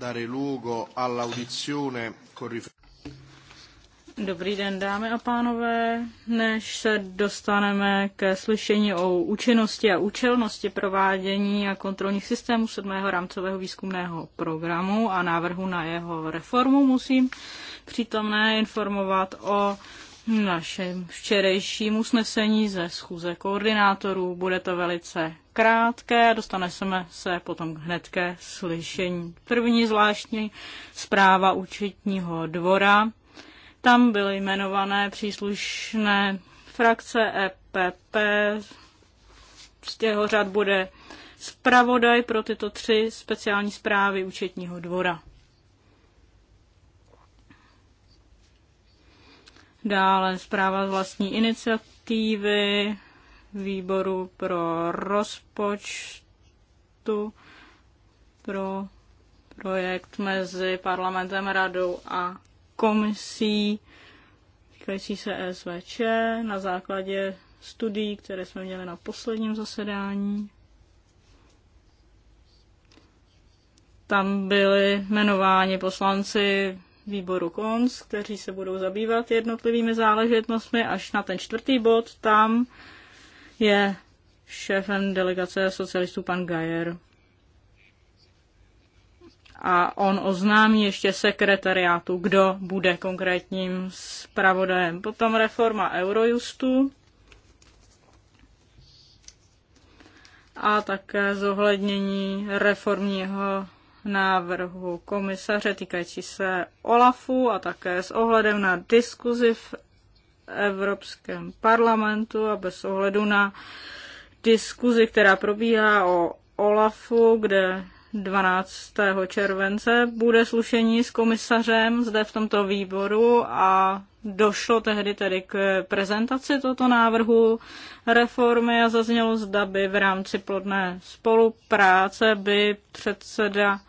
dare luogo all'audizione con Dobrý den, dámy a pánové. Než se dostaneme ke slyšení o účinnosti a účelnosti provádění a kontrolních systémů 7. rámcového výzkumného programu a návrhu na jeho reformu, musím přítomné informovat o našem včerejším usnesení ze schůze koordinátorů. Bude to velice krátké a dostaneme se potom hned ke slyšení. První zvláštní zpráva účetního dvora. Tam byly jmenované příslušné frakce EPP. Z těho řad bude zpravodaj pro tyto tři speciální zprávy účetního dvora. Dále zpráva z vlastní iniciativy, výboru pro rozpočtu pro projekt mezi parlamentem, radou a komisí týkající se SVČ na základě studií, které jsme měli na posledním zasedání. Tam byli jmenováni poslanci výboru KONS, kteří se budou zabývat jednotlivými záležitostmi až na ten čtvrtý bod. Tam je šéfem delegace socialistů pan Gajer. A on oznámí ještě sekretariátu, kdo bude konkrétním zpravodajem. Potom reforma Eurojustu a také zohlednění reformního návrhu komisaře týkající se OLAFu a také s ohledem na diskuzi v Evropském parlamentu a bez ohledu na diskuzi, která probíhá o OLAFu, kde 12. července bude slušení s komisařem zde v tomto výboru a došlo tehdy tedy k prezentaci tohoto návrhu reformy a zaznělo zda by v rámci plodné spolupráce by předseda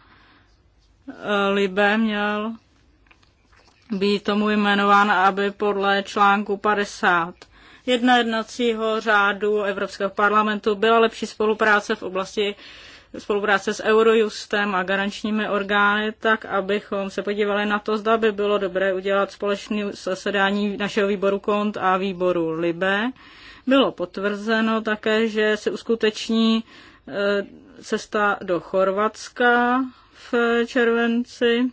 eh, Libe měl být tomu jmenován, aby podle článku 50 jedna jednacího řádu Evropského parlamentu byla lepší spolupráce v oblasti spolupráce s Eurojustem a garančními orgány, tak abychom se podívali na to, zda by bylo dobré udělat společné zasedání našeho výboru KONT a výboru LIBE. Bylo potvrzeno také, že se uskuteční eh, cesta do Chorvatska v červenci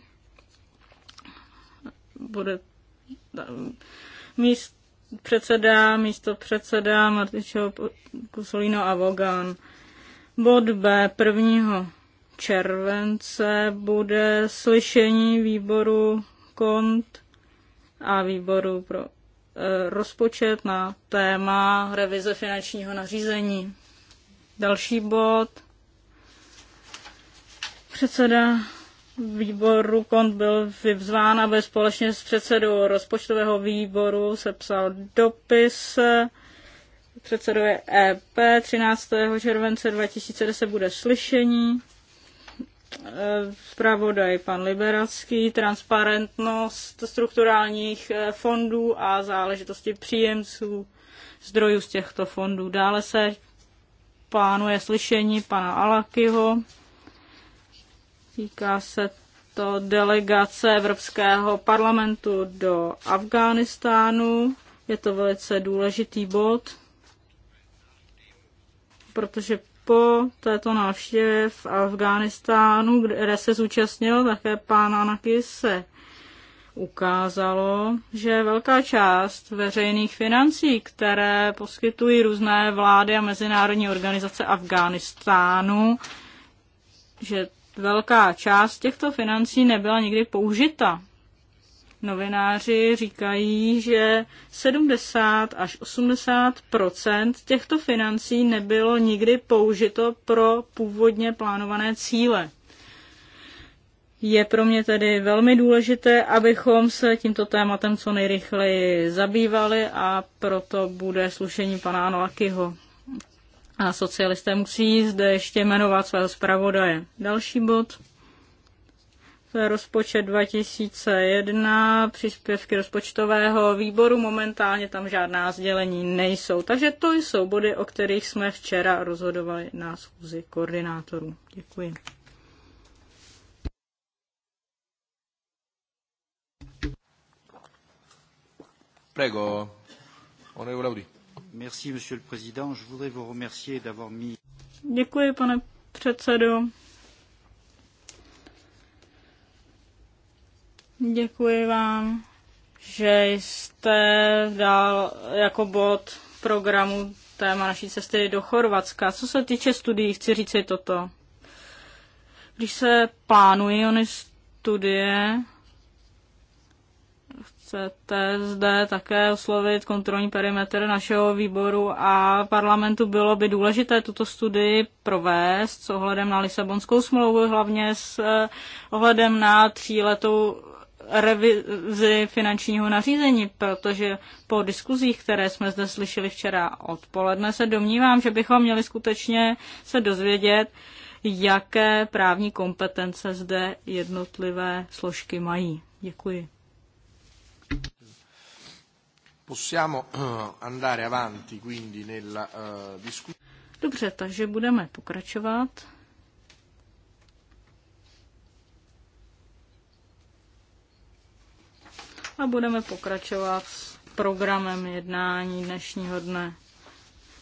bude eh, míst, předseda, místo předseda Martičeho Kusolino a Vogan. Bod B 1. července bude slyšení výboru kont a výboru pro e, rozpočet na téma revize finančního nařízení. Další bod. Předseda výboru KONT byl vyzván, aby společně s předsedou rozpočtového výboru sepsal dopis předseduje EP. 13. července 2010 bude slyšení. Zpravodaj pan Liberacký, transparentnost strukturálních eh, fondů a záležitosti příjemců zdrojů z těchto fondů. Dále se plánuje slyšení pana Alakyho Týká se to delegace Evropského parlamentu do Afghánistánu. Je to velice důležitý bod, protože po této návštěvě v Afghánistánu, kde se zúčastnil také pán Anakis, se ukázalo, že velká část veřejných financí, které poskytují různé vlády a mezinárodní organizace Afghánistánu, že velká část těchto financí nebyla nikdy použita. Novináři říkají, že 70 až 80 těchto financí nebylo nikdy použito pro původně plánované cíle. Je pro mě tedy velmi důležité, abychom se tímto tématem co nejrychleji zabývali a proto bude slušení pana Anolakyho. A socialisté musí zde ještě jmenovat svého zpravodaje. Další bod. To je rozpočet 2001, příspěvky rozpočtového výboru. Momentálně tam žádná sdělení nejsou. Takže to jsou body, o kterých jsme včera rozhodovali na schůzi koordinátorů. Děkuji. Prego, onorevole Audi. Merci, monsieur le président. Je voudrais vous remercier d'avoir mis... Děkuji, pane předsedo. Děkuji vám, že jste dal jako bod programu téma naší cesty do Chorvatska. Co se týče studií, chci říct si toto. Když se plánují ony studie, chcete zde také oslovit kontrolní perimetr našeho výboru a parlamentu, bylo by důležité tuto studii provést s ohledem na Lisabonskou smlouvu, hlavně s eh, ohledem na tříletou revizi finančního nařízení, protože po diskuzích, které jsme zde slyšeli včera odpoledne, se domnívám, že bychom měli skutečně se dozvědět, jaké právní kompetence zde jednotlivé složky mají. Děkuji. Possiamo eh, andare avanti quindi nella eh, discussione. Dobře, takže budeme pokračovat. A budeme pokračovat s programem jednání dnešního dne.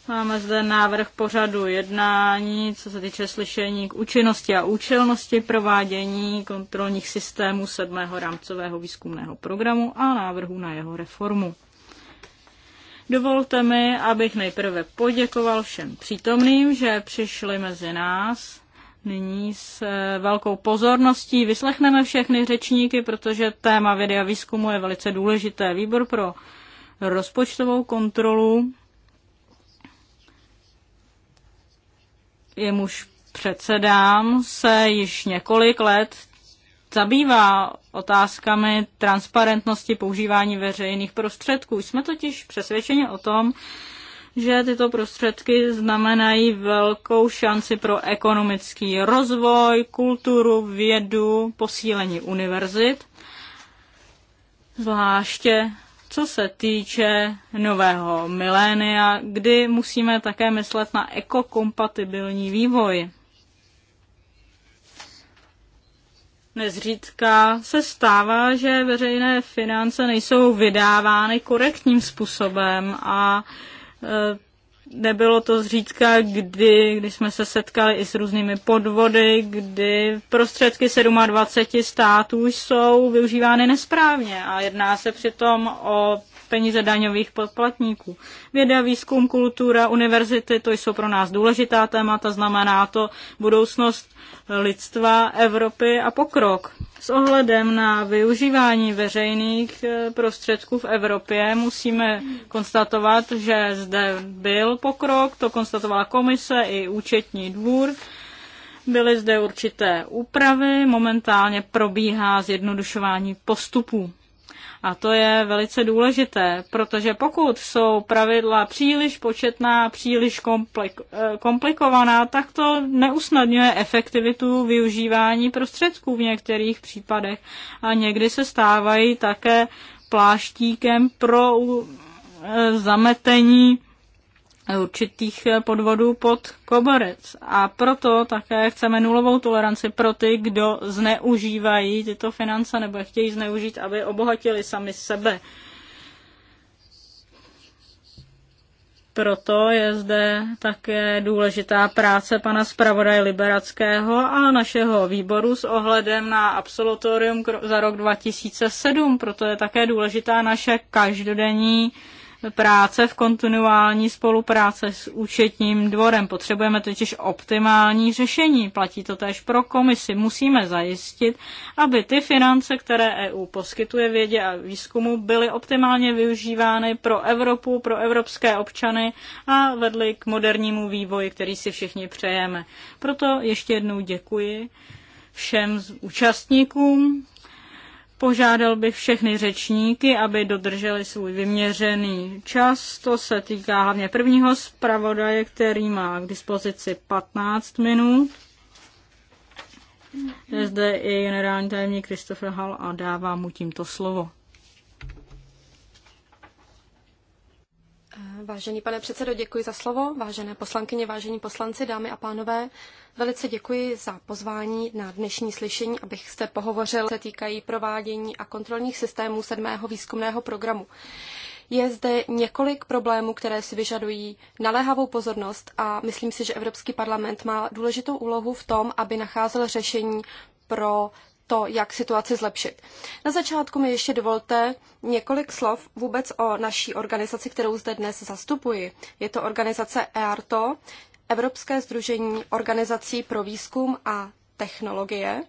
Máme zde návrh pořadu jednání, co se týče slyšení k účinnosti a účelnosti provádění kontrolních systémů sedmého rámcového výzkumného programu a návrhu na jeho reformu. Dovolte mi, abych nejprve poděkoval všem přítomným, že přišli mezi nás. Nyní s eh, velkou pozorností vyslechneme všechny řečníky, protože téma vědy a výzkumu je velice důležité. Výbor pro rozpočtovou kontrolu jemuž předsedám, se již několik let zabývá otázkami transparentnosti používání veřejných prostředků. Jsme totiž přesvědčeni o tom, že tyto prostředky znamenají velkou šanci pro ekonomický rozvoj, kulturu, vědu, posílení univerzit, zvláště co se týče nového milénia, kdy musíme také myslet na ekokompatibilní vývoj. Nezřídka se stává, že veřejné finance nejsou vydávány korektním způsobem a e, nebylo to zřídka, kdy, kdy jsme se setkali i s různými podvody, kdy prostředky 27 států jsou využívány nesprávně a jedná se přitom o peníze daňových poplatníků. Věda, výzkum, kultura, univerzity, to jsou pro nás důležitá témata, znamená to budoucnost lidstva, Evropy a pokrok. S ohledem na využívání veřejných eh, prostředků v Evropě musíme konstatovat, že zde byl pokrok, to konstatovala komise i účetní dvůr. Byly zde určité úpravy, momentálně probíhá zjednodušování postupů. A to je velice důležité, protože pokud jsou pravidla příliš početná, příliš eh, komplikovaná, tak to neusnadňuje efektivitu využívání prostředků v některých případech. A někdy se stávají také pláštíkem pro eh, zametení určitých eh, podvodů pod koberec. A proto také chceme nulovou toleranci pro ty, kdo zneužívají tyto finance nebo je chtějí zneužít, aby obohatili sami sebe. Proto je zde také důležitá práce pana zpravodaje Liberackého a našeho výboru s ohledem na absolutorium za rok 2007. Proto je také důležitá naše každodenní práce v kontinuální spolupráce s účetním dvorem. Potřebujeme totiž optimální řešení. Platí to též pro komisi. Musíme zajistit, aby ty finance, které EU poskytuje vědě a výzkumu, byly optimálně využívány pro Evropu, pro evropské občany a vedly k modernímu vývoji, který si všichni přejeme. Proto ještě jednou děkuji všem účastníkům Požádal bych všechny řečníky, aby dodrželi svůj vyměřený čas. To se týká hlavně prvního zpravodaje, který má k dispozici 15 minut. Je zde i generální tajemník Christopher Hall a dávám mu tímto slovo. Vážený pane předsedo, děkuji za slovo. Vážené poslankyně, vážení poslanci, dámy a pánové, velice děkuji za pozvání na dnešní slyšení, abych se pohovořil, se týkají provádění a kontrolních systémů sedmého výzkumného programu. Je zde několik problémů, které si vyžadují naléhavou pozornost a myslím si, že Evropský parlament má důležitou úlohu v tom, aby nacházel řešení pro to, jak situaci zlepšit. Na začátku mi ještě dovolte několik slov vůbec o naší organizaci, kterou zde dnes zastupuji. Je to organizace EARTO, Evropské združení organizací pro výzkum a technologie.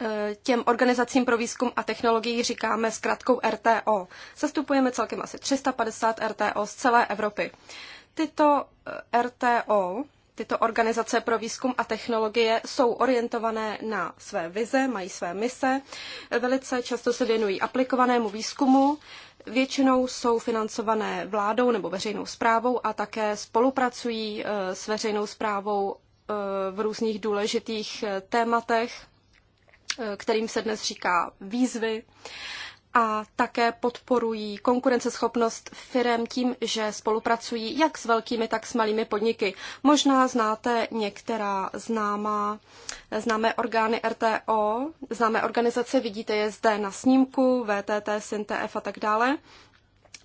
E, těm organizacím pro výzkum a technologii říkáme zkratkou RTO. Zastupujeme celkem asi 350 RTO z celé Evropy. Tyto e, RTO tyto organizace pro výzkum a technologie jsou orientované na své vize, mají své mise, velice často se věnují aplikovanému výzkumu, většinou jsou financované vládou nebo veřejnou zprávou a také spolupracují eh, s veřejnou zprávou eh, v různých důležitých eh, tématech, kterým se dnes říká výzvy a také podporují konkurenceschopnost firm tím, že spolupracují jak s velkými, tak s malými podniky. Možná znáte některá známá, známé orgány RTO, známé organizace, vidíte je zde na snímku, VTT, SynTF a tak dále.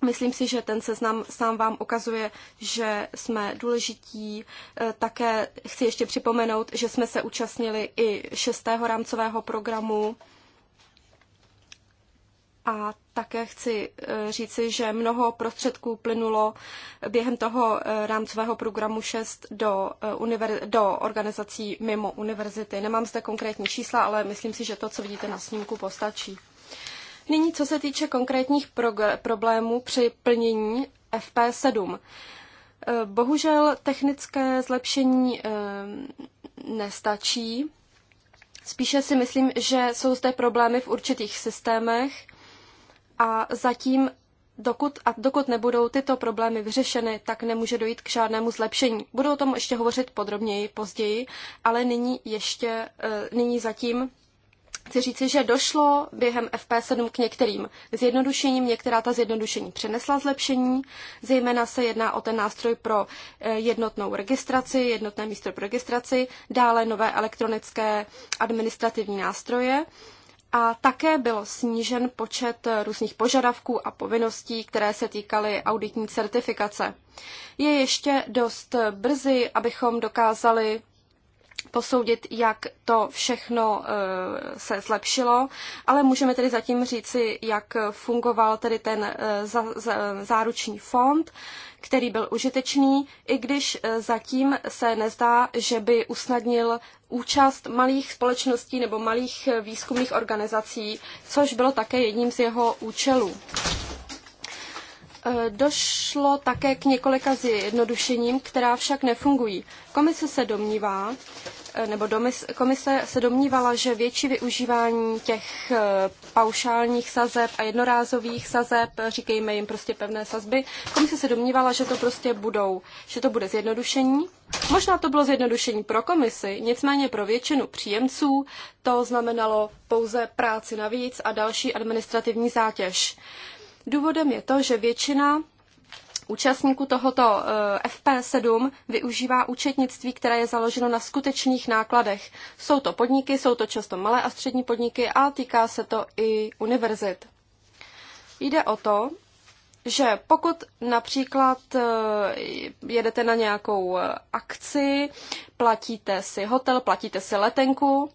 Myslím si, že ten seznam sám vám ukazuje, že jsme důležití. E, také chci ještě připomenout, že jsme se účastnili i šestého rámcového programu a také chci eh, říci, že mnoho prostředků plynulo během toho eh, rámcového programu 6 do, eh, do organizací mimo univerzity. Nemám zde konkrétní čísla, ale myslím si, že to, co vidíte na snímku, postačí. Nyní, co se týče konkrétních problémů při plnění FP7. Bohužel technické zlepšení nestačí. Spíše si myslím, že jsou zde problémy v určitých systémech, a zatím dokud, a dokud nebudou tyto problémy vyřešeny, tak nemůže dojít k žádnému zlepšení. Budu o tom ještě hovořit podrobněji později, ale nyní ještě, eh, nyní zatím chci říci, že došlo během FP7 k některým zjednodušením, některá ta zjednodušení přinesla zlepšení, zejména se jedná o ten nástroj pro eh, jednotnou registraci, jednotné místo pro registraci, dále nové elektronické administrativní nástroje, a také byl snížen počet různých požadavků a povinností, které se týkaly auditní certifikace. Je ještě dost brzy, abychom dokázali posoudit, jak to všechno eh, se zlepšilo, ale můžeme tedy zatím říci, jak fungoval tedy ten eh, záruční fond který byl užitečný, i když e, zatím se nezdá, že by usnadnil účast malých společností nebo malých e, výzkumných organizací, což bylo také jedním z jeho účelů. E, došlo také k několika zjednodušením, která však nefungují. Komise se domnívá, nebo domys, komise se domnívala, že větší využívání těch eh, paušálních sazeb a jednorázových sazeb, eh, říkejme jim prostě pevné sazby, komise se domnívala, že to prostě budou, že to bude zjednodušení. Možná to bylo zjednodušení pro komisi, nicméně pro většinu příjemců to znamenalo pouze práci navíc a další administrativní zátěž. Důvodem je to, že většina účastníků tohoto eh, FP7 využívá účetnictví, které je založeno na skutečných nákladech. Jsou to podniky, jsou to často malé a střední podniky a týká se to i univerzit. Jde o to, že pokud například eh, jedete na nějakou eh, akci, platíte si hotel, platíte si letenku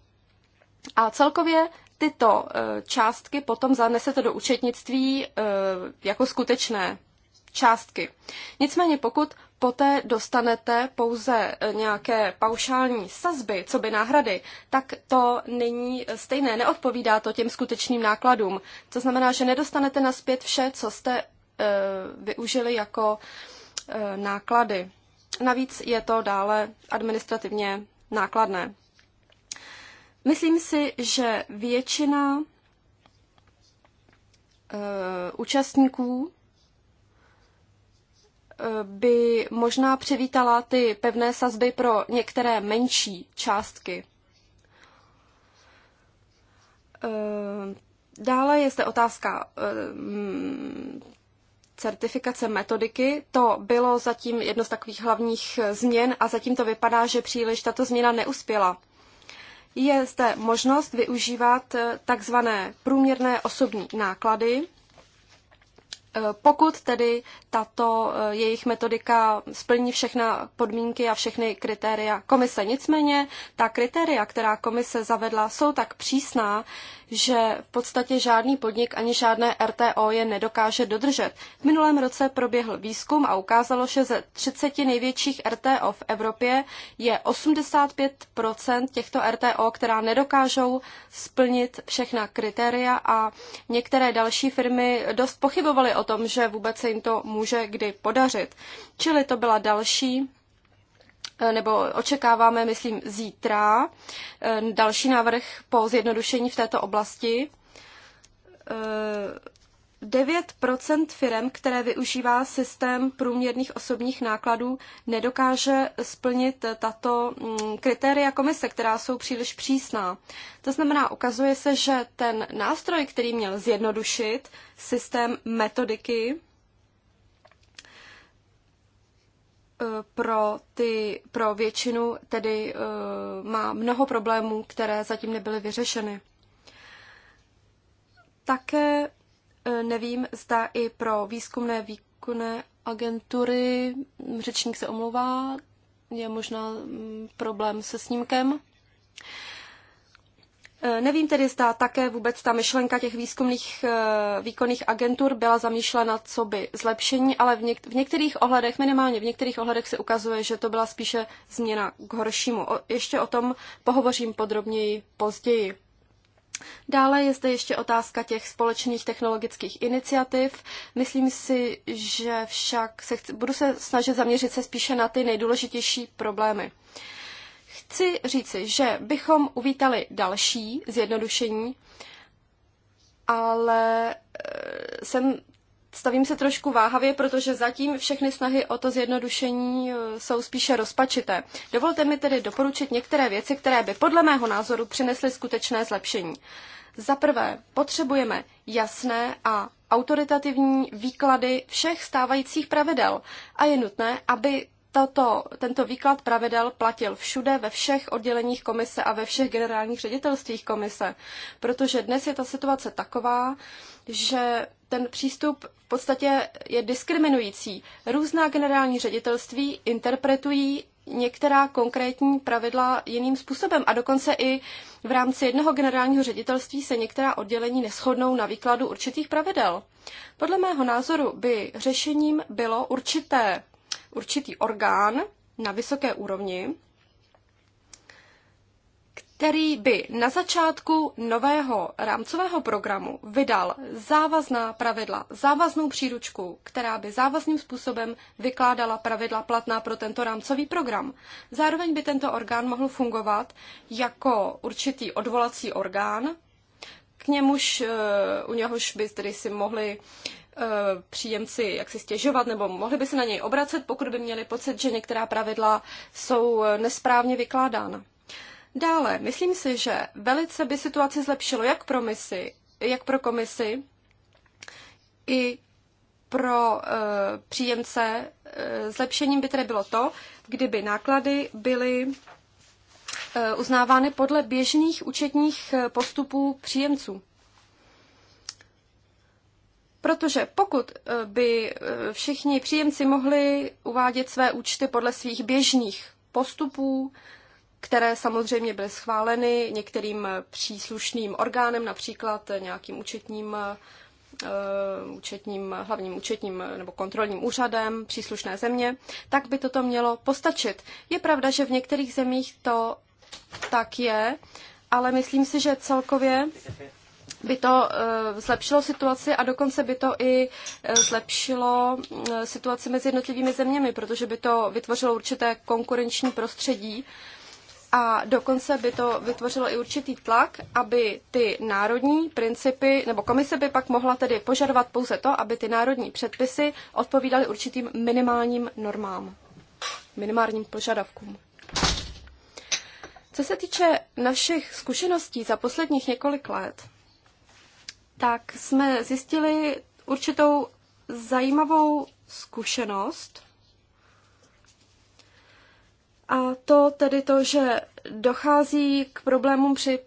a celkově tyto částky potom zanesete do účetnictví jako skutečné částky. Nicméně pokud poté dostanete pouze eh, nějaké paušální sazby, co by náhrady, tak to není eh, stejné, neodpovídá to těm skutečným nákladům. To znamená, že nedostanete naspět vše, co jste e, využili jako e, náklady. Navíc je to dále administrativně nákladné. Myslím si, že většina e, účastníků by možná přivítala ty pevné sazby pro některé menší částky. Eh, dále je zde otázka eh, certifikace metodiky. To bylo zatím jedno z takových hlavních změn a zatím to vypadá, že příliš tato změna neuspěla. Je zde možnost využívat eh, takzvané průměrné osobní náklady, Eh, pokud tedy tato eh, jejich metodika splní všechna podmínky a všechny kritéria komise. Nicméně ta kritéria, která komise zavedla, jsou tak přísná, že v podstatě žádný podnik ani žádné RTO je nedokáže dodržet. V minulém roce proběhl výzkum a ukázalo, že ze 30 největších RTO v Evropě je 85 těchto RTO, která nedokážou splnit všechna kritéria a některé další firmy dost pochybovaly o tom, že vůbec se jim to může kdy podařit. Čili to byla další Eh, nebo očekáváme, myslím, zítra eh, další návrh po zjednodušení v této oblasti. 9 eh, firm, které využívá systém průměrných osobních nákladů, nedokáže splnit tato mm, kritéria komise, která jsou příliš přísná. To znamená, ukazuje se, že ten nástroj, který měl zjednodušit systém metodiky, Eh, pro, ty, pro většinu tedy eh, má mnoho problémů, které zatím nebyly vyřešeny. Také eh, nevím, zda i pro výzkumné výkonné agentury, hm, řečník se omlouvá, je možná hm, problém se snímkem. Eh, nevím tedy, zda také vůbec ta myšlenka těch výzkumných eh, výkonných agentur byla zamýšlena co by zlepšení, ale v, něk- v některých ohledech, minimálně v některých ohledech se ukazuje, že to byla spíše změna k horšímu. O, ještě o tom pohovořím podrobněji později. Dále je zde ještě otázka těch společných technologických iniciativ. Myslím si, že však se chci, budu se snažit zaměřit se spíše na ty nejdůležitější problémy. Uh, Chci říci, že bychom uvítali další zjednodušení, ale eh, jsem, stavím se trošku váhavě, protože zatím všechny snahy o to zjednodušení eh, jsou spíše rozpačité. Dovolte mi tedy doporučit některé věci, které by podle mého názoru přinesly skutečné zlepšení. Za prvé, potřebujeme jasné a autoritativní výklady všech stávajících pravidel a je nutné, aby tato, tento výklad pravidel platil všude, ve všech odděleních komise a ve všech generálních ředitelstvích komise, protože dnes je ta situace taková, že ten přístup v podstatě je diskriminující. Různá generální ředitelství interpretují některá konkrétní pravidla jiným způsobem a dokonce i v rámci jednoho generálního ředitelství se některá oddělení neschodnou na výkladu určitých pravidel. Podle mého názoru by řešením bylo určité určitý orgán na vysoké úrovni, který by na začátku nového rámcového programu vydal závazná pravidla, závaznou příručku, která by závazným způsobem vykládala pravidla platná pro tento rámcový program. Zároveň by tento orgán mohl fungovat jako určitý odvolací orgán, k němuž, eh, u něhož by tedy si mohli Eh, příjemci jak si stěžovat nebo mohli by se na něj obracet, pokud by měli pocit, že některá pravidla jsou eh, nesprávně vykládána. Dále, myslím si, že velice by situaci zlepšilo jak pro misi, jak pro komisi, i pro e, příjemce. E, zlepšením by tedy bylo to, kdyby náklady byly e, uznávány podle běžných účetních postupů příjemců. Protože pokud eh, by eh, všichni příjemci mohli uvádět své účty podle svých běžných postupů, které samozřejmě byly schváleny některým příslušným orgánem, například nějakým účetním, eh, účetním, hlavním účetním nebo kontrolním úřadem příslušné země, tak by toto mělo postačit. Je pravda, že v některých zemích to tak je, ale myslím si, že celkově by to eh, zlepšilo situaci a dokonce by to i eh, zlepšilo eh, situaci mezi jednotlivými zeměmi, protože by to vytvořilo určité konkurenční prostředí a dokonce by to vytvořilo i určitý tlak, aby ty národní principy, nebo komise by pak mohla tedy požadovat pouze to, aby ty národní předpisy odpovídaly určitým minimálním normám, minimálním požadavkům. Co se týče našich zkušeností za posledních několik let, tak jsme zjistili určitou zajímavou zkušenost. A to tedy to, že dochází k problémům při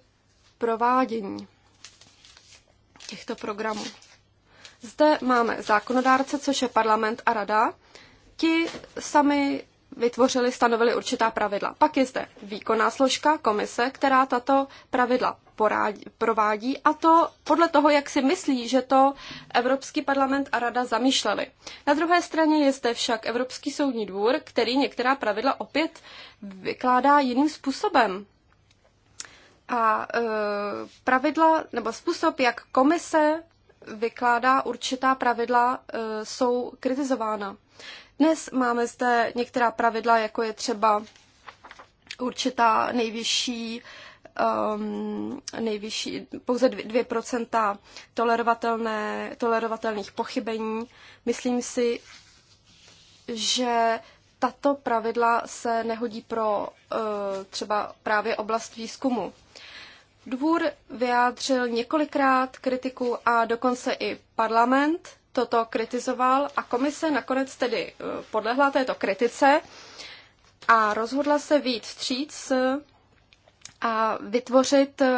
provádění těchto programů. Zde máme zákonodárce, což je parlament a rada. Ti sami vytvořili, stanovili určitá pravidla. Pak je zde výkonná složka, komise, která tato pravidla porádí, provádí a to podle toho, jak si myslí, že to Evropský parlament a rada zamýšleli. Na druhé straně je zde však Evropský soudní dvůr, který některá pravidla opět vykládá jiným způsobem. A e, pravidla nebo způsob, jak komise vykládá určitá pravidla, e, jsou kritizována. Dnes máme zde některá pravidla, jako je třeba určitá nejvyšší um, nejvyšší, pouze 2% tolerovatelné, tolerovatelných pochybení. Myslím si, že tato pravidla se nehodí pro uh, třeba právě oblast výzkumu. Dvůr vyjádřil několikrát kritiku a dokonce i parlament toto kritizoval a komise nakonec tedy uh, podlehla této kritice a rozhodla se výjít vstříc a vytvořit eh,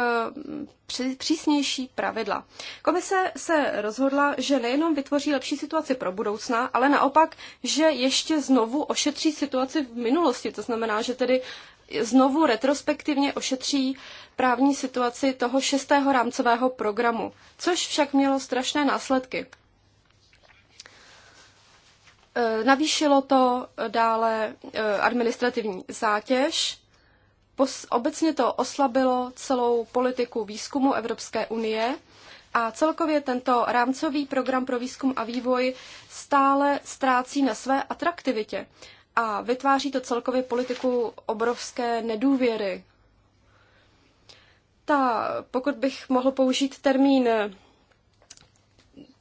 přísnější pravidla. Komise se rozhodla, že nejenom vytvoří lepší situaci pro budoucna, ale naopak, že ještě znovu ošetří situaci v minulosti. To znamená, že tedy znovu retrospektivně ošetří právní situaci toho šestého rámcového programu, což však mělo strašné následky. Eh, navýšilo to dále eh, administrativní zátěž, Pos- obecně to oslabilo celou politiku výzkumu Evropské unie a celkově tento rámcový program pro výzkum a vývoj stále ztrácí na své atraktivitě a vytváří to celkově politiku obrovské nedůvěry. Ta, pokud bych mohl použít termín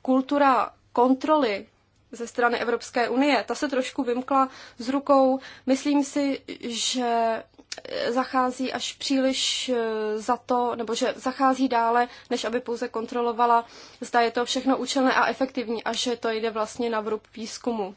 kultura kontroly ze strany Evropské unie, ta se trošku vymkla z rukou. Myslím si, že zachází až příliš eh, za to, nebo že zachází dále, než aby pouze kontrolovala, zda je to všechno účelné a efektivní a že to jde vlastně na vrub výzkumu.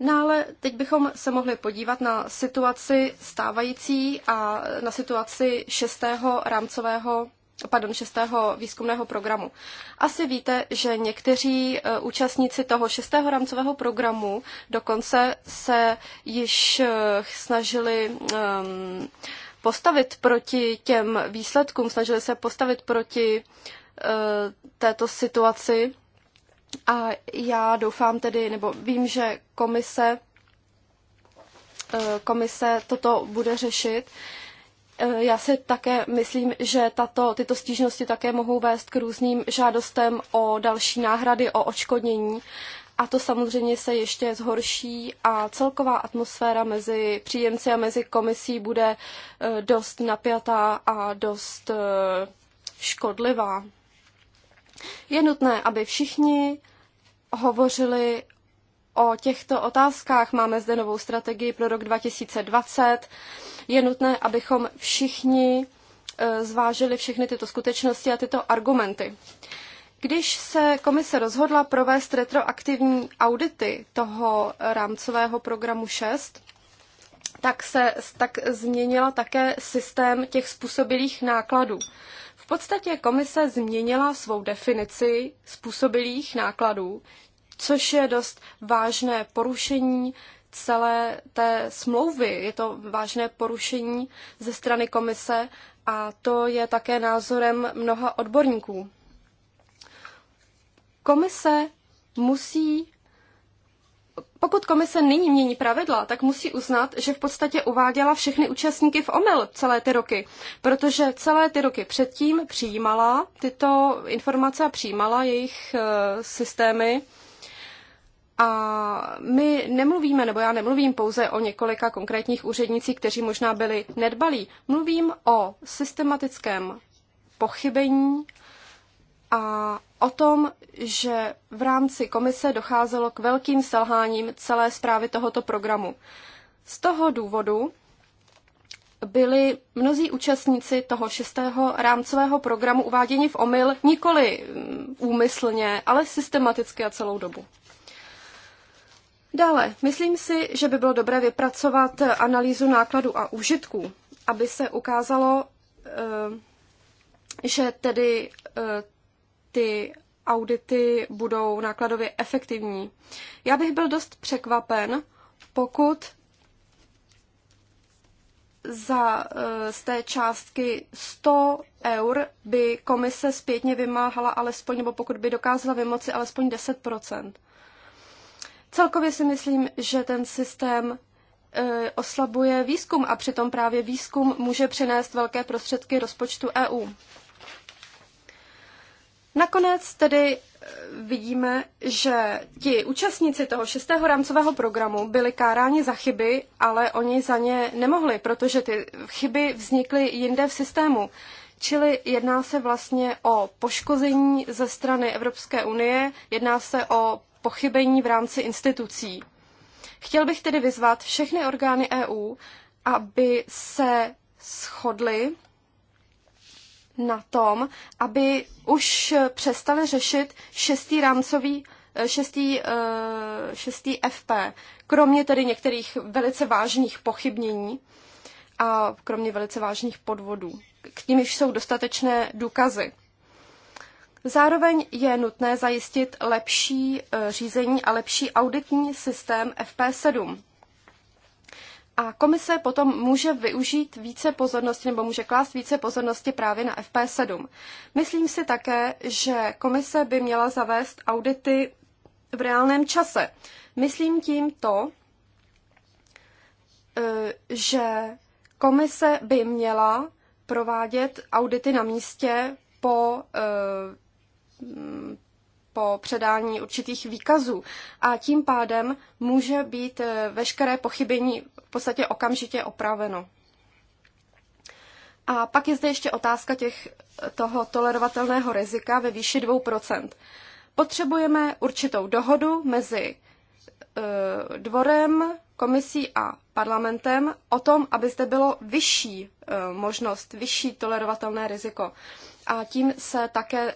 No ale teď bychom se mohli podívat na situaci stávající a na situaci šestého rámcového pardon, šestého výzkumného programu. Asi víte, že někteří e, účastníci toho šestého rámcového programu dokonce se již e, snažili postavit proti těm výsledkům, snažili se postavit proti e, této situaci. A já doufám tedy, nebo vím, že komise, komise toto bude řešit. Eh, já si také myslím, že tato, tyto stížnosti také mohou vést k různým žádostem o další náhrady, o očkodnění. A to samozřejmě se ještě zhorší a celková atmosféra mezi příjemci a mezi komisí bude eh, dost napjatá a dost eh, škodlivá. Je nutné, aby všichni hovořili o těchto otázkách. Máme zde novou strategii pro rok 2020 je nutné, abychom všichni eh, zvážili všechny tyto skutečnosti a tyto argumenty. Když se komise rozhodla provést retroaktivní audity toho rámcového programu 6, tak se tak změnila také systém těch způsobilých nákladů. V podstatě komise změnila svou definici způsobilých nákladů, což je dost vážné porušení celé té smlouvy. Je to vážné porušení ze strany komise a to je také názorem mnoha odborníků. Komise musí pokud komise nyní mění pravidla, tak musí uznat, že v podstatě uváděla všechny účastníky v omyl celé ty roky, protože celé ty roky předtím přijímala tyto informace a přijímala jejich eh, systémy a my nemluvíme, nebo já nemluvím pouze o několika konkrétních úřednicích, kteří možná byli nedbalí. Mluvím o systematickém pochybení a o tom, že v rámci komise docházelo k velkým selháním celé zprávy tohoto programu. Z toho důvodu byli mnozí účastníci toho šestého rámcového programu uváděni v omyl nikoli mm, úmyslně, ale systematicky a celou dobu. Dále, myslím si, že by bylo dobré vypracovat analýzu nákladů a užitků, aby se ukázalo, eh, že tedy eh, ty audity budou nákladově efektivní. Já bych byl dost překvapen, pokud za eh, z té částky 100 eur by komise zpětně vymáhala alespoň, nebo pokud by dokázala vymoci alespoň 10 Celkově si myslím, že ten systém e, oslabuje výzkum a přitom právě výzkum může přinést velké prostředky rozpočtu EU. Nakonec tedy e, vidíme, že ti účastníci toho šestého rámcového programu byli káráni za chyby, ale oni za ně nemohli, protože ty chyby vznikly jinde v systému. Čili jedná se vlastně o poškození ze strany Evropské unie, jedná se o pochybení v rámci institucí. Chtěl bych tedy vyzvat všechny orgány EU, aby se shodly na tom, aby už přestali řešit šestý rámcový eh, šestý, eh, šestý FP, kromě tedy některých velice vážných pochybnění a kromě velice vážných podvodů. K nimiž jsou dostatečné důkazy. Zároveň je nutné zajistit lepší e, řízení a lepší auditní systém FP7. A komise potom může využít více pozornosti nebo může klást více pozornosti právě na FP7. Myslím si také, že komise by měla zavést audity v reálném čase. Myslím tím to, e, že komise by měla provádět audity na místě po e, Mm, po předání určitých výkazů a tím pádem může být eh, veškeré pochybení v podstatě okamžitě opraveno. A pak je zde ještě otázka těch, eh, toho tolerovatelného rizika ve výši 2%. Potřebujeme určitou dohodu mezi e, dvorem, komisí a parlamentem o tom, aby zde bylo vyšší e, možnost, vyšší tolerovatelné riziko. A tím se také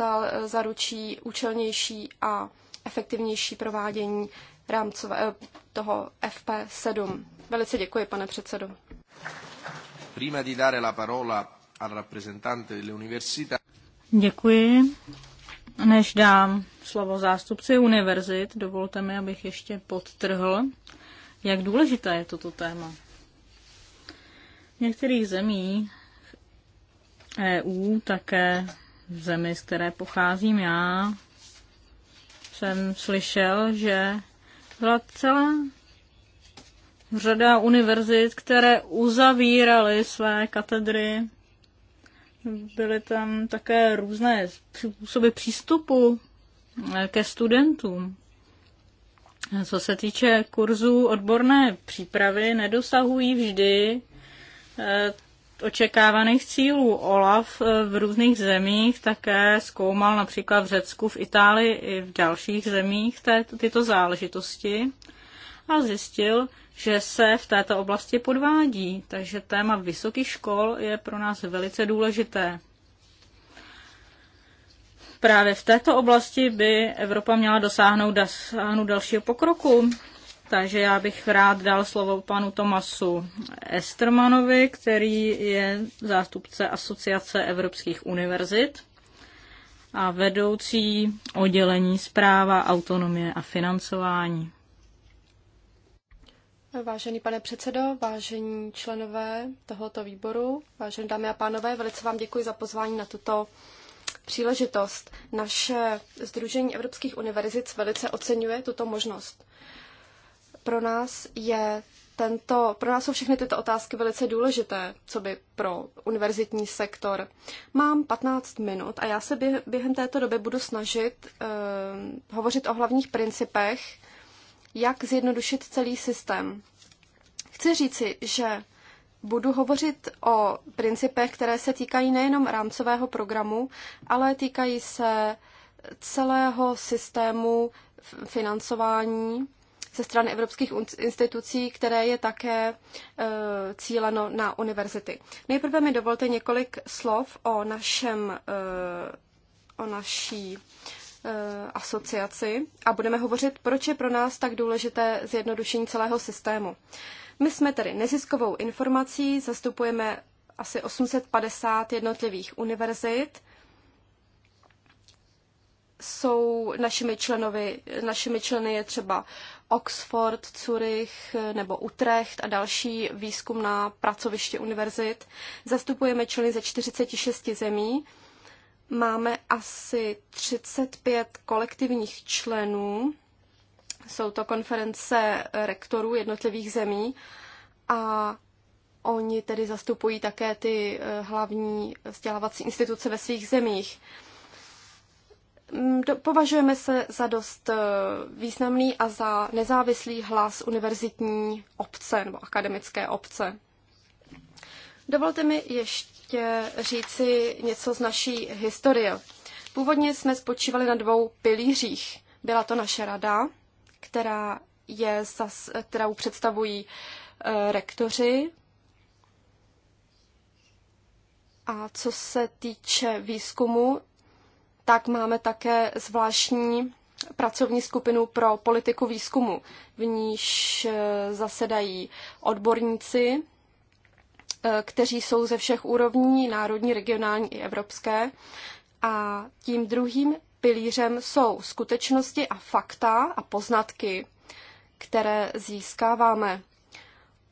Eh, zaručí účelnější a efektivnější provádění rámcové, eh, toho FP7. Velice děkuji, pane předsedo. Prima di dare la parola al rappresentante delle università. Děkuji. Než dám slovo zástupci univerzit, dovolte mi, abych ještě podtrhl, jak důležité je toto téma. V některých zemích EU také zemi, z které pocházím já, jsem slyšel, že byla celá řada univerzit, které uzavíraly své katedry. Byly tam také různé způsoby přístupu eh, ke studentům. Co se týče kurzů odborné přípravy, nedosahují vždy eh, očekávaných cílů. OLAF eh, v různých zemích také zkoumal například v Řecku, v Itálii i v dalších zemích té, tyto záležitosti a zjistil, že se v této oblasti podvádí, takže téma vysokých škol je pro nás velice důležité. Právě v této oblasti by Evropa měla dosáhnout, dosáhnout dalšího pokroku. Takže já bych rád dal slovo panu Tomasu Estermanovi, který je zástupce Asociace evropských univerzit a vedoucí oddělení zpráva, autonomie a financování. Vážený pane předsedo, vážení členové tohoto výboru, vážené dámy a pánové, velice vám děkuji za pozvání na tuto příležitost. Naše Združení evropských univerzit velice oceňuje tuto možnost pro nás je tento, pro nás jsou všechny tyto otázky velice důležité, co by pro univerzitní sektor. Mám 15 minut a já se během této doby budu snažit uh, eh, hovořit o hlavních principech, jak zjednodušit celý systém. Chci říci, že budu hovořit o principech, které se týkají nejenom rámcového programu, ale týkají se celého systému financování ze strany evropských institucí, které je také eh, cíleno na univerzity. Nejprve mi dovolte několik slov o našem, eh, o naší eh, asociaci a budeme hovořit, proč je pro nás tak důležité zjednodušení celého systému. My jsme tedy neziskovou informací, zastupujeme asi 850 jednotlivých univerzit. Jsou našimi členovi, našimi členy je třeba Oxford, Zurich eh, nebo Utrecht a další výzkum na pracoviště univerzit. Zastupujeme členy ze 46 zemí. Máme asi 35 kolektivních členů. Jsou to konference rektorů jednotlivých zemí a oni tedy zastupují také ty eh, hlavní vzdělávací instituce ve svých zemích. Mm, považujeme se za dost eh, významný a za nezávislý hlas univerzitní obce nebo akademické obce. Dovolte mi ještě říci něco z naší historie. Původně jsme spočívali na dvou pilířích. Byla to naše rada, která je, zas, kterou představují eh, rektoři. A co se týče výzkumu, tak máme také zvláštní pracovní skupinu pro politiku výzkumu. V níž eh, zasedají odborníci, eh, kteří jsou ze všech úrovní, národní, regionální i evropské. A tím druhým pilířem jsou skutečnosti a fakta a poznatky, které získáváme.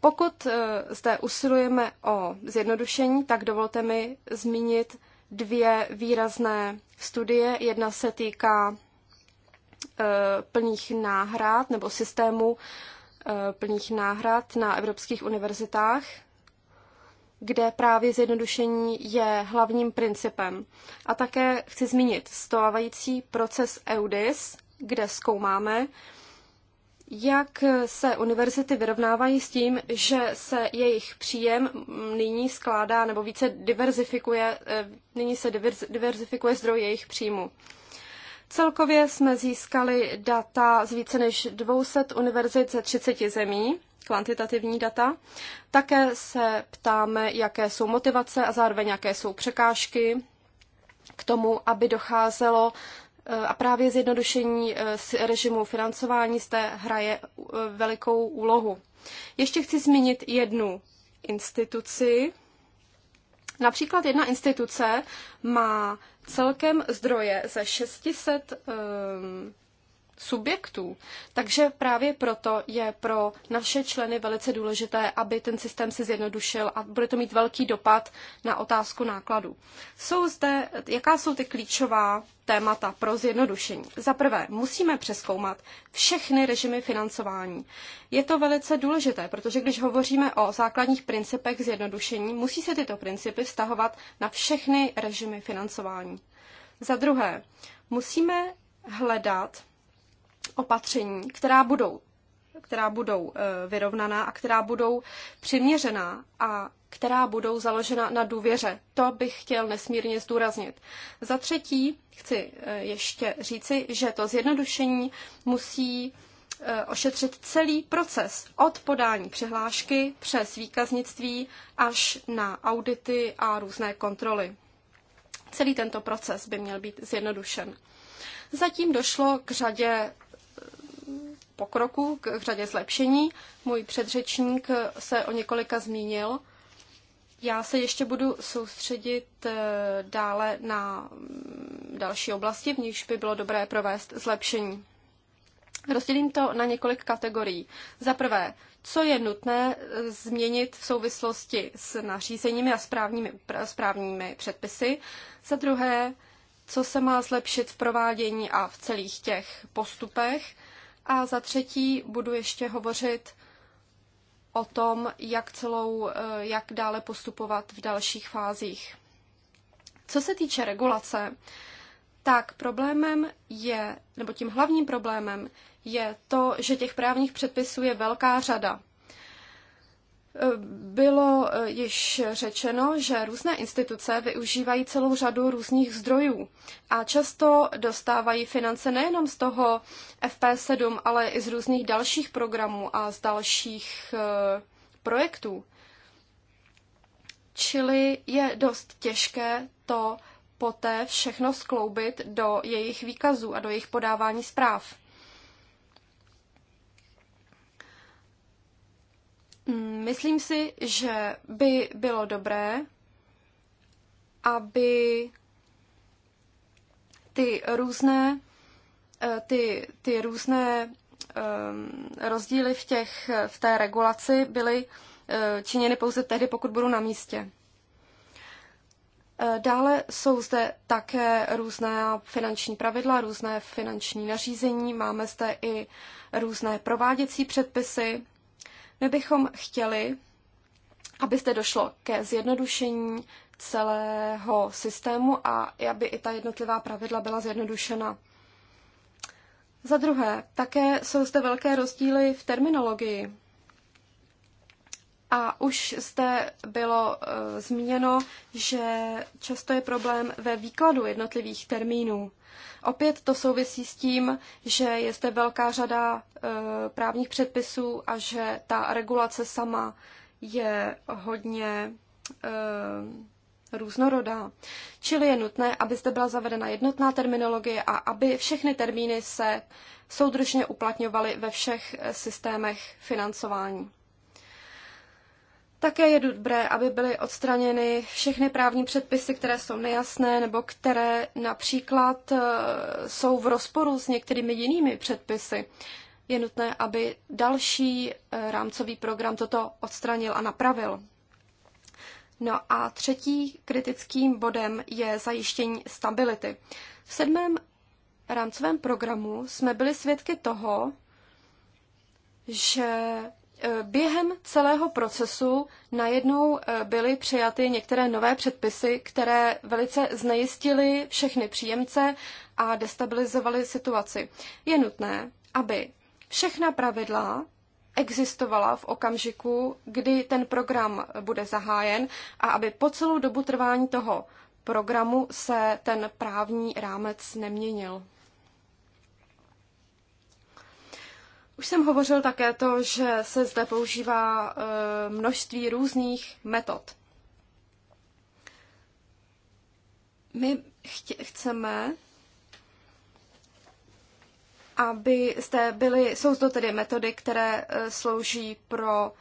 Pokud eh, zde usilujeme o zjednodušení, tak dovolte mi zmínit dvě výrazné studie. Jedna se týká e, plných náhrad nebo systému e, plných náhrad na evropských univerzitách, kde právě zjednodušení je hlavním principem. A také chci zmínit stávající proces EUDIS, kde zkoumáme, jak se univerzity vyrovnávají s tím, že se jejich příjem nyní skládá nebo více diverzifikuje, eh, nyní se diverzifikuje zdroj jejich příjmu? Celkově jsme získali data z více než 200 univerzit ze 30 zemí, kvantitativní data. Také se ptáme, jaké jsou motivace a zároveň jaké jsou překážky k tomu, aby docházelo a právě zjednodušení eh, režimu financování zde hraje eh, velikou úlohu. Ještě chci zmínit jednu instituci. Například jedna instituce má celkem zdroje ze 600 um, subjektů. Takže právě proto je pro naše členy velice důležité, aby ten systém se zjednodušil a bude to mít velký dopad na otázku nákladů. Jsou zde, jaká jsou ty klíčová témata pro zjednodušení? Za prvé, musíme přeskoumat všechny režimy financování. Je to velice důležité, protože když hovoříme o základních principech zjednodušení, musí se tyto principy vztahovat na všechny režimy financování. Za druhé, musíme hledat opatření, která budou, která budou eh, vyrovnaná a která budou přiměřená a která budou založena na důvěře. To bych chtěl nesmírně zdůraznit. Za třetí chci eh, ještě říci, že to zjednodušení musí eh, ošetřit celý proces od podání přihlášky přes výkaznictví až na audity a různé kontroly. Celý tento proces by měl být zjednodušen. Zatím došlo k řadě pokroku, k, řadě zlepšení. Můj předřečník se o několika zmínil. Já se ještě budu soustředit eh, dále na mm, další oblasti, v nichž by bylo dobré provést zlepšení. Rozdělím to na několik kategorií. Za prvé, co je nutné eh, změnit v souvislosti s nařízeními a správními, správními předpisy. Za druhé, co se má zlepšit v provádění a v celých těch postupech. A za třetí budu ještě hovořit o tom, jak, celou, eh, jak dále postupovat v dalších fázích. Co se týče regulace, tak problémem je, nebo tím hlavním problémem je to, že těch právních předpisů je velká řada. Bylo eh, již řečeno, že různé instituce využívají celou řadu různých zdrojů a často dostávají finance nejenom z toho FP7, ale i z různých dalších programů a z dalších eh, projektů. Čili je dost těžké to poté všechno skloubit do jejich výkazů a do jejich podávání zpráv. Mm, myslím si, že by bylo dobré, aby ty různé, eh, ty, ty různé eh, rozdíly v, těch, v té regulaci byly eh, činěny pouze tehdy, pokud budou na místě. Dále jsou zde také různé finanční pravidla, různé finanční nařízení, máme zde i různé prováděcí předpisy, my bychom chtěli, aby zde došlo ke zjednodušení celého systému a aby i ta jednotlivá pravidla byla zjednodušena. Za druhé, také jsou zde velké rozdíly v terminologii. A už zde bylo uh, zmíněno, že často je problém ve výkladu jednotlivých termínů. Opět to souvisí s tím, že je zde velká řada uh, právních předpisů a že ta regulace sama je hodně uh, různorodá. Čili je nutné, aby zde byla zavedena jednotná terminologie a aby všechny termíny se soudržně uplatňovaly ve všech systémech financování. Také je dobré, aby byly odstraněny všechny právní předpisy, které jsou nejasné nebo které například e, jsou v rozporu s některými jinými předpisy. Je nutné, aby další e, rámcový program toto odstranil a napravil. No a třetí kritickým bodem je zajištění stability. V sedmém rámcovém programu jsme byli svědky toho, že E, během celého procesu najednou e, byly přijaty některé nové předpisy, které velice znejistily všechny příjemce a destabilizovaly situaci. Je nutné, aby všechna pravidla existovala v okamžiku, kdy ten program bude zahájen a aby po celou dobu trvání toho programu se ten právní rámec neměnil. Už jsem hovořil také to, že se zde používá e, množství různých metod. My chceme, aby zde byly, jsou zde tedy metody, které e, slouží pro,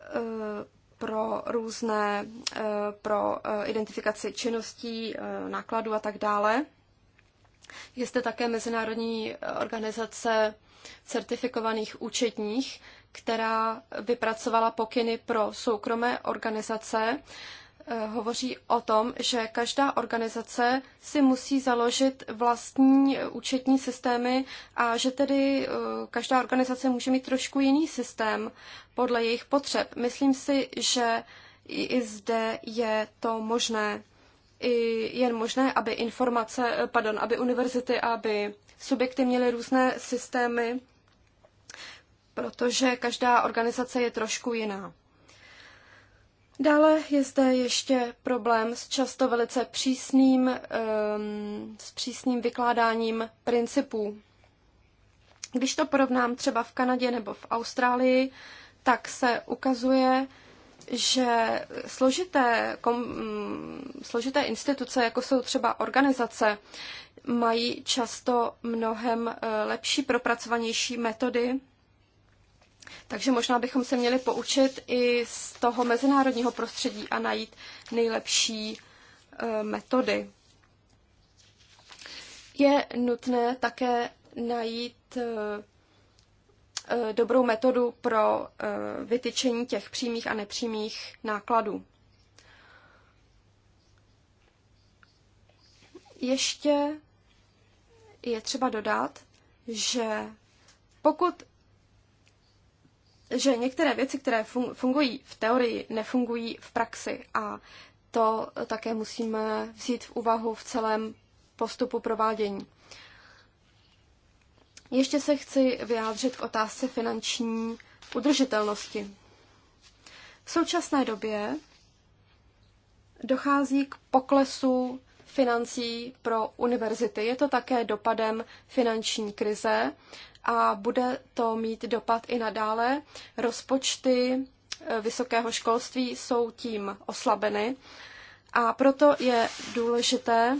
e, pro různé, pro identifikaci činností, nákladů a tak dále. Je zde také mezinárodní organizace certifikovaných účetních, která vypracovala pokyny pro soukromé organizace, eh, hovoří o tom, že každá organizace si musí založit vlastní účetní systémy a že tedy eh, každá organizace může mít trošku jiný systém podle jejich potřeb. Myslím si, že i zde je to možné. I jen možné, aby informace, eh, pardon, aby univerzity, aby subjekty měly různé systémy, protože každá organizace je trošku jiná. Dále je zde ještě problém s často velice přísným, um, s přísným vykládáním principů. Když to porovnám třeba v Kanadě nebo v Austrálii, tak se ukazuje, že složité, kom, mm, složité instituce, jako jsou třeba organizace, mají často mnohem eh, lepší, propracovanější metody. Takže možná bychom se měli poučit i z toho mezinárodního prostředí a najít nejlepší eh, metody. Je nutné také najít eh, Eh, dobrou metodu pro eh, vytyčení těch přímých a nepřímých nákladů. Ještě je třeba dodat, že pokud že některé věci, které fungují v teorii, nefungují v praxi a to také musíme vzít v úvahu v celém postupu provádění. Ještě se chci vyjádřit k otázce finanční udržitelnosti. V současné době dochází k poklesu financí pro univerzity. Je to také dopadem finanční krize a bude to mít dopad i nadále. Rozpočty eh, vysokého školství jsou tím oslabeny a proto je důležité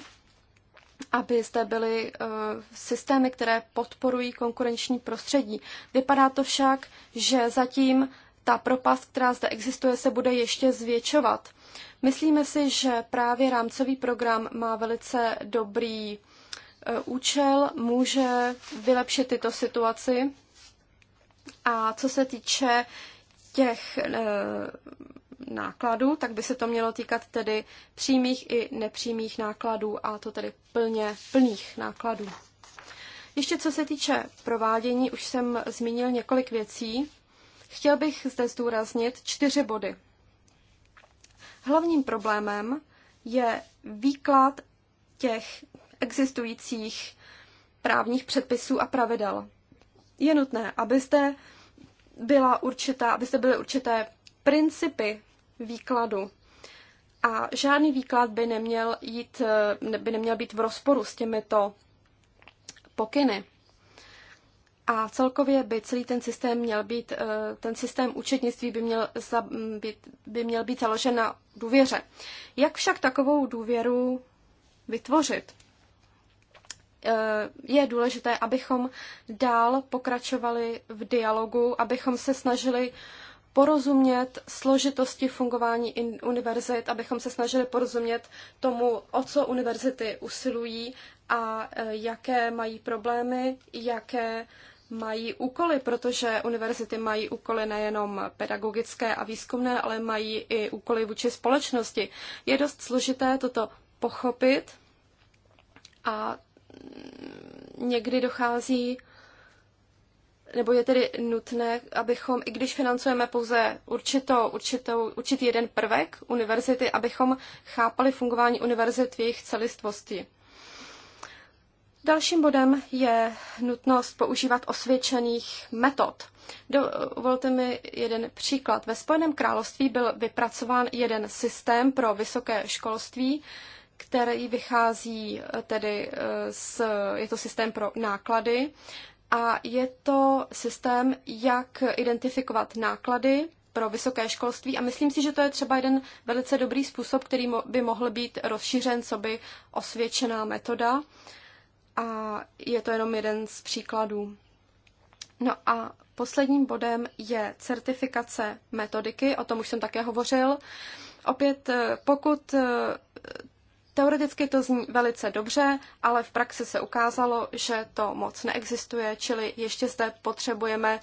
aby zde byly eh, systémy, které podporují konkurenční prostředí. Vypadá to však, že zatím ta propast, která zde existuje, se bude ještě zvětšovat. Myslíme si, že právě rámcový program má velice dobrý eh, účel, může vylepšit tyto situaci. A co se týče těch eh, nákladů, tak by se to mělo týkat tedy přímých i nepřímých nákladů a to tedy plně plných nákladů. Ještě co se týče provádění, už jsem zmínil několik věcí. Chtěl bych zde zdůraznit čtyři body. Hlavním problémem je výklad těch existujících právních předpisů a pravidel. Je nutné, aby zde byla určitá, aby byly určité principy výkladu. A žádný výklad by neměl, jít, by neměl být v rozporu s těmito pokyny. A celkově by celý ten systém měl být, eh, ten systém účetnictví by měl, za, mm, být, by měl být založen na důvěře. Jak však takovou důvěru vytvořit? Eh, je důležité, abychom dál pokračovali v dialogu, abychom se snažili porozumět složitosti fungování univerzit, abychom se snažili porozumět tomu, o co univerzity usilují a e, jaké mají problémy, jaké mají úkoly, protože univerzity mají úkoly nejenom pedagogické a výzkumné, ale mají i úkoly vůči společnosti. Je dost složité toto pochopit a mm, někdy dochází nebo je tedy nutné, abychom, i když financujeme pouze určitou, určitou, určitý jeden prvek univerzity, abychom chápali fungování univerzit v jejich celistvosti. Dalším bodem je nutnost používat osvědčených metod. Dovolte mi jeden příklad. Ve Spojeném království byl vypracován jeden systém pro vysoké školství, který vychází tedy eh, z, je to systém pro náklady a je to systém, jak identifikovat náklady pro vysoké školství a myslím si, že to je třeba jeden velice dobrý způsob, který by mohl být rozšířen, co by osvědčená metoda a je to jenom jeden z příkladů. No a posledním bodem je certifikace metodiky, o tom už jsem také hovořil. Opět, eh, pokud eh, Teoreticky to zní velice dobře, ale v praxi se ukázalo, že to moc neexistuje, čili ještě zde potřebujeme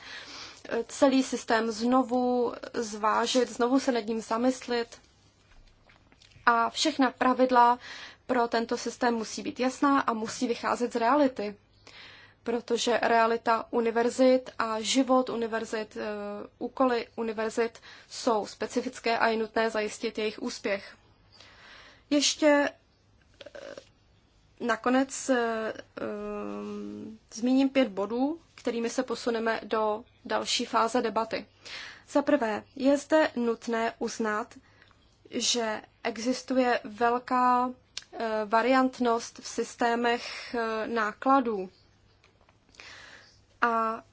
eh, celý systém znovu zvážit, znovu se nad ním zamyslit. A všechna pravidla pro tento systém musí být jasná a musí vycházet z reality, protože realita univerzit a život univerzit, eh, úkoly univerzit jsou specifické a je nutné zajistit jejich úspěch. Ještě Nakonec um, zmíním pět bodů, kterými se posuneme do další fáze debaty. Za prvé, je zde nutné uznat, že existuje velká eh, variantnost v systémech nákladů. A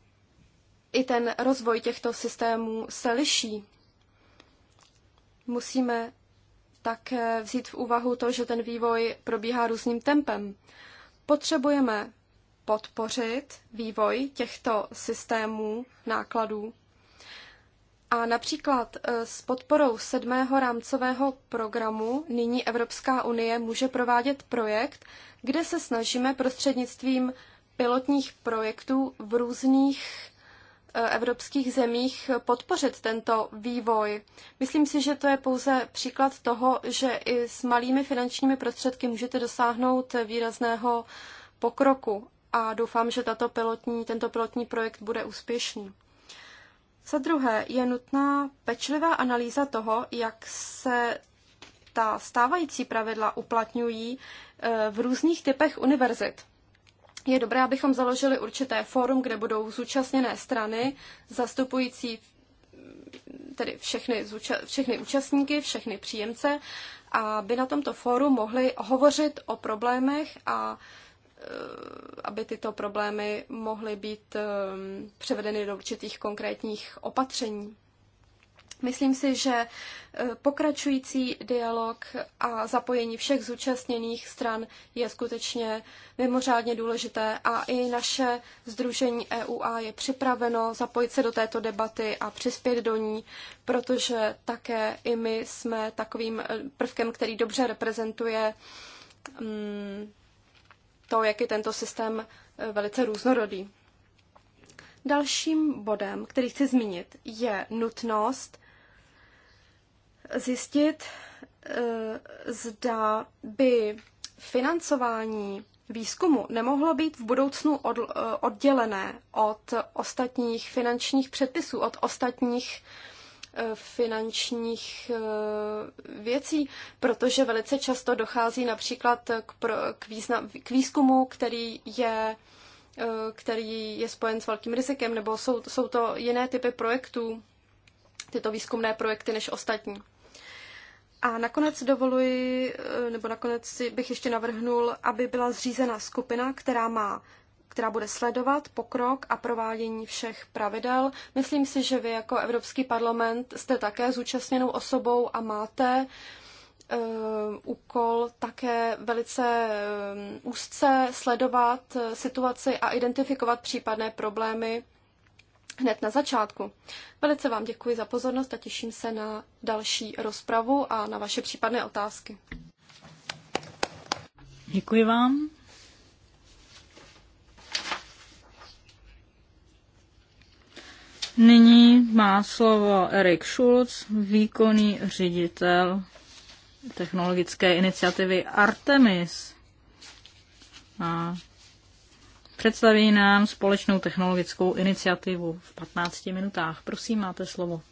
i ten rozvoj těchto systémů se liší. Musíme také eh, vzít v úvahu to, že ten vývoj probíhá různým tempem. Potřebujeme podpořit vývoj těchto systémů nákladů. A například eh, s podporou sedmého rámcového programu nyní Evropská unie může provádět projekt, kde se snažíme prostřednictvím pilotních projektů v různých Eh, evropských zemích podpořit tento vývoj. Myslím si, že to je pouze příklad toho, že i s malými finančními prostředky můžete dosáhnout výrazného pokroku a doufám, že tato pilotní, tento pilotní projekt bude úspěšný. Za druhé je nutná pečlivá analýza toho, jak se ta stávající pravidla uplatňují eh, v různých typech univerzit. Vlastně je dobré, abychom založili určité fórum, kde budou zúčastněné strany zastupující mm, tedy všechny, všechny účastníky, všechny příjemce, aby na tomto fóru mohli hovořit o problémech a eh, aby tyto problémy mohly být eh, převedeny do určitých konkrétních opatření. Myslím si, že e, pokračující dialog a zapojení všech zúčastněných stran je skutečně mimořádně důležité a i naše združení EUA je připraveno zapojit se do této debaty a přispět do ní, protože také i my jsme takovým e, prvkem, který dobře reprezentuje mm, to, jak je tento systém e, velice různorodý. Dalším bodem, který chci zmínit, je nutnost zjistit, eh, zda by financování výzkumu nemohlo být v budoucnu eh, oddělené od ostatních finančních předpisů, od ostatních eh, finančních věcí, protože velice často dochází například k, pro, k, význam, k výzkumu, který je, který je spojen s velkým rizikem, nebo jsou, jsou to jiné typy projektů, tyto výzkumné projekty než ostatní. A nakonec dovoluji, eh, nebo nakonec bych ještě navrhnul, aby byla zřízena skupina, která má která bude sledovat pokrok a provádění všech pravidel. Myslím si, že vy jako Evropský parlament jste také zúčastněnou osobou a máte eh, úkol také velice uh, úzce sledovat situaci a identifikovat případné problémy hned na začátku. Velice vám děkuji za pozornost a těším se na další rozpravu a na vaše případné otázky. Děkuji vám. Nyní má slovo Erik Schulz, výkonný ředitel technologické iniciativy Artemis. A Představí nám společnou technologickou iniciativu v 15 minutách. Prosím, máte slovo.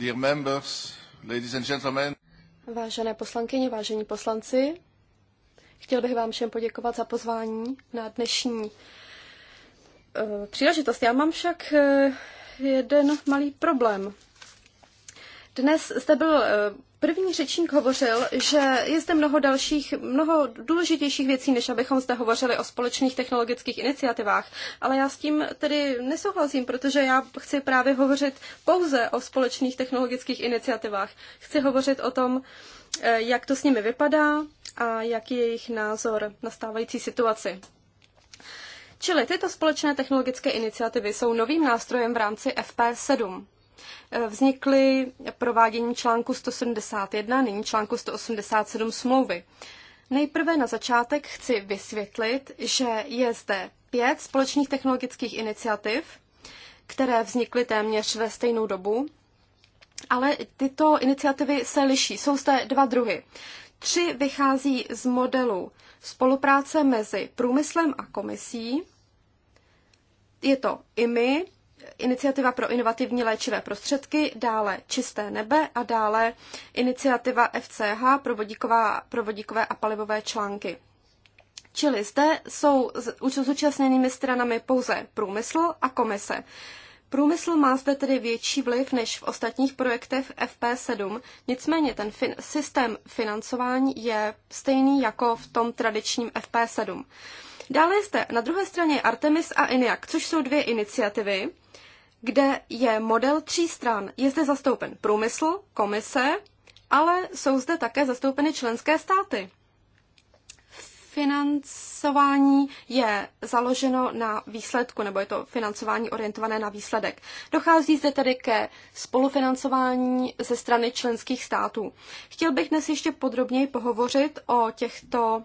Dear members, ladies and gentlemen. Vážené poslankyně, vážení poslanci, chtěl bych vám všem poděkovat za pozvání na dnešní eh, příležitost. Já mám však eh, jeden malý problém. Dnes jste byl eh, První řečník hovořil, že je zde mnoho dalších, mnoho důležitějších věcí, než abychom zde hovořili o společných technologických iniciativách. Ale já s tím tedy nesouhlasím, protože já chci právě hovořit pouze o společných technologických iniciativách. Chci hovořit o tom, eh, jak to s nimi vypadá a jaký je jejich názor na stávající situaci. Čili tyto společné technologické iniciativy jsou novým nástrojem v rámci FP7 vznikly prováděním článku 171, nyní článku 187 smlouvy. Nejprve na začátek chci vysvětlit, že je zde pět společných technologických iniciativ, které vznikly téměř ve stejnou dobu, ale tyto iniciativy se liší. Jsou zde dva druhy. Tři vychází z modelu spolupráce mezi průmyslem a komisí. Je to IMI, iniciativa pro inovativní léčivé prostředky, dále Čisté nebe a dále iniciativa FCH pro, vodíková, pro vodíkové a palivové články. Čili zde jsou už zúčastněnými stranami pouze průmysl a komise. Průmysl má zde tedy větší vliv než v ostatních projektech FP7, nicméně ten fin- systém financování je stejný jako v tom tradičním FP7. Dále jste na druhé straně Artemis a ENIAC, což jsou dvě iniciativy, kde je model tří stran. Je zde zastoupen průmysl, komise, ale jsou zde také zastoupeny členské státy. Financování je založeno na výsledku, nebo je to financování orientované na výsledek. Dochází zde tedy ke spolufinancování ze strany členských států. Chtěl bych dnes ještě podrobněji pohovořit o těchto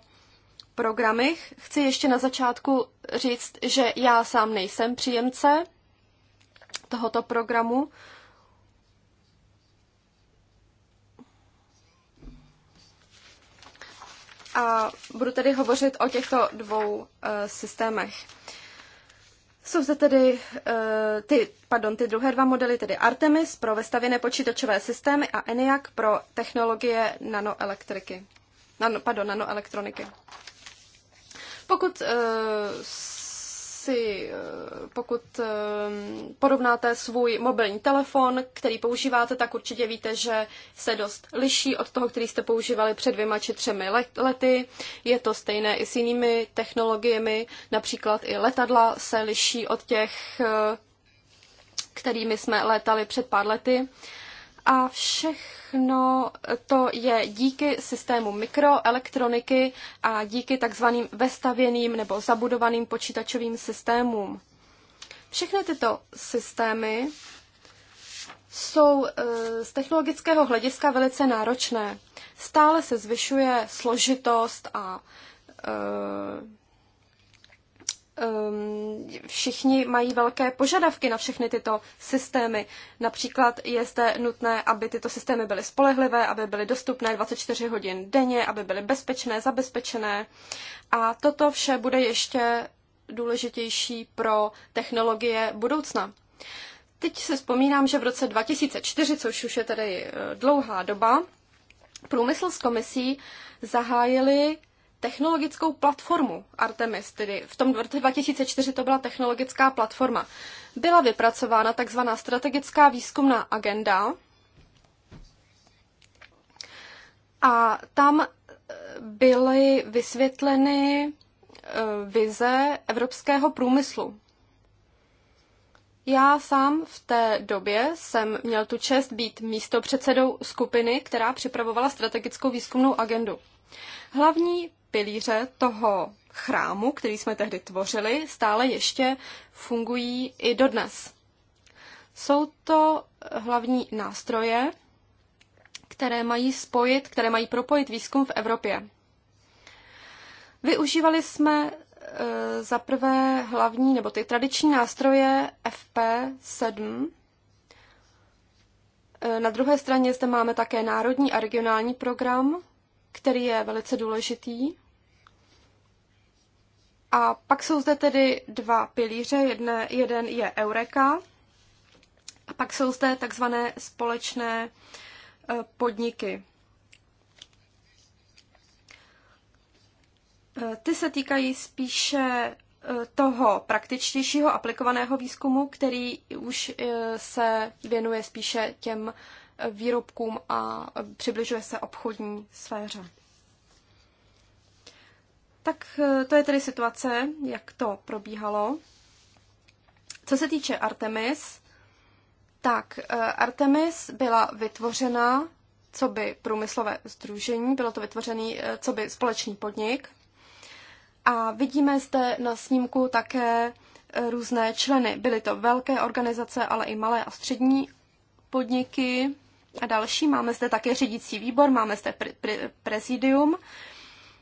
programech. Chci ještě na začátku říct, že já sám nejsem příjemce tohoto programu. A budu tedy hovořit o těchto dvou uh, systémech. Jsou zde tedy uh, ty, pardon, ty druhé dva modely, tedy Artemis pro vestavěné počítačové systémy a ENIAC pro technologie nanoelektriky. Nano, pardon, nanoelektroniky. Pokud eh, si, eh, pokud eh, porovnáte svůj mobilní telefon, který používáte, tak určitě víte, že se dost liší od toho, který jste používali před dvěma či třemi lety. Je to stejné i s jinými technologiemi, například i letadla se liší od těch, kterými jsme létali před pár lety. A všechno to je díky systému mikroelektroniky a díky takzvaným vestavěným nebo zabudovaným počítačovým systémům. Všechny tyto systémy jsou e, z technologického hlediska velice náročné. Stále se zvyšuje složitost a e, um, všichni mají velké požadavky na všechny tyto systémy. Například je zde nutné, aby tyto systémy byly spolehlivé, aby byly dostupné 24 hodin denně, aby byly bezpečné, zabezpečené. A toto vše bude ještě důležitější pro technologie budoucna. Teď se vzpomínám, že v roce 2004, což už je tedy eh, dlouhá doba, průmysl s komisí zahájili technologickou platformu Artemis, tedy v tom 2004 to byla technologická platforma. Byla vypracována takzvaná strategická výzkumná agenda a tam eh, byly vysvětleny eh, vize evropského průmyslu. Já sám v té době jsem měl tu čest být místopředsedou skupiny, která připravovala strategickou výzkumnou agendu. Hlavní pilíře toho chrámu, který jsme tehdy tvořili, stále ještě fungují i dodnes. Jsou to hlavní nástroje, které mají spojit, které mají propojit výzkum v Evropě. Využívali jsme e, za prvé hlavní nebo ty tradiční nástroje FP7. E, na druhé straně zde máme také národní a regionální program, který je velice důležitý. A pak jsou zde tedy dva pilíře. Jedne, jeden je Eureka a pak jsou zde takzvané společné eh, podniky. Eh, ty se týkají spíše eh, toho praktičtějšího aplikovaného výzkumu, který už se věnuje spíše těm výrobkům a přibližuje se obchodní sféře. Tak eh, to je tedy situace, jak to probíhalo. Co se týče Artemis, tak eh, Artemis byla vytvořena co by průmyslové združení, bylo to vytvořený eh, co by společný podnik. A vidíme zde na snímku také různé členy. Byly to velké organizace, ale i malé a střední podniky a další. Máme zde také řídící výbor, máme zde pre- pre- prezidium. Pre-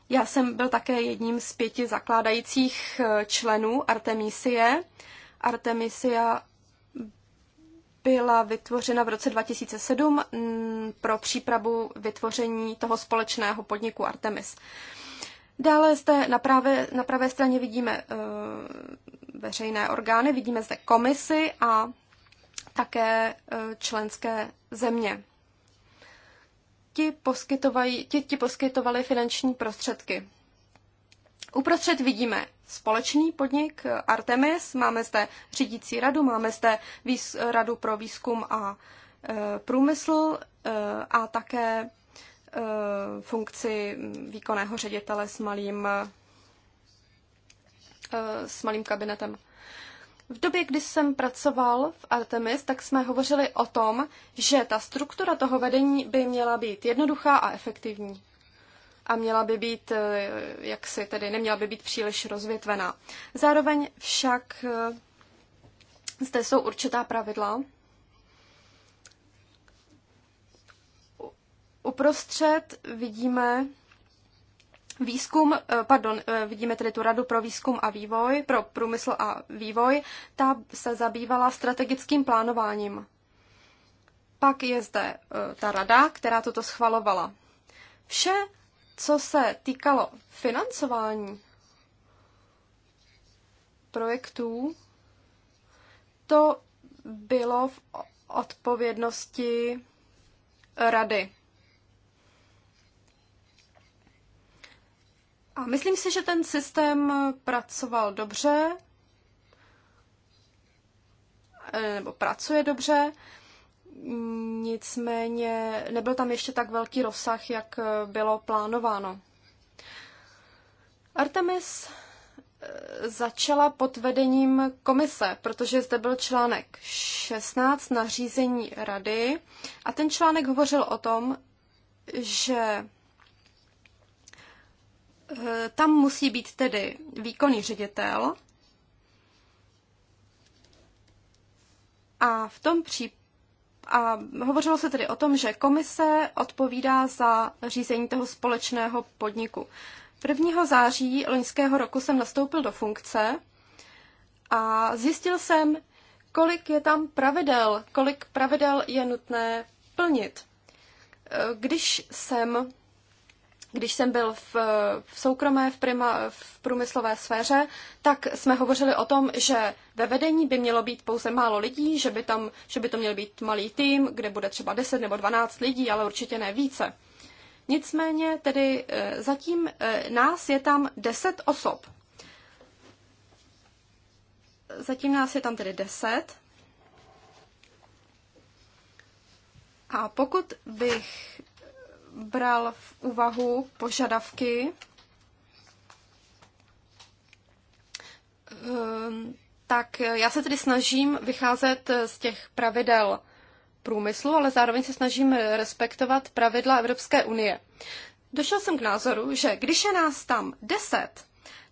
já jsem byl také jedním z pěti zakládajících eh, členů Artemisie. Artemisia byla vytvořena v roce 2007 mm, pro přípravu vytvoření toho společného podniku Artemis. Dále zde na pravé, na pravé straně vidíme e, veřejné orgány, vidíme zde komisy a také e, členské země ti, poskytovali, ti, ti poskytovali finanční prostředky. Uprostřed vidíme společný podnik Artemis, máme zde řídící radu, máme zde výz, radu pro výzkum a e, průmysl e, a také e, funkci výkonného ředitele s malým, e, s malým kabinetem. V době, kdy jsem pracoval v Artemis, tak jsme hovořili o tom, že ta struktura toho vedení by měla být jednoduchá a efektivní. A měla by být, eh, jak si tedy, neměla by být příliš rozvětvená. Zároveň však eh, zde jsou určitá pravidla. Uprostřed vidíme Výzkum, eh, pardon, eh, vidíme tedy tu Radu pro výzkum a vývoj, pro průmysl a vývoj, ta se zabývala strategickým plánováním. Pak je zde eh, ta rada, která toto schvalovala. Vše, co se týkalo financování projektů, to bylo v odpovědnosti rady. A myslím si, že ten systém pracoval dobře, eh, nebo pracuje dobře, nicméně nebyl tam ještě tak velký rozsah, jak bylo plánováno. Artemis eh, začala pod vedením komise, protože zde byl článek 16 nařízení rady a ten článek hovořil o tom, že Eh, tam musí být tedy výkonný ředitel a v tom případě a hovořilo se tedy o tom, že komise odpovídá za řízení toho společného podniku. 1. září loňského roku jsem nastoupil do funkce a zjistil jsem, kolik je tam pravidel, kolik pravidel je nutné plnit. Eh, když jsem když jsem byl v, v soukromé, v, prima, v průmyslové sféře, tak jsme hovořili o tom, že ve vedení by mělo být pouze málo lidí, že by, tam, že by to měl být malý tým, kde bude třeba 10 nebo 12 lidí, ale určitě ne více. Nicméně tedy e, zatím e, nás je tam 10 osob. Zatím nás je tam tedy 10. A pokud bych bral v úvahu požadavky ehm, tak já se tedy snažím vycházet z těch pravidel průmyslu, ale zároveň se snažím respektovat pravidla Evropské unie. Došel jsem k názoru, že když je nás tam deset,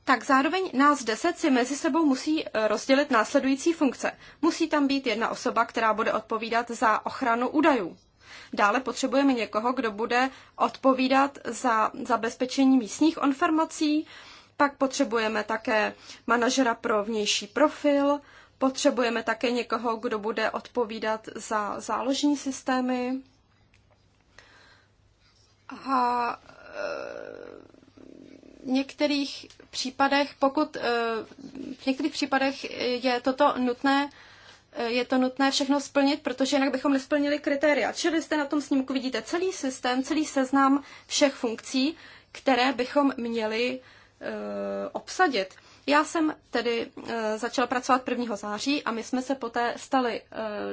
tak zároveň nás deset si mezi sebou musí rozdělit následující funkce. Musí tam být jedna osoba, která bude odpovídat za ochranu údajů. Dále potřebujeme někoho, kdo bude odpovídat za zabezpečení místních informací, pak potřebujeme také manažera pro vnější profil, potřebujeme také někoho, kdo bude odpovídat za záložní systémy. A e, v některých případech, pokud e, v některých případech je toto nutné Eh, je to nutné všechno splnit, protože jinak bychom nesplnili kritéria. Čili jste na tom snímku vidíte celý systém, celý seznam všech funkcí, které bychom měli uh, obsadit. Já jsem tedy uh, začala pracovat 1. září a my jsme se poté stali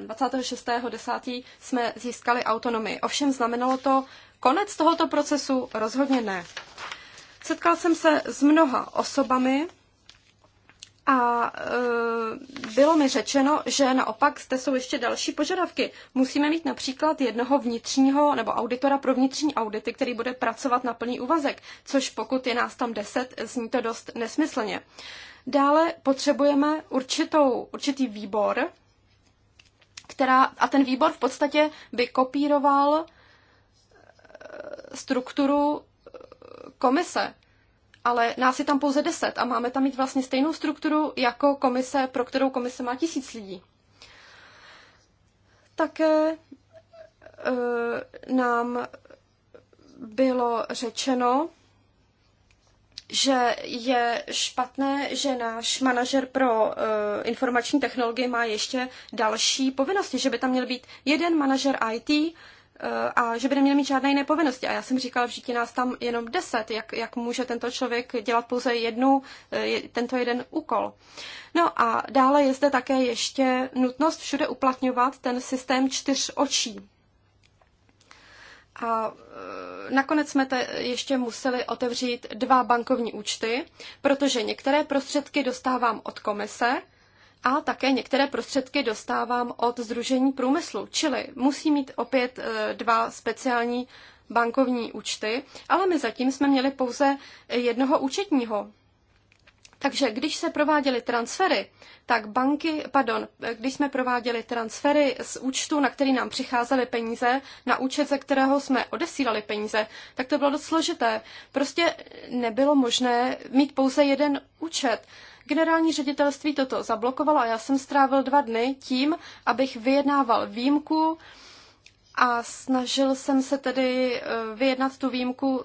uh, 26.10. jsme získali autonomii. Ovšem znamenalo to konec tohoto procesu? Rozhodně ne. Setkal jsem se s mnoha osobami, a e, bylo mi řečeno, že naopak zde jsou ještě další požadavky. Musíme mít například jednoho vnitřního nebo auditora pro vnitřní audity, který bude pracovat na plný úvazek, což pokud je nás tam deset, zní to dost nesmyslně. Dále potřebujeme určitou, určitý výbor, která, a ten výbor v podstatě by kopíroval e, strukturu e, komise, ale nás je tam pouze deset a máme tam mít vlastně stejnou strukturu jako komise, pro kterou komise má tisíc lidí. Také eh, nám bylo řečeno, že je špatné, že náš manažer pro e, informační technologie má ještě další povinnosti, že by tam měl být jeden manažer IT, a že by neměl mít žádné jiné povinnosti. A já jsem říkala, že ti nás tam jenom deset, jak, jak může tento člověk dělat pouze jednu, eh, tento jeden úkol. No a dále je zde také ještě nutnost všude uplatňovat ten systém čtyř očí. A eh, nakonec jsme te ještě museli otevřít dva bankovní účty, protože některé prostředky dostávám od komise a také některé prostředky dostávám od Združení průmyslu, čili musí mít opět e, dva speciální bankovní účty, ale my zatím jsme měli pouze jednoho účetního. Takže když se prováděly transfery, tak banky, pardon, když jsme prováděli transfery z účtu, na který nám přicházely peníze, na účet, ze kterého jsme odesílali peníze, tak to bylo dost složité. Prostě nebylo možné mít pouze jeden účet. Generální ředitelství toto zablokovalo a já jsem strávil dva dny tím, abych vyjednával výjimku a snažil jsem se tedy eh, vyjednat tu výjimku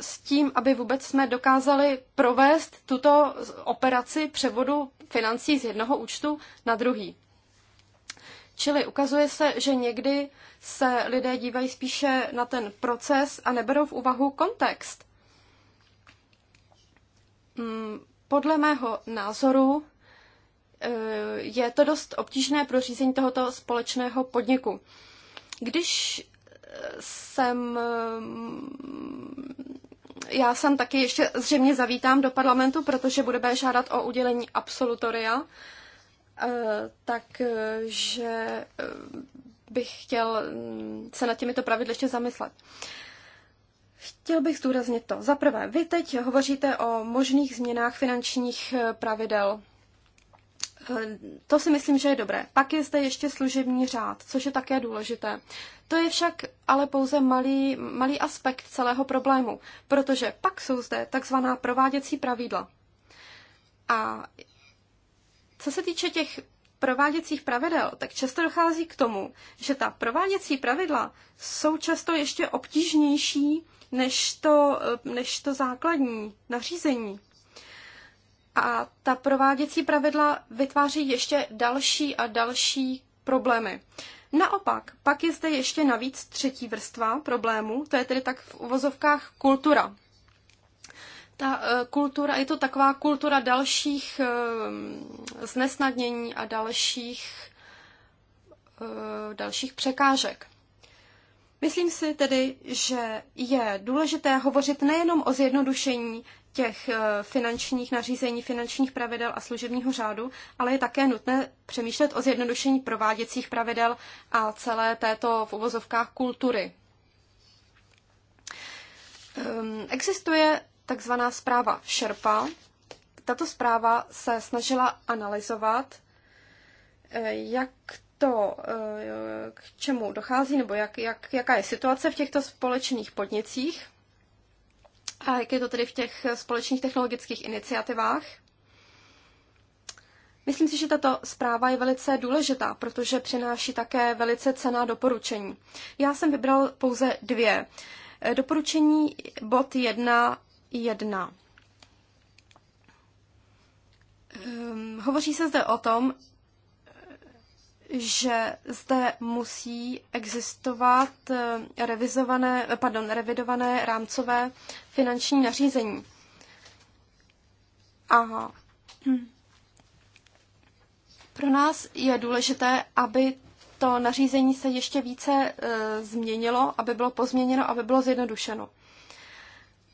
s tím, aby vůbec jsme dokázali provést tuto operaci převodu financí z jednoho účtu na druhý. Čili ukazuje se, že někdy se lidé dívají spíše na ten proces a neberou v úvahu kontext. Hmm, podle mého názoru eh, je to dost obtížné pro řízení tohoto společného podniku. Když eh, jsem eh, já jsem taky ještě zřejmě zavítám do parlamentu, protože budeme žádat o udělení absolutoria, takže bych chtěl mm, se nad těmito pravidly ještě zamyslet. Chtěl bych zdůraznit to. Za prvé, vy teď hovoříte o možných změnách finančních eh, pravidel. Eh, to si myslím, že je dobré. Pak je zde ještě služební řád, což je také důležité. To je však ale pouze malý, malý aspekt celého problému, protože pak jsou zde takzvaná prováděcí pravidla. A co se týče těch prováděcích pravidel, tak často dochází k tomu, že ta prováděcí pravidla jsou často ještě obtížnější než to, eh, než to základní nařízení. A ta prováděcí pravidla vytváří ještě další a další problémy. Naopak, pak je zde ještě navíc třetí vrstva problémů, to je tedy tak v uvozovkách kultura. Ta eh, kultura, je to taková kultura dalších eh, znesnadnění a dalších, dalších překážek. Myslím si tedy, že je důležité hovořit nejenom o zjednodušení těch eh, finančních nařízení, finančních pravidel a služebního řádu, ale je také nutné přemýšlet o zjednodušení prováděcích pravidel a celé této v uvozovkách kultury. Ehm, existuje takzvaná zpráva Šerpa. Tato zpráva se snažila analyzovat, eh, jak to, eh, k čemu dochází, nebo jak, jak, jaká je situace v těchto společných podnicích a jak je to tedy v těch společných technologických iniciativách. Myslím si, že tato zpráva je velice důležitá, protože přináší také velice cená doporučení. Já jsem vybral pouze dvě. Eh, doporučení bod 1.1. 1. Ehm, hovoří se zde o tom, že zde musí existovat eh, revizované, pardon, revidované rámcové finanční nařízení. A hm. pro nás je důležité, aby to nařízení se ještě více e, změnilo, aby bylo pozměněno, aby bylo zjednodušeno.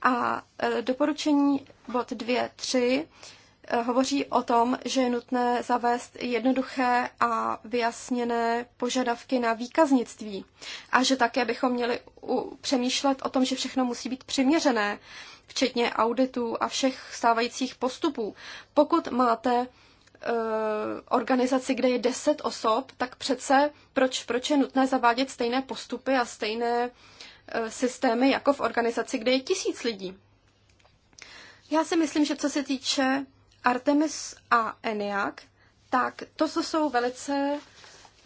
A e, doporučení bod 2, 3 Eh, hovoří o tom, že je nutné zavést jednoduché a vyjasněné požadavky na výkaznictví a že také bychom měli přemýšlet o tom, že všechno musí být přiměřené, včetně auditů a všech stávajících postupů. Pokud máte eh, organizaci, kde je 10 osob, tak přece proč, proč je nutné zavádět stejné postupy a stejné eh, systémy jako v organizaci, kde je tisíc lidí? Já si myslím, že co se týče Artemis a Eniak, tak to jsou velice,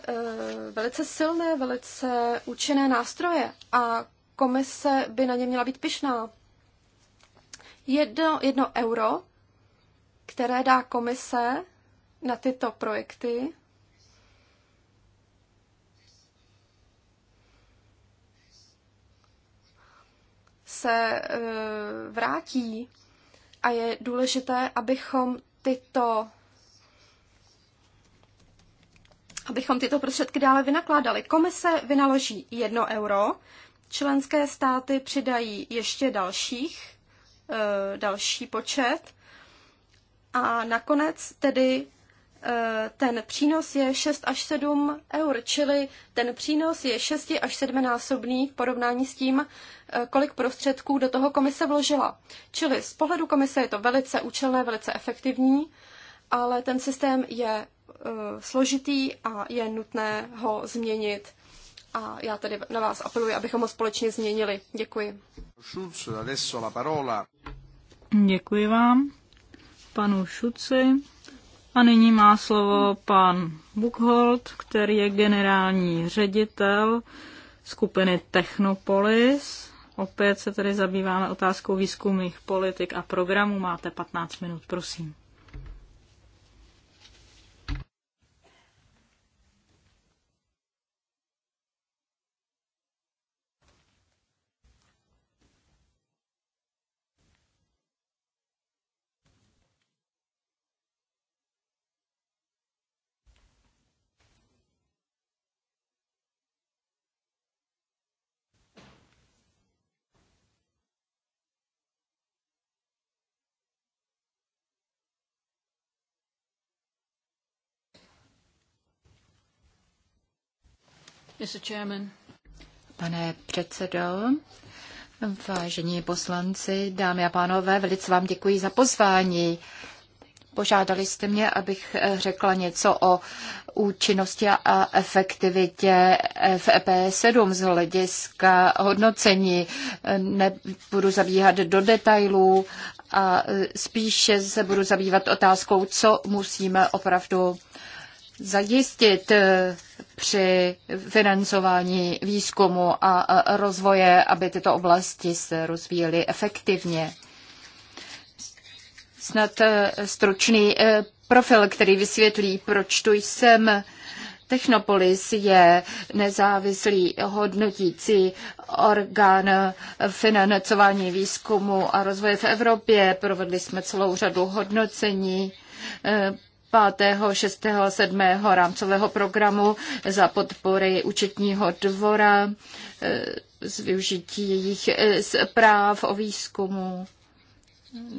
eh, velice silné, velice účinné nástroje a komise by na ně měla být pyšná. Jedno, jedno euro, které dá komise na tyto projekty, se eh, vrátí a je důležité, abychom tyto abychom tyto prostředky dále vynakládali. Komise vynaloží 1 euro, členské státy přidají ještě dalších, eh, další počet a nakonec tedy Eh, ten přínos je 6 až 7 eur, čili ten přínos je 6 až 7 násobný v porovnání s tím, eh, kolik prostředků do toho komise vložila. Čili z pohledu komise je to velice účelné, velice efektivní, ale ten systém je eh, složitý a je nutné ho změnit. A já tedy na vás apeluji, abychom ho společně změnili. Děkuji. Děkuji vám, panu Šuci. A nyní má slovo pan Buchholt, který je generální ředitel skupiny Technopolis. Opět se tedy zabýváme otázkou výzkumných politik a programů. Máte 15 minut, prosím. Pane předsedo, vážení poslanci, dámy a pánové, velice vám děkuji za pozvání. Požádali jste mě, abych eh, řekla něco o účinnosti a efektivitě eh, v EP7 z hlediska hodnocení. Eh, nebudu zabíhat do detailů a spíše se budu zabývat otázkou, co musíme opravdu zajistit při financování výzkumu a rozvoje, aby tyto oblasti se rozvíjely efektivně. Snad eh, stručný eh, profil, který vysvětlí, proč tu jsem. Technopolis je nezávislý hodnotící orgán financování výzkumu a rozvoje v Evropě. Provedli jsme celou řadu hodnocení eh, 5., 6., 7. rámcového programu za podpory účetního dvora s eh, využití jejich eh, zpráv o výzkumu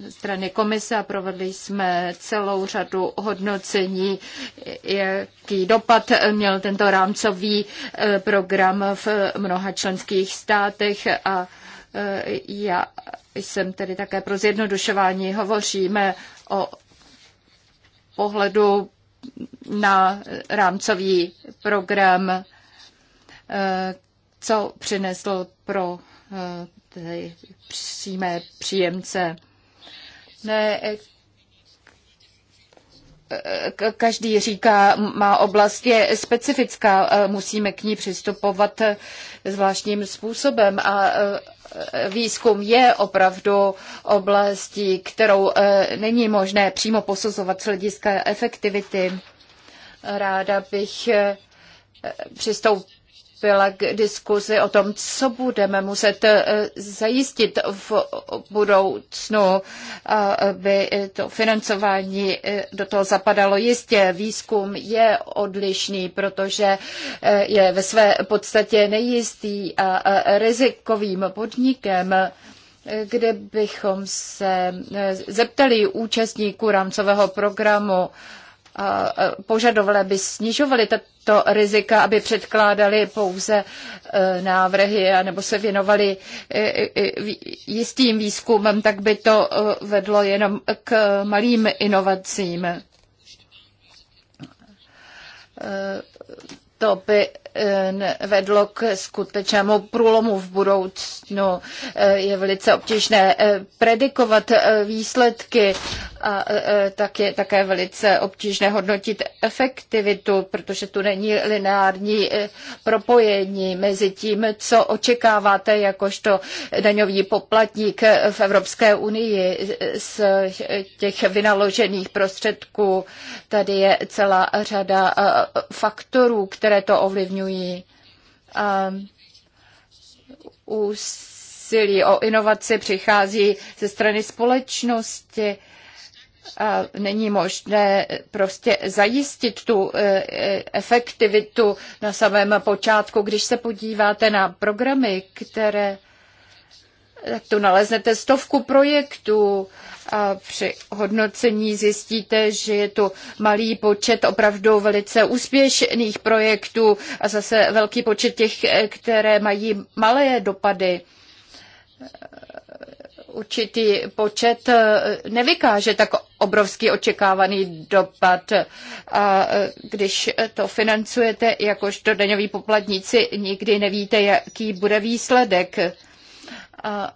strany komise a provedli jsme celou řadu hodnocení, jaký dopad měl tento rámcový eh, program v mnoha členských státech a já jsem tedy také pro zjednodušování. Hovoříme o pohledu na rámcový program, eh, co přinesl pro eh, přímé příjemce. Ne, eh, každý říká, má oblast je specifická, musíme k ní přistupovat zvláštním způsobem a výzkum je opravdu oblastí, kterou e, není možné přímo posuzovat z hlediska efektivity. Ráda bych e, přistoupila byla k diskuzi o tom, co budeme muset eh, zajistit v budoucnu, aby to financování eh, do toho zapadalo. Jistě výzkum je odlišný, protože eh, je ve své podstatě nejistý a rizikovým podnikem kdybychom se zeptali účastníků rámcového programu, požadovali, aby snižovali tato rizika, aby předkládali pouze e, návrhy nebo se věnovali e, e, jistým výzkumem, tak by to vedlo jenom k malým inovacím. To by Eh, vedlo k skutečnému průlomu v budoucnu. Eh, je velice obtížné eh, predikovat výsledky a tak je také velice obtížné hodnotit efektivitu, protože tu není lineární propojení mezi tím, co očekáváte jakožto daňový poplatník v Evropské unii z těch vynaložených prostředků. Tady je celá řada faktorů, které to ovlivňují oceňují ehm, úsilí o inovaci přichází ze strany společnosti. A není možné prostě zajistit tu e, e, efektivitu na samém počátku. Když se podíváte na programy, které tak tu naleznete stovku projektů a při hodnocení zjistíte, že je tu malý počet opravdu velice úspěšných projektů a zase velký počet těch, které mají malé dopady. Určitý počet eh, nevykáže tak obrovský očekávaný dopad. A eh, když to financujete jakožto daňoví poplatníci, nikdy nevíte, jaký bude výsledek uh,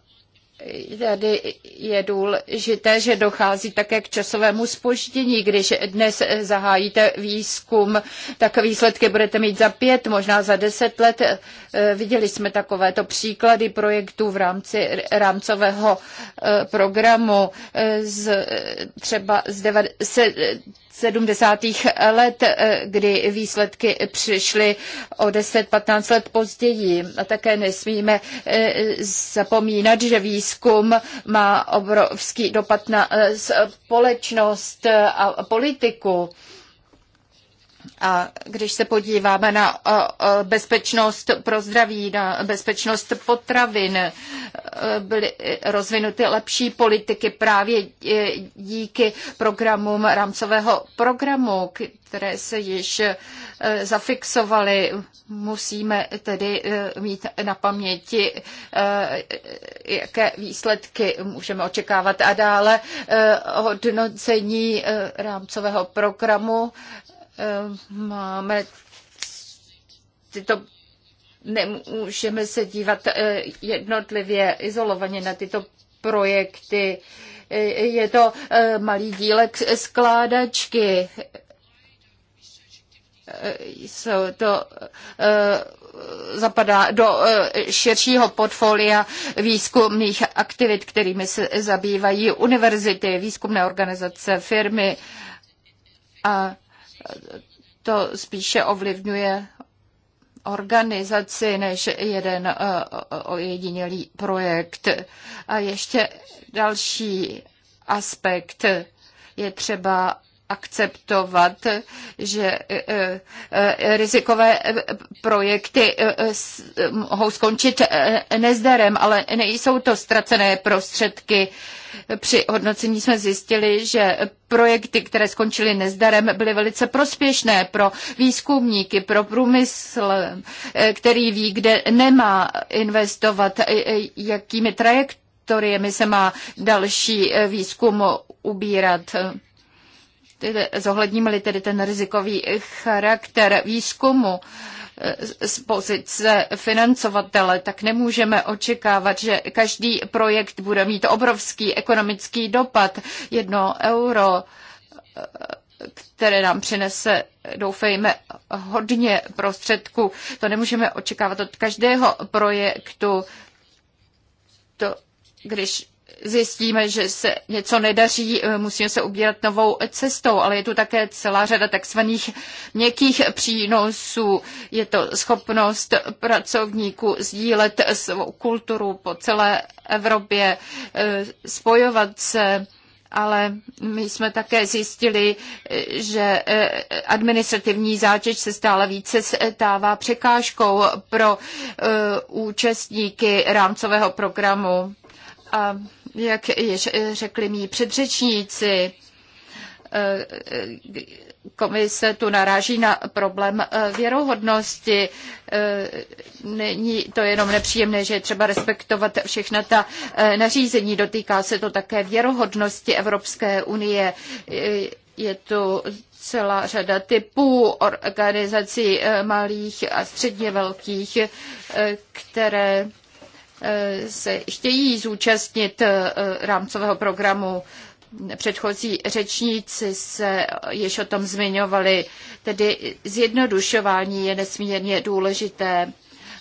Tady je důležité, že dochází také k časovému spoždění. Když dnes zahájíte výzkum, tak výsledky budete mít za pět, možná za deset let. Viděli jsme takovéto příklady projektů v rámci rámcového eh, programu eh, z, třeba z 90, 70. let, eh, kdy výsledky přišly o 10-15 let později. A také nesmíme zapomínat, že výzkum výzkum má obrovský dopad na eh, společnost eh, a politiku. A když se podíváme na bezpečnost pro zdraví, na bezpečnost potravin, byly rozvinuty lepší politiky právě e, díky programům rámcového programu, které se již e, zafixovaly. Musíme tedy e, mít na paměti, jaké výsledky můžeme očekávat. A dále hodnocení rámcového programu máme tyto nemůžeme se dívat eh, jednotlivě, izolovaně na tyto projekty. Eh, je to eh, malý dílek skládačky. Jsou to zapadá do širšího portfolia výzkumných aktivit, kterými se zabývají univerzity, výzkumné organizace, firmy a to spíše ovlivňuje organizaci než jeden eh, ojedinělý projekt. A ještě další aspekt je třeba akceptovat, že e, e, e, rizikové projekty mohou skončit nezdarem, ale nejsou to ztracené prostředky. Při hodnocení jsme zjistili, že projekty, které skončily nezdarem, byly velice prospěšné pro výzkumníky, pro průmysl, který ví, kde nemá investovat, jakými trajektoriemi se má další výzkum ubírat zohledníme-li tedy ten rizikový charakter výzkumu eh, z pozice financovatele, tak nemůžeme očekávat, že každý projekt bude mít obrovský ekonomický dopad. Jedno euro eh, které nám přinese, doufejme, hodně prostředků. To nemůžeme očekávat od každého projektu. To, když zjistíme, že se něco nedaří, eh, musíme se ubírat novou cestou, ale je tu také celá řada takzvaných měkkých přínosů. Je to schopnost pracovníků sdílet svou kulturu po celé Evropě, eh, spojovat se, ale my jsme také zjistili, eh, že administrativní zátěž se stále více stává překážkou pro účastníky rámcového programu a jak již řekli mý předřečníci, komise tu naráží na problém věrohodnosti. Není to jenom nepříjemné, že je třeba respektovat všechna ta nařízení. Dotýká se to také věrohodnosti Evropské unie. Je tu celá řada typů organizací malých a středně velkých, které Eh, se chtějí zúčastnit eh, rámcového programu. Předchozí řečníci se již o tom zmiňovali, tedy zjednodušování je nesmírně důležité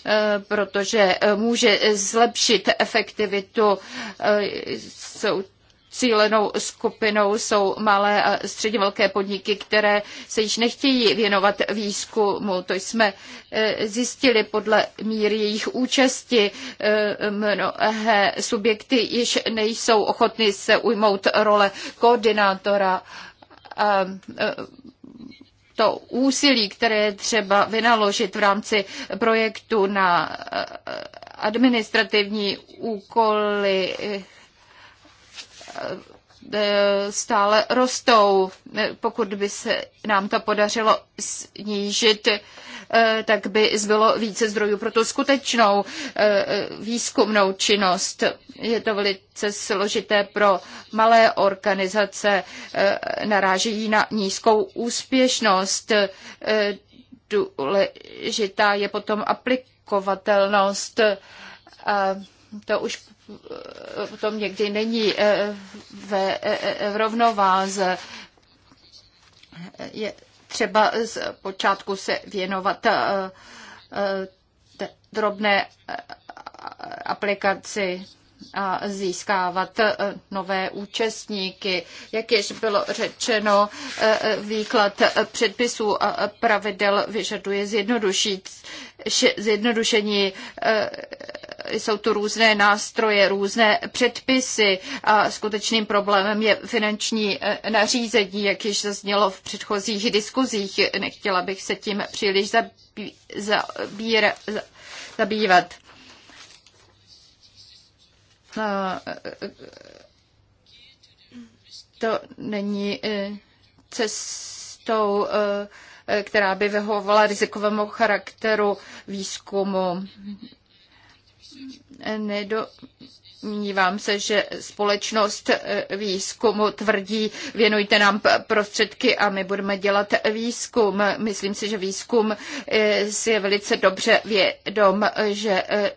eh, protože může zlepšit efektivitu. Jsou cílenou skupinou jsou malé a středně velké podniky, které se již nechtějí věnovat výzkumu. To jsme eh, zjistili podle míry jejich účasti. Eh, mnohé subjekty již nejsou ochotny se ujmout role koordinátora. A eh, to úsilí, které je třeba vynaložit v rámci projektu na administrativní úkoly, E, stále rostou. Pokud by se nám to podařilo snížit, e, tak by zbylo více zdrojů pro tu skutečnou e, výzkumnou činnost. Je to velice složité pro malé organizace, narážejí na nízkou úspěšnost. Důležitá je potom aplikovatelnost. To už v tom někdy není eh, ve eh, eh, rovnováze. Je třeba z počátku se věnovat drobné aplikaci a získávat nové účastníky. Jak již bylo řečeno, výklad předpisů a pravidel vyžaduje zjednodušení jsou tu různé nástroje, různé předpisy a skutečným problémem je finanční eh, nařízení, jak již zaznělo v předchozích diskuzích. Nechtěla bych se tím příliš zabí, zabývat. Eh, to není eh, cestou, která by vyhovovala rizikovému charakteru výzkumu. Nedomnívám se, že společnost eh, výzkumu tvrdí, věnujte nám prostředky a my budeme dělat výzkum. Myslím si, že výzkum eh, si je velice dobře vědom, že eh,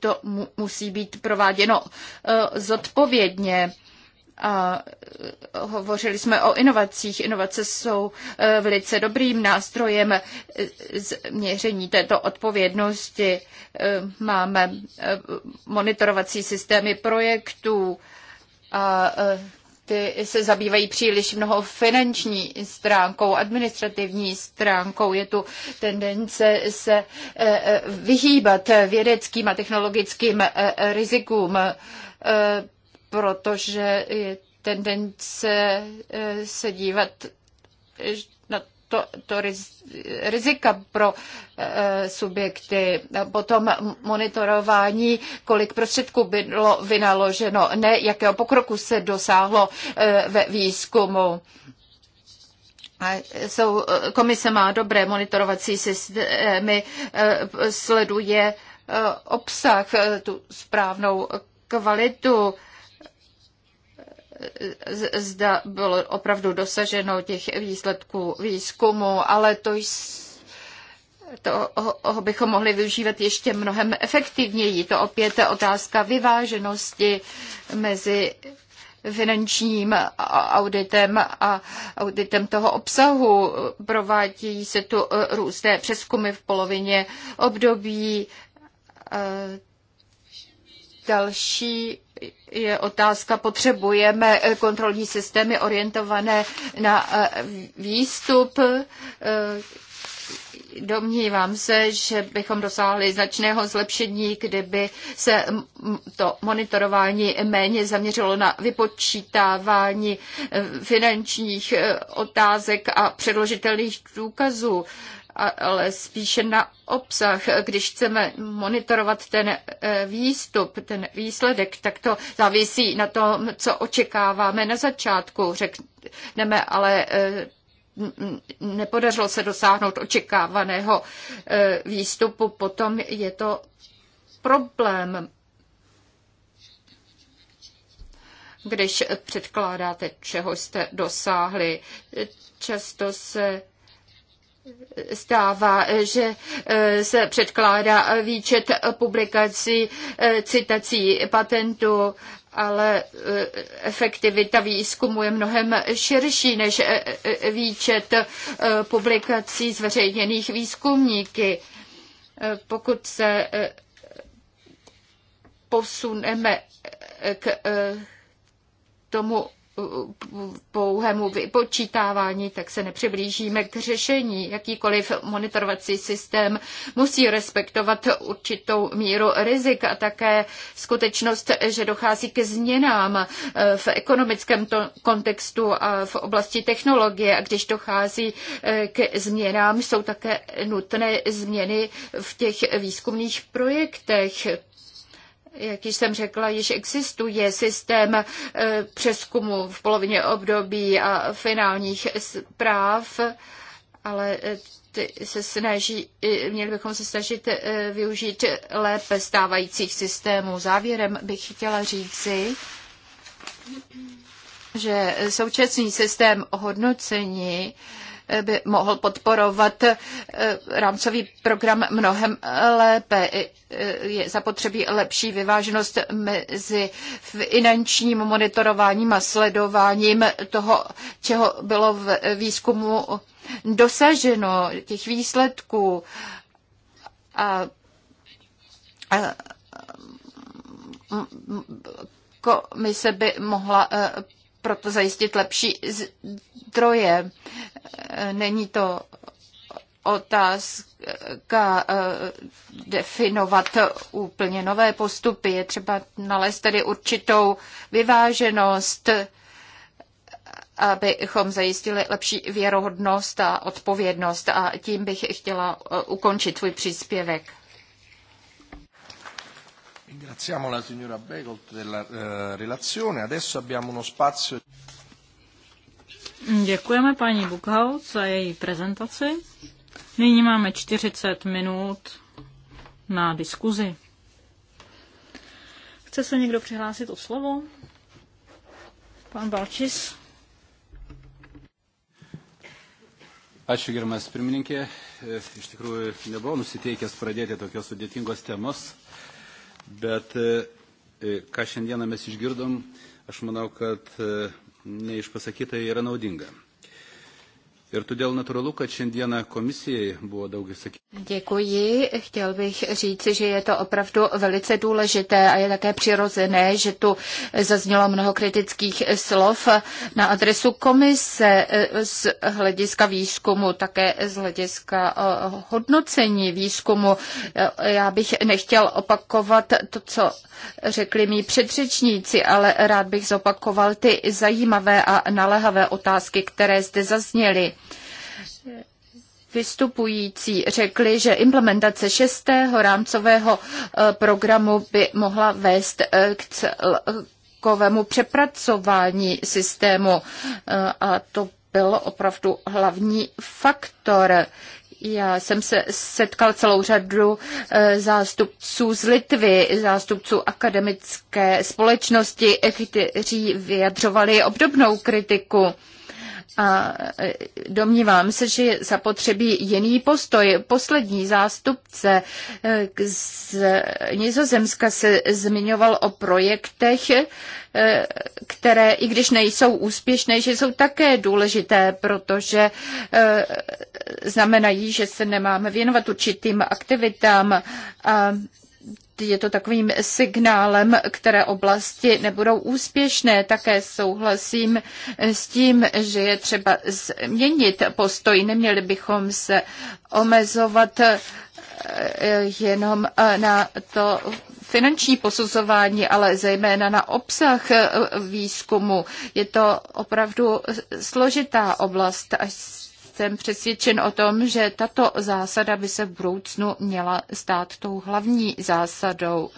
to musí být prováděno zodpovědně a e, hovořili jsme o inovacích. Inovace jsou e, velice dobrým nástrojem e, změření této odpovědnosti. Máme monitorovací systémy projektů a ty se zabývají příliš mnoho finanční stránkou, administrativní stránkou. Je tu tendence se vyhýbat vědeckým a technologickým rizikům protože je tendence e, se dívat e, na to, to rizika pro e, subjekty, potom monitorování, kolik prostředků bylo vynaloženo, ne jakého pokroku se dosáhlo ve výzkumu. A jsou, komise má dobré monitorovací systémy, sleduje obsah, tu správnou kvalitu zda bylo opravdu dosaženo těch výsledků výzkumu, ale to to bychom mohli využívat ještě mnohem efektivněji. To opět je otázka vyváženosti mezi finančním auditem a auditem toho obsahu. provádějí se tu různé přeskumy v polovině období Další je otázka, potřebujeme eh, kontrolní systémy orientované na eh, výstup. Eh, domnívám se, že bychom dosáhli značného zlepšení, kdyby se to monitorování méně zaměřilo na vypočítávání finančních otázek a předložitelných důkazů ale spíše na obsah. Když chceme monitorovat ten eh, výstup, ten výsledek, tak to závisí na tom, co očekáváme na začátku. Řekneme, ale eh, nepodařilo se dosáhnout očekávaného eh, výstupu, potom je to problém. Když předkládáte, čeho jste dosáhli, často se stává, že eh, se předkládá výčet publikací, eh, citací patentu, ale eh, efektivita výzkumu je mnohem širší než výčet publikací zveřejněných výzkumníky. Pokud se posuneme k tomu pouhému vypočítávání, tak se nepřiblížíme k řešení. Jakýkoliv monitorovací systém musí respektovat určitou míru rizik a také skutečnost, že dochází ke změnám eh, v ekonomickém kontextu a v oblasti technologie. A když dochází eh, k změnám, jsou také nutné změny v těch výzkumných projektech jak již jsem řekla, již existuje systém eh, přeskumu v polovině období a finálních zpráv, ale eh, se snaží, eh, měli bychom se snažit využít lépe stávajících systémů. Závěrem bych chtěla říci, že současný systém ohodnocení by mohl podporovat eh, rámcový program mnohem lépe. Eh, je zapotřebí lepší vyváženost mezi finančním monitorováním a sledováním toho, čeho bylo v výzkumu dosaženo, těch výsledků. A, a komise by mohla eh, proto zajistit lepší zdroje. Není to otázka eh, definovat úplně nové postupy. Je třeba nalézt tedy určitou vyváženost, abychom zajistili lepší věrohodnost a odpovědnost. A tím bych chtěla eh, ukončit svůj příspěvek. Ringraziamo la signora Begolt della eh, relazione. Adesso abbiamo uno spazio. Děkujeme paní Bukhaut za její prezentaci. Nyní máme 40 minut na diskuzi. Chce se někdo přihlásit o slovo? Pan Balčis. Ačiū gerbiamas pirmininkė. E, iš tikrųjų nebuvau nusiteikęs pradėti tokios sudėtingos temos. Bet e, ką šiandieną mes išgirdom, aš manau, kad e, neišpasakytai yra naudinga. Ir todėl natūralu, kad šiandieną komisijai daug Děkuji. Chtěl bych říci, že je to opravdu velice důležité a je také přirozené, že tu zaznělo mnoho kritických slov na adresu komise z hlediska výzkumu, také z hlediska eh, hodnocení výzkumu. Eh, já bych nechtěl opakovat to, co řekli mý předřečníci, ale rád bych zopakoval ty zajímavé a naléhavé otázky, které zde zazněly vystupující řekli, že implementace šestého rámcového e, programu by mohla vést e, k celkovému přepracování systému. E, a to byl opravdu hlavní faktor. Já jsem se setkal celou řadu zástupců z Litvy, zástupců akademické společnosti, kteří vyjadřovali obdobnou kritiku. A e, domnívám se, že je zapotřebí jiný postoj. Poslední zástupce e, z Nizozemska se zmiňoval o projektech, e, které, i když nejsou úspěšné, že jsou také důležité, protože znamenají, že se nemáme věnovat určitým aktivitám. A je to takovým signálem, které oblasti nebudou úspěšné. Také souhlasím s tím, že je třeba změnit postoj. Neměli bychom se omezovat eh, jenom eh, na to finanční posuzování, ale zejména na obsah eh, výzkumu. Je to opravdu složitá oblast, až jsem přesvědčen o tom, že tato zásada by se v budoucnu měla stát tou hlavní zásadou.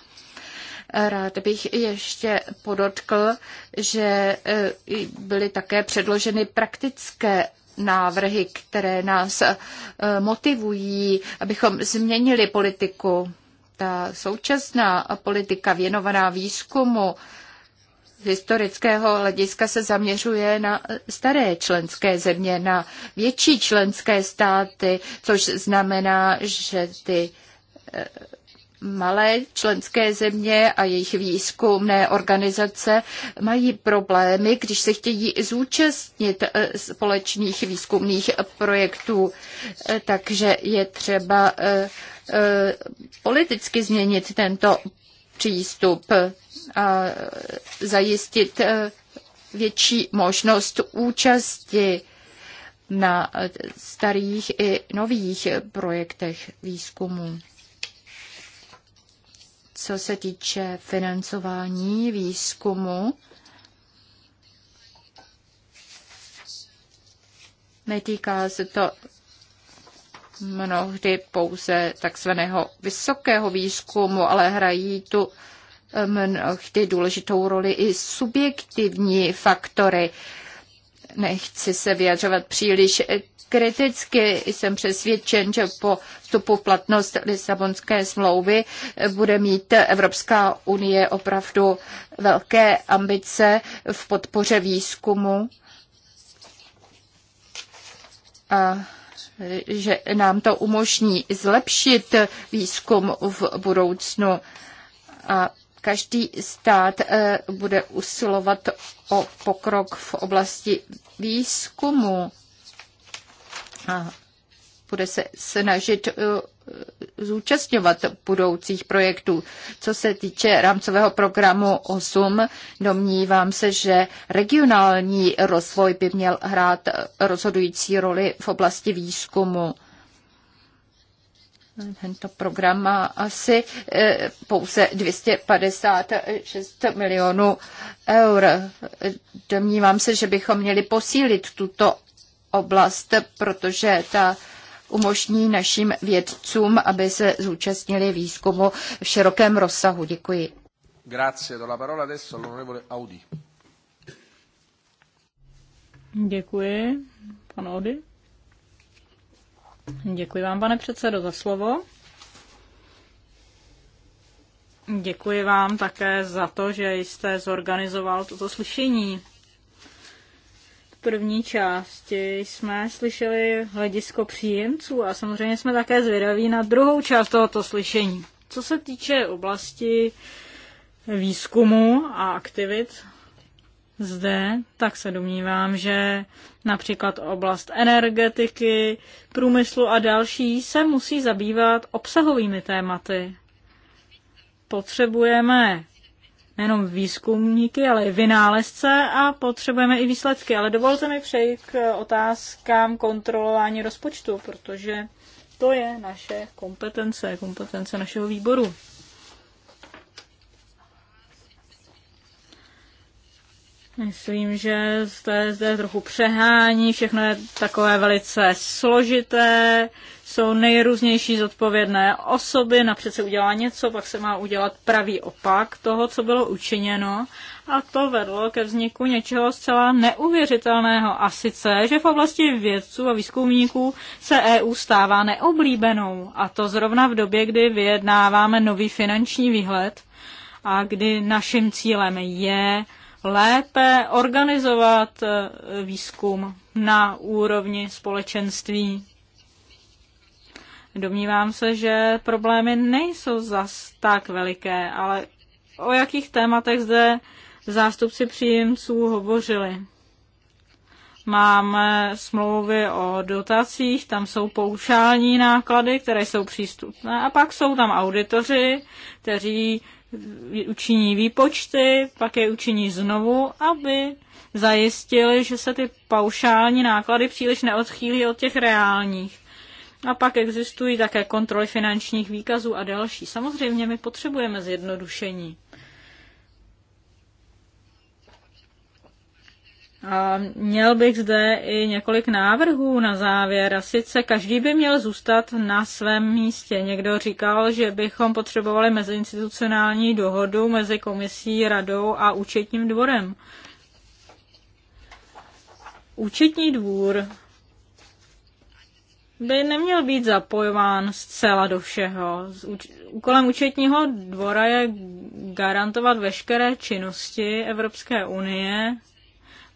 Rád bych ještě podotkl, že eh, byly také předloženy praktické návrhy, které nás eh, motivují, abychom změnili politiku. Ta současná politika věnovaná výzkumu z historického hlediska se zaměřuje na staré členské země, na větší členské státy, což znamená, že ty eh, malé členské země a jejich výzkumné organizace mají problémy, když se chtějí zúčastnit eh, společných výzkumných projektů. Eh, takže je třeba politicky změnit tento přístup a zajistit e, větší možnost účasti na e, starých i nových projektech výzkumu. Co se týče financování výzkumu, netýká se to mnohdy pouze takzvaného vysokého výzkumu, ale hrají tu mnohdy důležitou roli i subjektivní faktory. Nechci se vyjadřovat příliš kriticky. Jsem přesvědčen, že po vstupu v platnost Lisabonské smlouvy bude mít Evropská unie opravdu velké ambice v podpoře výzkumu. A že nám to umožní zlepšit výzkum v budoucnu. A každý stát eh, bude usilovat o pokrok v oblasti výzkumu. A bude se snažit eh, zúčastňovat budoucích projektů. Co se týče rámcového programu 8, domnívám se, že regionální rozvoj by měl hrát rozhodující roli v oblasti výzkumu. Tento program má asi eh, pouze 256 milionů eur. Domnívám se, že bychom měli posílit tuto oblast, protože ta umožní našim vědcům, aby se zúčastnili výzkumu v širokém rozsahu. Děkuji. Grazie, do la parola adesso all'onorevole Audi. Děkuji, pan Audi. Děkuji vám, pane předsedo, za slovo. Děkuji vám také za to, že jste zorganizoval toto slyšení první části jsme slyšeli hledisko příjemců a samozřejmě jsme také zvědaví na druhou část tohoto slyšení. Co se týče oblasti výzkumu a aktivit zde, tak se domnívám, že například oblast energetiky, průmyslu a další se musí zabývat obsahovými tématy. Potřebujeme nejenom výzkumníky, ale i vynálezce a potřebujeme i výsledky. Ale dovolte mi přejít k otázkám kontrolování rozpočtu, protože to je naše kompetence, kompetence našeho výboru. Myslím, že to je zde trochu přehání, všechno je takové velice složité, jsou nejrůznější zodpovědné osoby, napřed se udělá něco, pak se má udělat pravý opak toho, co bylo učiněno a to vedlo ke vzniku něčeho zcela neuvěřitelného a sice, že v oblasti vědců a výzkumníků se EU stává neoblíbenou a to zrovna v době, kdy vyjednáváme nový finanční výhled a kdy naším cílem je lépe organizovat eh, výzkum na úrovni společenství. Domnívám se, že problémy nejsou zas tak veliké, ale o jakých tématech zde zástupci příjemců hovořili. Máme smlouvy o dotacích, tam jsou poušální náklady, které jsou přístupné, a pak jsou tam auditoři, kteří učiní výpočty, pak je učiní znovu, aby zajistili, že se ty paušální náklady příliš neodchýlí od těch reálních. A pak existují také kontroly finančních výkazů a další. Samozřejmě my potřebujeme zjednodušení. A měl bych zde i několik návrhů na závěr. A sice každý by měl zůstat na svém místě. Někdo říkal, že bychom potřebovali meziinstitucionální dohodu mezi komisí, radou a účetním dvorem. Účetní dvůr by neměl být zapojován zcela do všeho. Úkolem účetního dvora je garantovat veškeré činnosti Evropské unie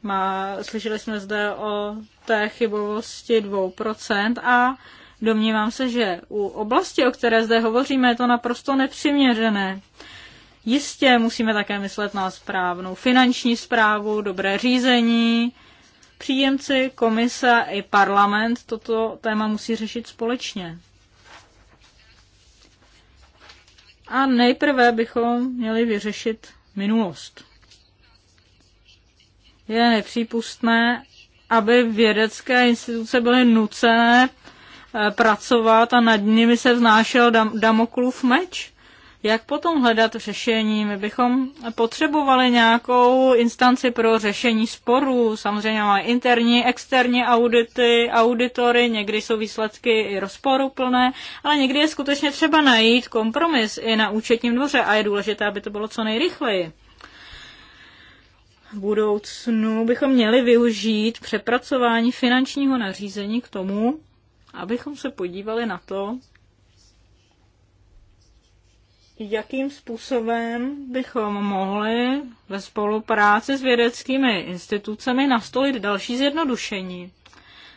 má, slyšeli jsme zde o té chybovosti 2% a domnívám se, že u oblasti, o které zde hovoříme, je to naprosto nepřiměřené. Jistě musíme také myslet na správnou finanční zprávu, dobré řízení. Příjemci, komise i parlament toto téma musí řešit společně. A nejprve bychom měli vyřešit minulost je nepřípustné, aby vědecké instituce byly nucené eh, pracovat a nad nimi se vznášel dam- Damoklův meč. Jak potom hledat řešení? My bychom potřebovali nějakou instanci pro řešení sporů. Samozřejmě máme interní, externí audity, auditory, někdy jsou výsledky i rozporuplné, ale někdy je skutečně třeba najít kompromis i na účetním dvoře a je důležité, aby to bylo co nejrychleji v budoucnu bychom měli využít přepracování finančního nařízení k tomu, abychom se podívali na to, jakým způsobem bychom mohli ve spolupráci s vědeckými institucemi nastolit další zjednodušení,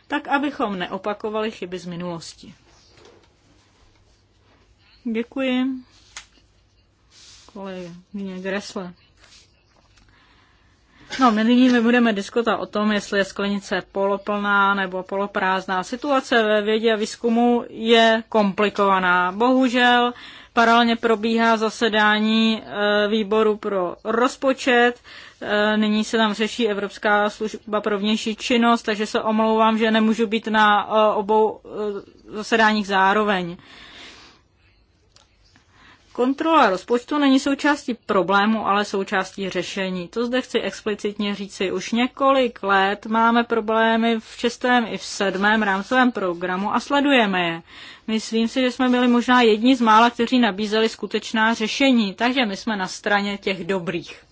tak abychom neopakovali chyby z minulosti. Děkuji. mě Gresle. No, my nyní budeme diskutovat o tom, jestli je sklenice poloplná nebo poloprázdná. Situace ve vědě a výzkumu je komplikovaná. Bohužel paralelně probíhá zasedání eh, výboru pro rozpočet. Eh, nyní se tam řeší Evropská služba pro vnější činnost, takže se omlouvám, že nemůžu být na eh, obou zasedáních zároveň. Kontrola rozpočtu není součástí problému, ale součástí řešení. To zde chci explicitně říci. Už několik let máme problémy v šestém i v sedmém rámcovém programu a sledujeme je. Myslím si, že jsme byli možná jedni z mála, kteří nabízeli skutečná řešení, takže my jsme na straně těch dobrých.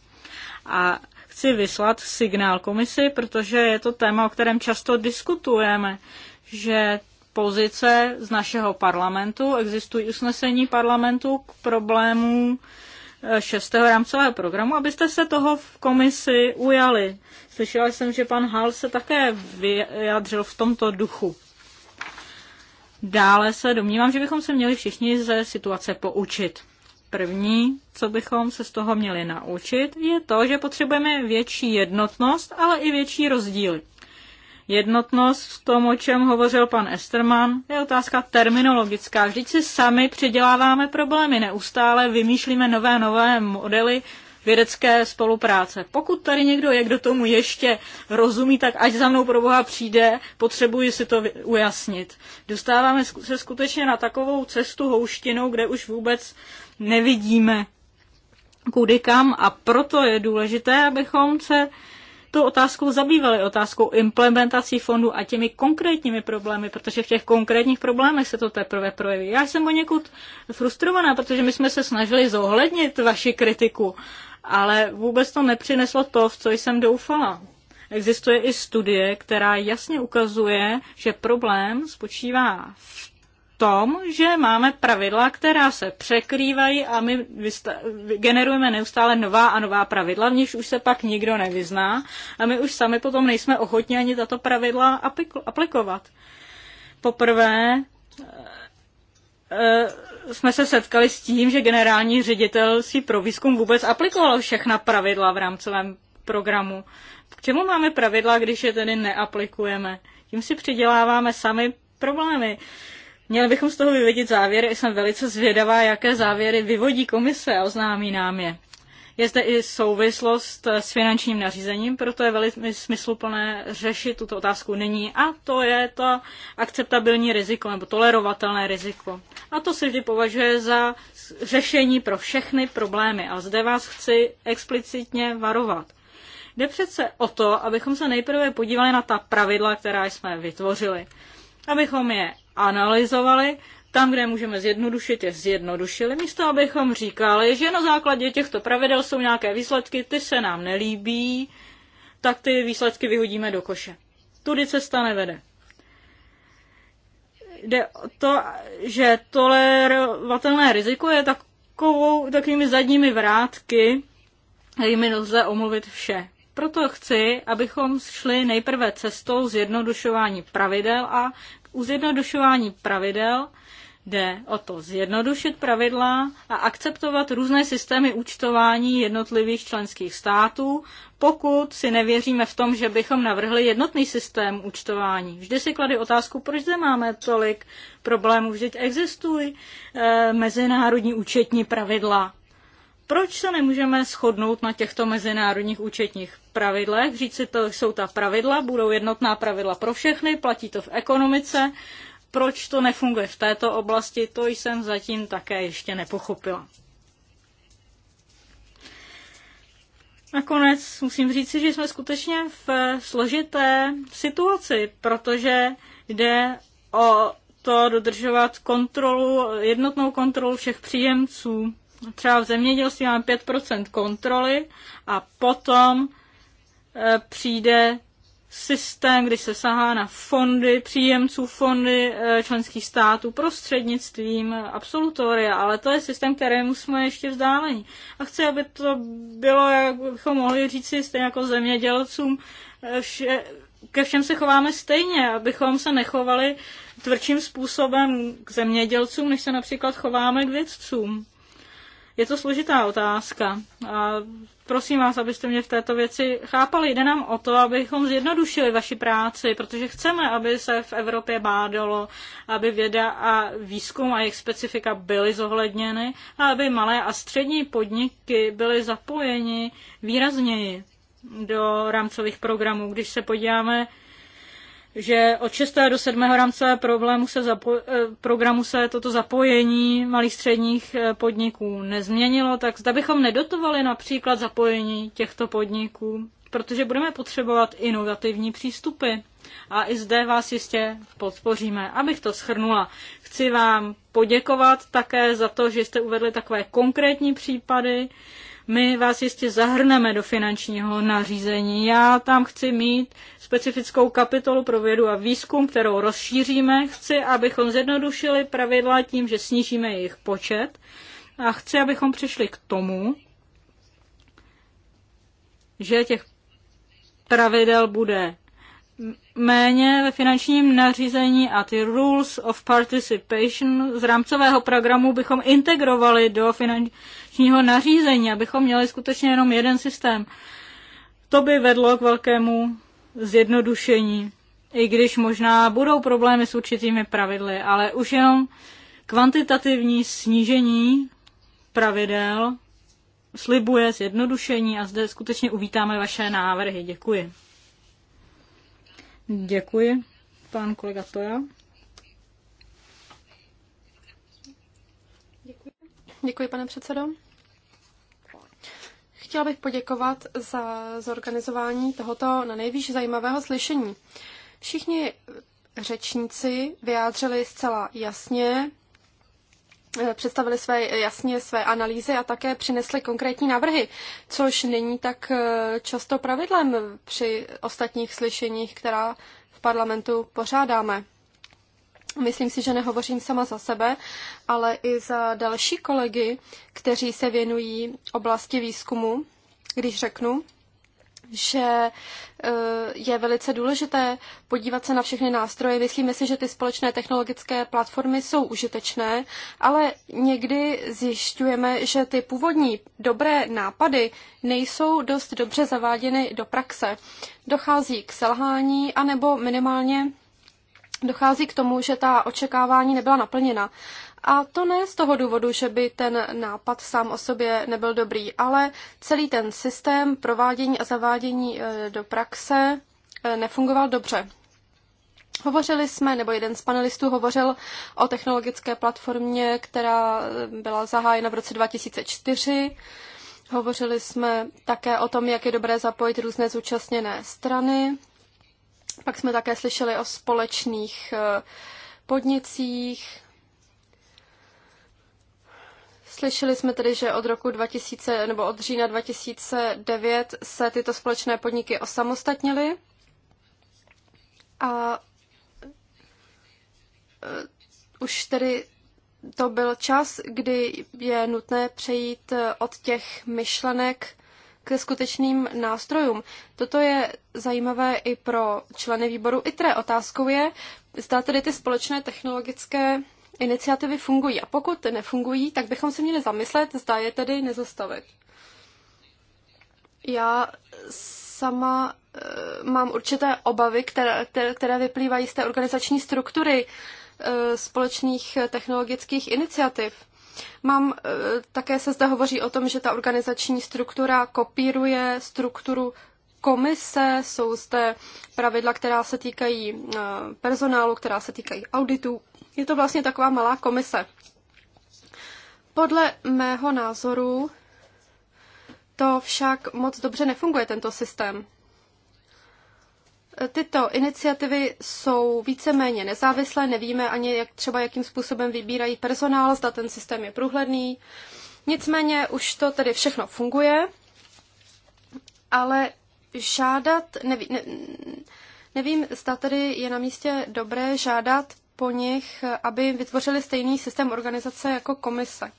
A chci vyslat signál komisi, protože je to téma, o kterém často diskutujeme, že pozice z našeho parlamentu. Existují usnesení parlamentu k problému eh, šestého rámcového programu, abyste se toho v komisi ujali. Slyšela jsem, že pan Hal se také vyjádřil v tomto duchu. Dále se domnívám, že bychom se měli všichni ze situace poučit. První, co bychom se z toho měli naučit, je to, že potřebujeme větší jednotnost, ale i větší rozdíly jednotnost v tom, o čem hovořil pan Esterman, je otázka terminologická. Vždyť si sami předěláváme problémy, neustále vymýšlíme nové, nové modely vědecké spolupráce. Pokud tady někdo je, kdo tomu ještě rozumí, tak ať za mnou pro boha přijde, potřebuji si to ujasnit. Dostáváme se skutečně na takovou cestu houštinou, kde už vůbec nevidíme kudy kam a proto je důležité, abychom se tu otázkou zabývali, otázkou implementací fondu a těmi konkrétními problémy, protože v těch konkrétních problémech se to teprve projeví. Já jsem někud frustrovaná, protože my jsme se snažili zohlednit vaši kritiku, ale vůbec to nepřineslo to, v co jsem doufala. Existuje i studie, která jasně ukazuje, že problém spočívá v tom, že máme pravidla, která se překrývají a my generujeme neustále nová a nová pravidla, v níž už se pak nikdo nevyzná a my už sami potom nejsme ochotni ani tato pravidla aplikovat. Poprvé eh, eh, jsme se setkali s tím, že generální ředitel si pro výzkum vůbec aplikoval všechna pravidla v rámcovém programu. K čemu máme pravidla, když je tedy neaplikujeme? Tím si přiděláváme sami problémy. Měli bychom z toho vyvodit závěry. Jsem velice zvědavá, jaké závěry vyvodí komise a oznámí nám je. Je zde i souvislost s finančním nařízením, proto je velmi smysluplné řešit tuto otázku nyní. A to je to akceptabilní riziko nebo tolerovatelné riziko. A to se vždy považuje za řešení pro všechny problémy. A zde vás chci explicitně varovat. Jde přece o to, abychom se nejprve podívali na ta pravidla, která jsme vytvořili. Abychom je analyzovali. Tam, kde můžeme zjednodušit, je zjednodušili, místo abychom říkali, že na základě těchto pravidel jsou nějaké výsledky, ty se nám nelíbí, tak ty výsledky vyhodíme do koše. Tudy cesta nevede. Jde o to, že tolerovatelné riziko je takovou, takovými zadními vrátky, kterými lze omluvit vše. Proto chci, abychom šli nejprve cestou zjednodušování pravidel a u zjednodušování pravidel jde o to zjednodušit pravidla a akceptovat různé systémy účtování jednotlivých členských států, pokud si nevěříme v tom, že bychom navrhli jednotný systém účtování. Vždy si klady otázku, proč zde máme tolik problémů. Vždyť existují e, mezinárodní účetní pravidla proč se nemůžeme shodnout na těchto mezinárodních účetních pravidlech? Říct si, to jsou ta pravidla, budou jednotná pravidla pro všechny, platí to v ekonomice. Proč to nefunguje v této oblasti, to jsem zatím také ještě nepochopila. Nakonec musím říct, že jsme skutečně v složité situaci, protože jde o to dodržovat kontrolu, jednotnou kontrolu všech příjemců třeba v zemědělství máme 5% kontroly a potom eh, přijde systém, kdy se sahá na fondy, příjemců fondy eh, členských států prostřednictvím absolutoria, ale to je systém, kterému jsme ještě vzdáleni. A chci, aby to bylo, jak bychom mohli říct stejně jako zemědělcům, eh, vše, ke všem se chováme stejně, abychom se nechovali tvrdším způsobem k zemědělcům, než se například chováme k vědcům. Je to složitá otázka a prosím vás, abyste mě v této věci chápali. Jde nám o to, abychom zjednodušili vaši práci, protože chceme, aby se v Evropě bádalo, aby věda a výzkum a jejich specifika byly zohledněny a aby malé a střední podniky byly zapojeni výrazněji do rámcových programů. Když se podíváme že od 6. do 7. rámcového problému se zapo- eh, programu se toto zapojení malých středních eh, podniků nezměnilo, tak zda bychom nedotovali například zapojení těchto podniků, protože budeme potřebovat inovativní přístupy. A i zde vás jistě podpoříme. Abych to shrnula, chci vám poděkovat také za to, že jste uvedli takové konkrétní případy, my vás jistě zahrneme do finančního nařízení. Já tam chci mít specifickou kapitolu pro vědu a výzkum, kterou rozšíříme. Chci, abychom zjednodušili pravidla tím, že snížíme jejich počet. A chci, abychom přišli k tomu, že těch pravidel bude méně ve finančním nařízení a ty rules of participation z rámcového programu bychom integrovali do finančního nařízení, abychom měli skutečně jenom jeden systém. To by vedlo k velkému zjednodušení, i když možná budou problémy s určitými pravidly, ale už jenom kvantitativní snížení pravidel slibuje zjednodušení a zde skutečně uvítáme vaše návrhy. Děkuji. Děkuji, pan kolega Toja. Děkuji. Děkuji, pane předsedo. Chtěla bych poděkovat za zorganizování tohoto na nejvýš zajímavého slyšení. Všichni řečníci vyjádřili zcela jasně Eh, představili své, eh, jasně své analýzy a také přinesli konkrétní návrhy, což není tak eh, často pravidlem při ostatních slyšeních, která v parlamentu pořádáme. Myslím si, že nehovořím sama za sebe, ale i za další kolegy, kteří se věnují oblasti výzkumu, když řeknu, že eh, je velice důležité podívat se na všechny nástroje. Myslíme si, že ty společné technologické platformy jsou užitečné, ale někdy zjišťujeme, že ty původní dobré nápady nejsou dost dobře zaváděny do praxe. Dochází k selhání, anebo minimálně dochází k tomu, že ta očekávání nebyla naplněna. A to ne z toho důvodu, že by ten nápad sám o sobě nebyl dobrý, ale celý ten systém provádění a zavádění e, do praxe e, nefungoval dobře. Hovořili jsme, nebo jeden z panelistů hovořil o technologické platformě, která e, byla zahájena v roce 2004. Hovořili jsme také o tom, jak je dobré zapojit různé zúčastněné strany. Pak jsme také slyšeli o společných podnicích, Slyšeli jsme tedy, že od roku 2000 nebo od října 2009 se tyto společné podniky osamostatnily a e, už tedy to byl čas, kdy je nutné přejít e, od těch myšlenek k skutečným nástrojům. Toto je zajímavé i pro členy výboru ITRE. Otázkou je, zda tedy ty společné technologické iniciativy fungují. A pokud nefungují, tak bychom se měli zamyslet, zda je tedy nezastavit. Já sama e, mám určité obavy, které, které vyplývají z té organizační struktury e, společných technologických iniciativ. Mám, e, také se zde hovoří o tom, že ta organizační struktura kopíruje strukturu komise, jsou zde pravidla, která se týkají eh, personálu, která se týkají auditů. Je to vlastně taková malá komise. Podle mého názoru to však moc dobře nefunguje, tento systém. Tyto iniciativy jsou víceméně nezávislé, nevíme ani jak, třeba jakým způsobem vybírají personál, zda ten systém je průhledný. Nicméně už to tedy všechno funguje, ale žádat, neví, ne, nevím, zda tady je na místě dobré žádat po nich, aby vytvořili stejný systém organizace jako komise.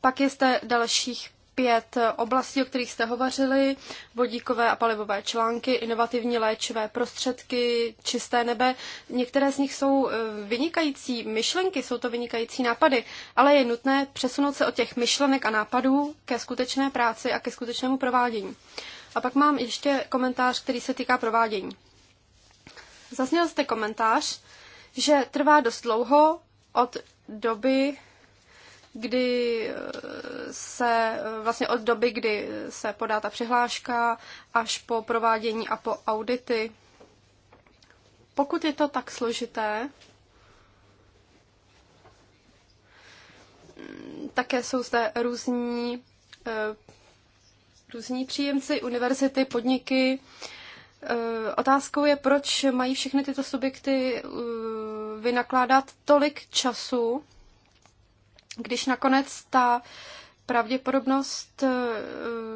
Pak je zde dalších pět oblastí, o kterých jste hovořili, vodíkové a palivové články, inovativní léčivé prostředky, čisté nebe. Některé z nich jsou eh, vynikající myšlenky, jsou to vynikající nápady, ale je nutné přesunout se od těch myšlenek a nápadů ke skutečné práci a ke skutečnému provádění. A pak mám ještě komentář, který se týká provádění. Zazněl jste komentář, že trvá dost dlouho od doby, kdy eh, se eh, vlastně od doby, kdy se podá ta přihláška, až po provádění a po audity. Pokud je to tak složité, mm, také jsou zde různí, eh, různí příjemci, univerzity, podniky. Otázkou je, proč mají všechny tyto subjekty vynakládat tolik času když nakonec ta pravděpodobnost eh,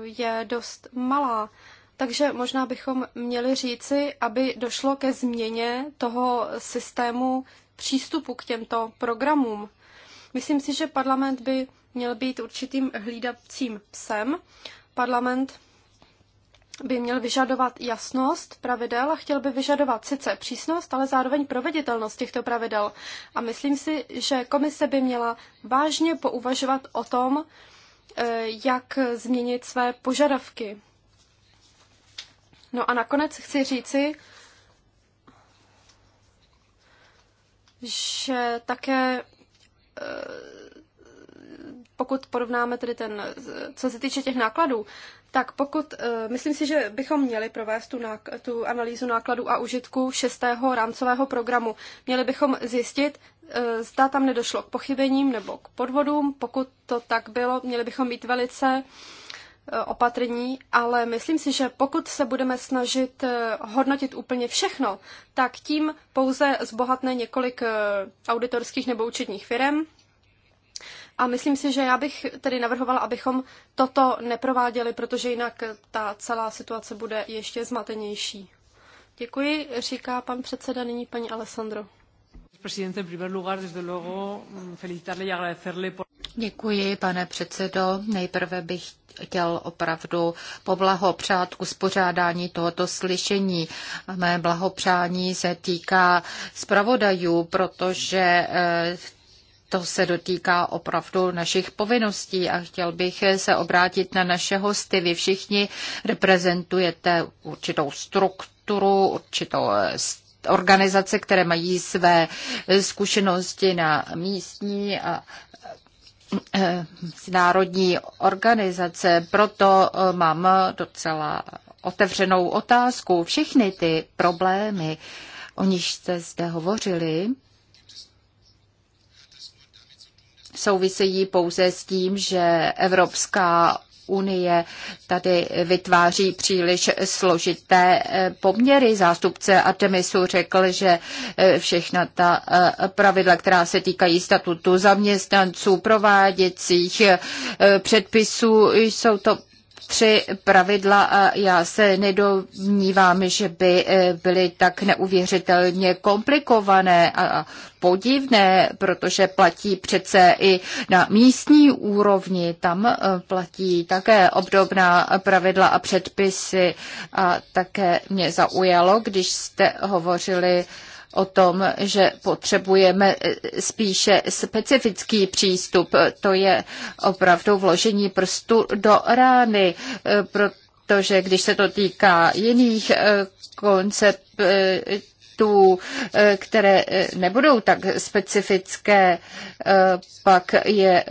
je dost malá, takže možná bychom měli říci, aby došlo ke změně toho systému přístupu k těmto programům. Myslím si, že parlament by měl být určitým hlídacím psem. Parlament by měl vyžadovat jasnost pravidel a chtěl by vyžadovat sice přísnost, ale zároveň proveditelnost těchto pravidel. A myslím si, že komise by měla vážně pouvažovat o tom, eh, jak změnit své požadavky. No a nakonec chci říci, že také eh, pokud porovnáme tedy ten, co se týče těch nákladů, tak pokud, eh, myslím si, že bychom měli provést tu, nák- tu analýzu nákladů a užitku šestého rámcového programu. Měli bychom zjistit, eh, zda tam nedošlo k pochybením nebo k podvodům. Pokud to tak bylo, měli bychom být velice eh, opatrní, ale myslím si, že pokud se budeme snažit hodnotit úplně všechno, tak tím pouze zbohatne několik auditorských nebo účetních firm a myslím si, že já bych tedy navrhovala, abychom toto neprováděli, protože jinak ta celá situace bude ještě zmatenější. Děkuji, říká pan předseda, nyní paní Alessandro. Děkuji, pane předsedo. Nejprve bych chtěl opravdu poblahopřát k uspořádání tohoto slyšení. Mé blahopřání se týká zpravodajů, protože eh, to se dotýká opravdu našich povinností a chtěl bych se obrátit na naše hosty. Vy všichni reprezentujete určitou strukturu, určitou eh, organizace, které mají své eh, zkušenosti na místní a eh, národní organizace. Proto mám docela otevřenou otázku. Všechny ty problémy, o nich jste zde hovořili, souvisejí pouze s tím, že Evropská unie tady vytváří příliš složité eh, poměry. Zástupce Artemisu řekl, že eh, všechna ta eh, pravidla, která se týkají statutu zaměstnanců, prováděcích předpisů, jsou to tři pravidla a já se nedomnívám, že by eh, byly tak neuvěřitelně komplikované a podivné, protože platí přece i na místní úrovni. Tam eh, platí také obdobná pravidla a předpisy. A také mě zaujalo, když jste hovořili o tom, že potřebujeme e, spíše specifický přístup. To je opravdu vložení prstu do rány, e, protože když se to týká jiných e, koncept projektů, eh, které eh, nebudou tak specifické, eh, pak je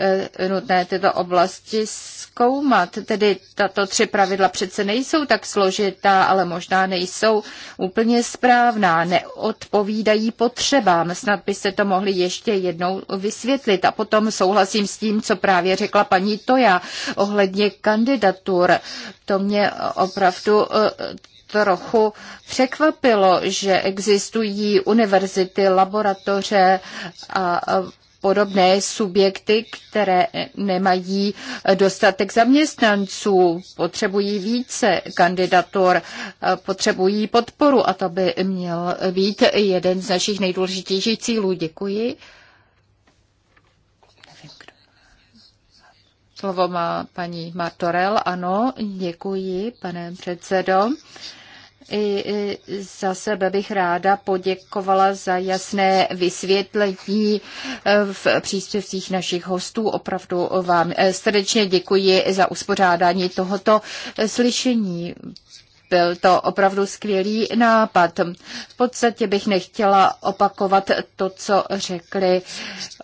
nutné tyto oblasti zkoumat. Tedy tato tři pravidla přece nejsou tak složitá, ale možná nejsou úplně správná, neodpovídají potřebám. Snad by se to mohli ještě jednou vysvětlit. A potom souhlasím s tím, co právě řekla paní Toja ohledně kandidatur. To mě opravdu trochu překvapilo, že existují univerzity, laboratoře a podobné subjekty, které nemají dostatek zaměstnanců, potřebují více kandidatur, potřebují podporu a to by měl být jeden z našich nejdůležitějších cílů. Děkuji. Slovo má paní Martorel. Ano, děkuji, pane předsedo. I za sebe bych ráda poděkovala za jasné vysvětlení e, v příspěvcích našich hostů. Opravdu vám e, srdečně děkuji za uspořádání tohoto e, slyšení. Byl to opravdu skvělý nápad. V podstatě bych nechtěla opakovat to, co řekli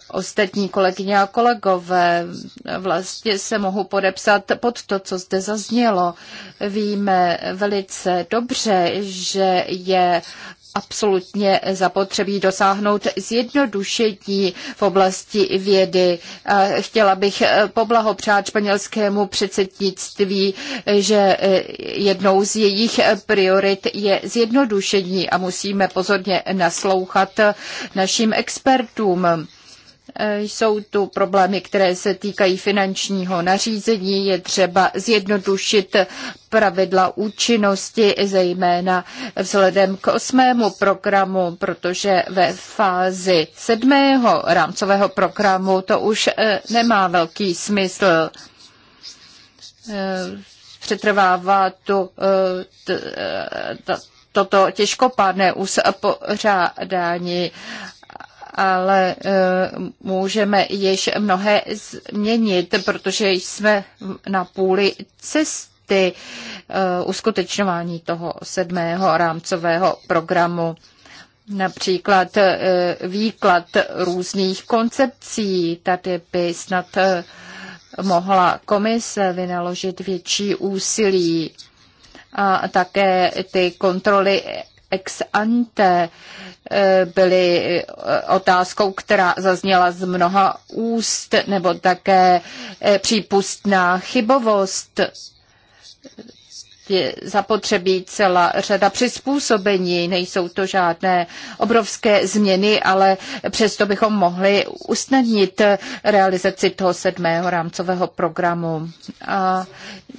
ostatní kolegyně a kolegové. Vlastně se mohu podepsat pod to, co zde zaznělo. Víme velice dobře, že je absolutně zapotřebí dosáhnout zjednodušení v oblasti vědy. Chtěla bych eh, poblahopřát španělskému předsednictví, eh, že eh, jednou z jejich priorit je zjednodušení a musíme pozorně naslouchat našim expertům. Jsou tu problémy, které se týkají finančního nařízení. Je třeba zjednodušit pravidla účinnosti, zejména vzhledem k osmému programu, protože ve fázi sedmého rámcového programu to už eh, nemá velký smysl eh, přetrvává tu, eh, t, t, toto těžkopádné uspořádání ale eh, můžeme již mnohé změnit, protože jsme na půli cesty eh, uskutečňování toho sedmého rámcového programu. Například eh, výklad různých koncepcí. Tady by snad mohla komise vynaložit větší úsilí a také ty kontroly ex ante eh, byly eh, otázkou, která zazněla z mnoha úst, nebo také eh, přípustná chybovost. Je zapotřebí celá řada přizpůsobení, nejsou to žádné obrovské změny, ale přesto bychom mohli usnadnit realizaci toho sedmého rámcového programu. A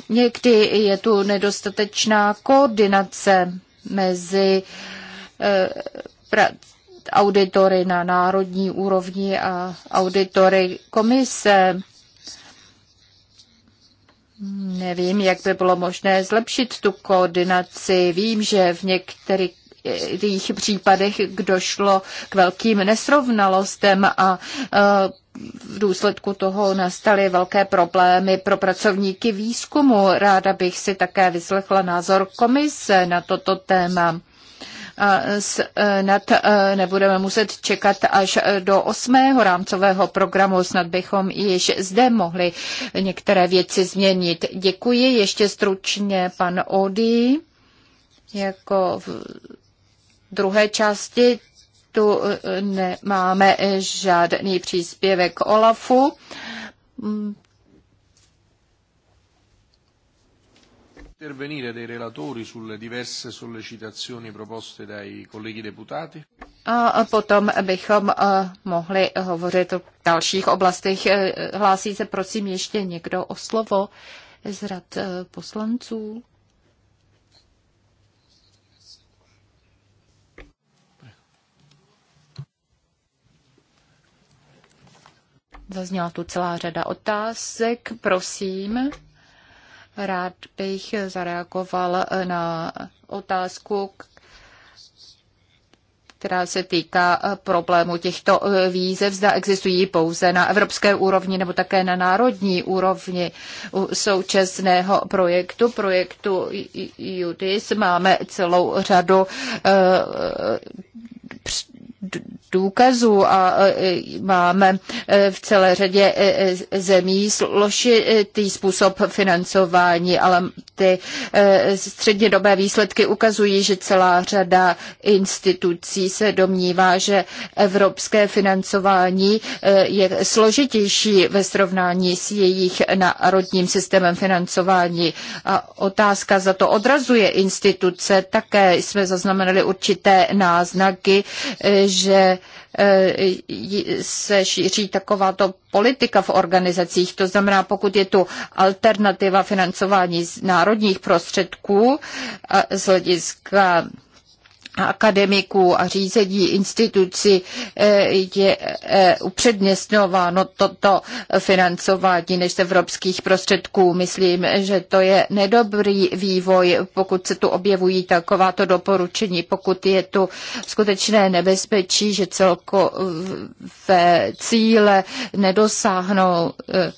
někdy je tu nedostatečná koordinace mezi eh, auditory na národní úrovni a auditory komise. Nevím, jak by bylo možné zlepšit tu koordinaci. Vím, že v některých případech došlo k velkým nesrovnalostem a eh, v důsledku toho nastaly velké problémy pro pracovníky výzkumu. Ráda bych si také vyslechla názor komise na toto téma. Snad e, e, nebudeme muset čekat až do osmého rámcového programu, snad bychom již zde mohli některé věci změnit. Děkuji ještě stručně pan Odi. jako v druhé části tu eh, nemáme eh, žádný příspěvek OLAFu. Mm. intervenire dei relatori sulle diverse sollecitazioni proposte dai colleghi deputati? A potom bychom eh, mohli hovořit o dalších oblastech. Hlásí se prosím ještě někdo o slovo z rad poslanců? Zazněla tu celá řada otázek. Prosím, rád bych zareagoval na otázku, která se týká problému těchto výzev, zda existují pouze na evropské úrovni nebo také na národní úrovni současného projektu, projektu JUDIS. Máme celou řadu eh, důkazů a e, e, máme e, v celé řadě zemí složitý způsob financování, ale ty střednědobé výsledky ukazují, že celá řada institucí se domnívá, že evropské financování je složitější ve srovnání s jejich národním systémem financování. A otázka za to odrazuje instituce. Také jsme zaznamenali určité náznaky, že eh, se šíří takováto politika v organizacích. To znamená, pokud je tu alternativa financování z národních prostředků z hlediska akademiků a řízení instituci eh, je eh, upřednostňováno toto financování než z evropských prostředků. Myslím, že to je nedobrý vývoj, pokud se tu objevují takováto doporučení, pokud je tu skutečné nebezpečí, že celkové cíle nedosáhnou eh,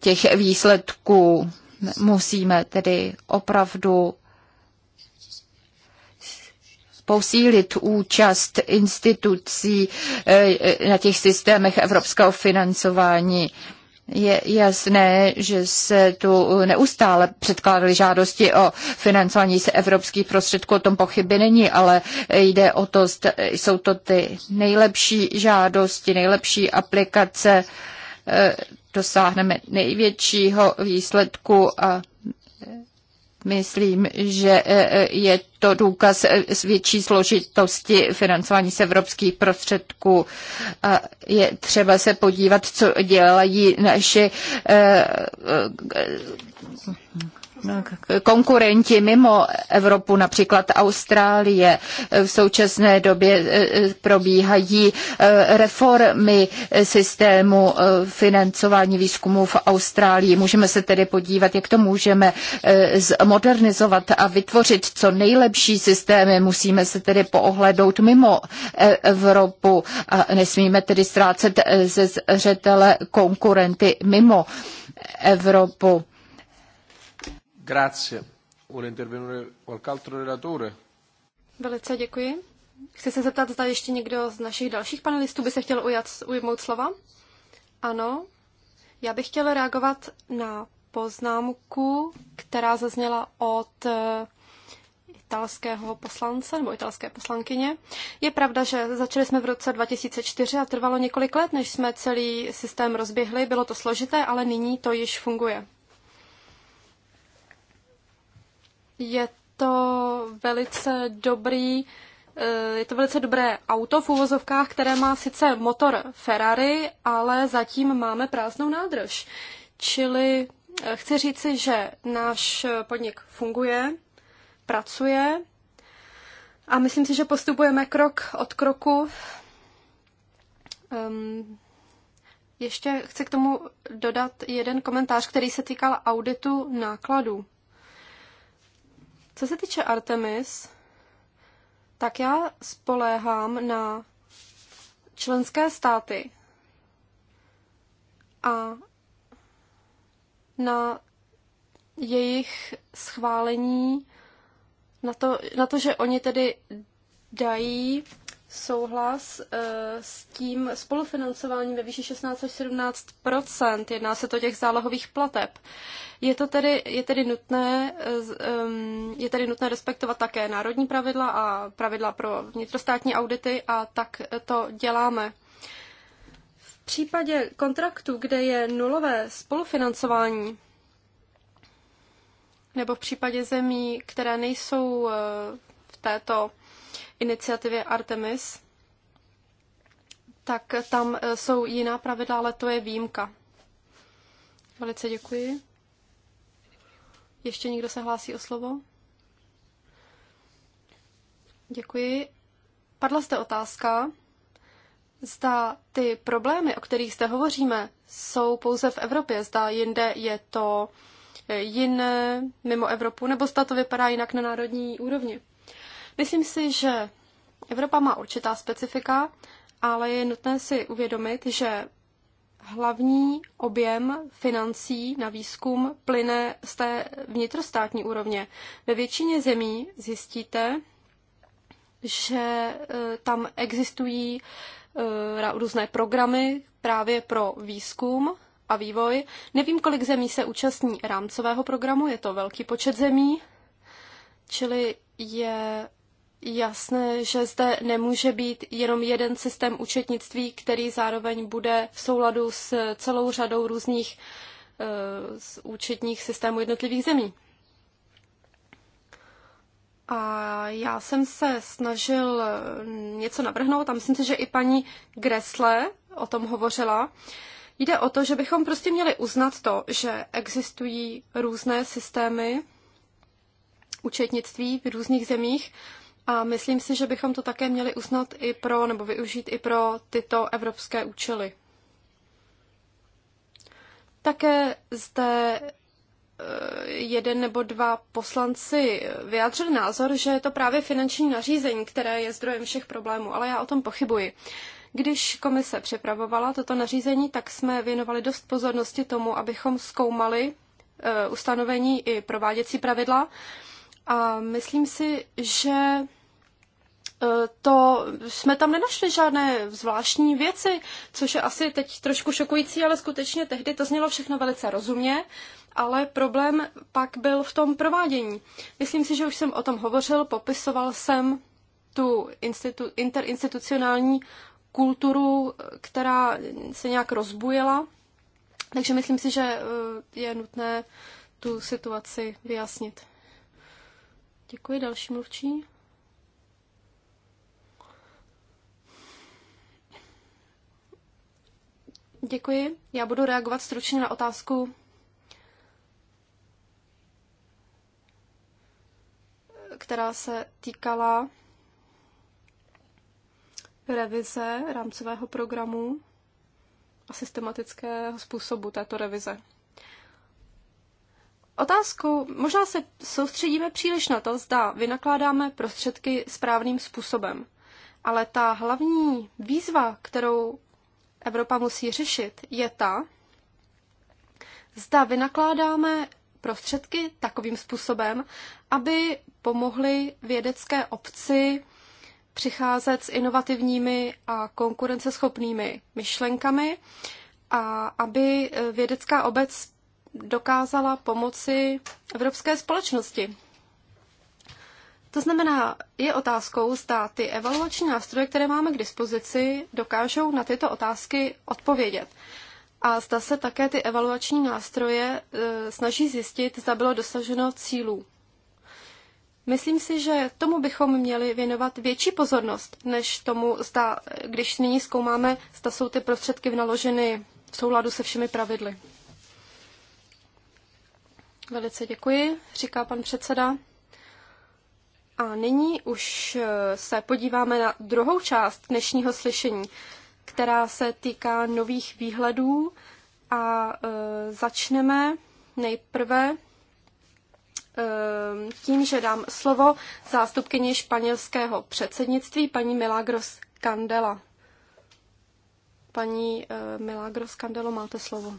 těch výsledků. Musíme tedy opravdu posílit účast institucí eh, na těch systémech evropského financování. Je jasné, že se tu neustále předkládaly žádosti o financování se evropských prostředků, o tom pochyby není, ale jde o to, jsou to ty nejlepší žádosti, nejlepší aplikace, eh, dosáhneme největšího výsledku a Myslím, že e, e, je to důkaz e, s větší složitosti financování z evropských prostředků. A je třeba se podívat, co dělají naši konkurenti mimo Evropu, například Austrálie. V současné době eh, probíhají eh, reformy systému eh, financování výzkumu v Austrálii. Můžeme se tedy podívat, jak to můžeme zmodernizovat a vytvořit co nejlepší systémy. Musíme se tedy poohledout mimo Evropu a nesmíme tedy ztrácet ze zřetele konkurenty mimo Evropu Grazie. Vuole intervenire qualche altro relatore? Velice děkuji. Chci se zeptat, zda ještě někdo z našich dalších panelistů by se chtěl ujat, ujmout slova? Ano. Já bych chtěla reagovat na poznámku, která zazněla od eh, italského poslance nebo italské poslankyně. Je pravda, že začali jsme v roce 2004 a trvalo několik let, než jsme celý systém rozběhli. Bylo to složité, ale nyní to již funguje. Je to velice dobrý eh, je to velice dobré auto v uvozovkách, které má sice motor Ferrari, ale zatím máme prázdnou nádrž. Čili eh, chci říci, že náš podnik funguje, pracuje a myslím si, že postupujeme krok od kroku. Um, ještě chci k tomu dodat jeden komentář, který se týkal auditu nákladů. Co se týče Artemis, tak já spoléhám na členské státy a na jejich schválení, na to, na to že oni tedy dají souhlas eh, s tím spolufinancováním ve výši 16 až 17 jedná se to těch zálohových plateb. Je, to tedy, je, tedy nutné, eh, ehm, je tedy nutné respektovat také národní pravidla a pravidla pro vnitrostátní audity a tak to děláme. V případě kontraktu, kde je nulové spolufinancování, nebo v případě zemí, které nejsou eh, v této iniciativě Artemis, tak tam eh, jsou jiná pravidla, ale to je výjimka. Velice děkuji. Ještě někdo se hlásí o slovo? Děkuji. Padla jste otázka, zda ty problémy, o kterých zde hovoříme, jsou pouze v Evropě, zda jinde je to eh, jiné mimo Evropu, nebo zda to vypadá jinak na národní úrovni. Myslím si, že Evropa má určitá specifika, ale je nutné si uvědomit, že hlavní objem financí na výzkum plyne z té vnitrostátní úrovně. Ve většině zemí zjistíte, že e, tam existují e, různé programy právě pro výzkum a vývoj. Nevím, kolik zemí se účastní rámcového programu, je to velký počet zemí, čili je jasné, že zde nemůže být jenom jeden systém účetnictví, který zároveň bude v souladu s celou řadou různých eh, z účetních systémů jednotlivých zemí. A já jsem se snažil eh, něco navrhnout a myslím si, že i paní Gresle o tom hovořila. Jde o to, že bychom prostě měli uznat to, že existují různé systémy účetnictví v různých zemích a myslím si, že bychom to také měli uznat i pro, nebo využít i pro tyto evropské účely. Také zde eh, jeden nebo dva poslanci vyjádřili názor, že je to právě finanční nařízení, které je zdrojem všech problémů, ale já o tom pochybuji. Když komise připravovala toto nařízení, tak jsme věnovali dost pozornosti tomu, abychom zkoumali eh, ustanovení i prováděcí pravidla a myslím si, že e, to jsme tam nenašli žádné zvláštní věci, což je asi teď trošku šokující, ale skutečně tehdy to znělo všechno velice rozumně, ale problém pak byl v tom provádění. Myslím si, že už jsem o tom hovořil, popisoval jsem tu institu- interinstitucionální kulturu, která se nějak rozbujela, takže myslím si, že e, je nutné tu situaci vyjasnit. Děkuji, další mluvčí. Děkuji. Já budu reagovat stručně na otázku která se týkala revize rámcového programu a systematického způsobu této revize. Otázkou, možná se soustředíme příliš na to, zda vynakládáme prostředky správným způsobem. Ale ta hlavní výzva, kterou Evropa musí řešit, je ta, zda vynakládáme prostředky takovým způsobem, aby pomohly vědecké obci přicházet s inovativními a konkurenceschopnými myšlenkami a aby vědecká obec dokázala pomoci evropské společnosti. To znamená, je otázkou, zda ty evaluační nástroje, které máme k dispozici, dokážou na tyto otázky odpovědět. A zda se také ty evaluační nástroje e, snaží zjistit, zda bylo dosaženo cílů. Myslím si, že tomu bychom měli věnovat větší pozornost, než tomu, zda, když nyní zkoumáme, zda jsou ty prostředky vnaloženy v souladu se všemi pravidly. Velice děkuji, říká pan předseda. A nyní už eh, se podíváme na druhou část dnešního slyšení, která se týká nových výhledů a e, začneme nejprve e, tím, že dám slovo zástupkyni španělského předsednictví, paní Milagros Candela. Paní e, Milagros Candelo, máte slovo.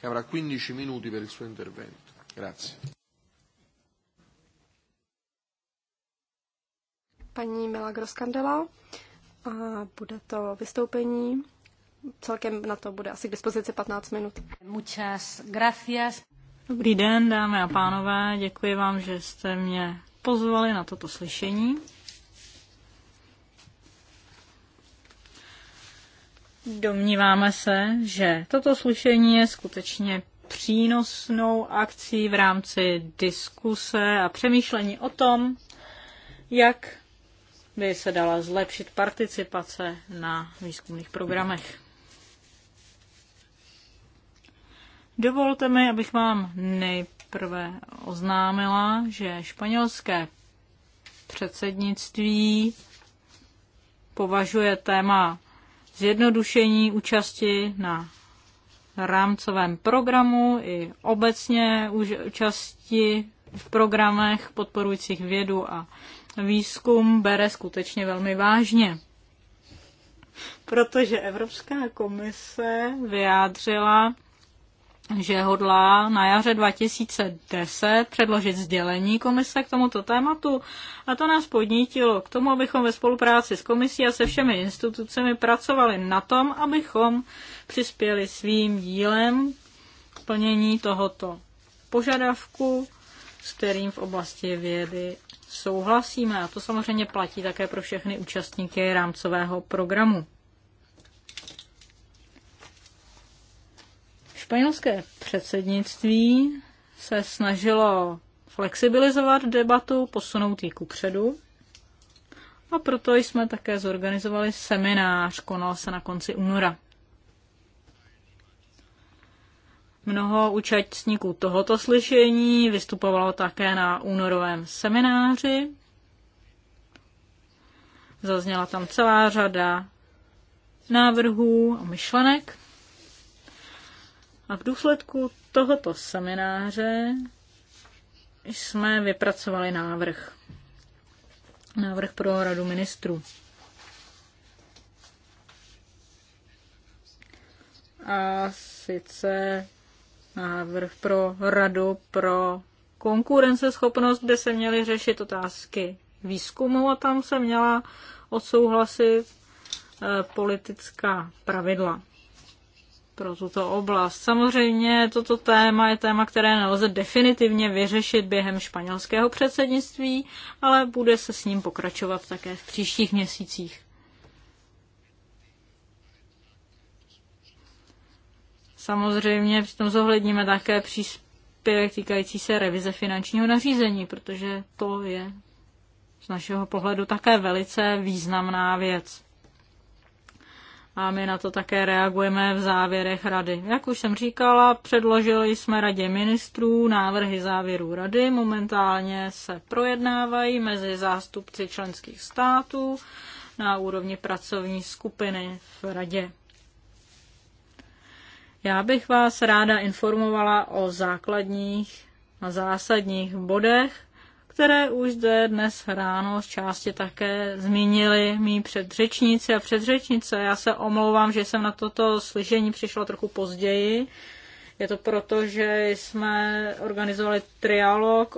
che avrà 15 minuti per il suo intervento. Grazie. Paní Milagros Candela a bude to vystoupení. Celkem na to bude asi k dispozici 15 minut. Muchas gracias. Dobrý den, dámy a pánové, děkuji vám, že jste mě pozvali na toto slyšení. Domníváme se, že toto slyšení je skutečně přínosnou akcí v rámci diskuse a přemýšlení o tom, jak by se dala zlepšit participace na výzkumných programech. Dovolte mi, abych vám nejprve oznámila, že španělské předsednictví považuje téma zjednodušení účasti na rámcovém programu i obecně účasti v programech podporujících vědu a výzkum bere skutečně velmi vážně. Protože Evropská komise vyjádřila že hodlá na jaře 2010 předložit sdělení komise k tomuto tématu a to nás podnítilo k tomu, abychom ve spolupráci s komisí a se všemi institucemi pracovali na tom, abychom přispěli svým dílem k plnění tohoto požadavku, s kterým v oblasti vědy souhlasíme. A to samozřejmě platí také pro všechny účastníky rámcového programu. Španělské předsednictví se snažilo flexibilizovat debatu, posunout ji předu. A proto jsme také zorganizovali seminář, konal se na konci února. Mnoho účastníků tohoto slyšení vystupovalo také na únorovém semináři. Zazněla tam celá řada návrhů a myšlenek. A v důsledku tohoto semináře jsme vypracovali návrh. Návrh pro radu ministrů. A sice návrh pro radu pro konkurenceschopnost, kde se měly řešit otázky výzkumu a tam se měla odsouhlasit eh, politická pravidla pro tuto oblast. Samozřejmě toto téma je téma, které nelze definitivně vyřešit během španělského předsednictví, ale bude se s ním pokračovat také v příštích měsících. Samozřejmě přitom zohledníme také příspěvek týkající se revize finančního nařízení, protože to je z našeho pohledu také velice významná věc a my na to také reagujeme v závěrech rady. Jak už jsem říkala, předložili jsme radě ministrů návrhy závěrů rady, momentálně se projednávají mezi zástupci členských států na úrovni pracovní skupiny v radě. Já bych vás ráda informovala o základních a zásadních bodech které už zde dnes ráno z části také zmínili mý předřečníci a předřečnice. Já se omlouvám, že jsem na toto slyšení přišla trochu později. Je to proto, že jsme organizovali trialog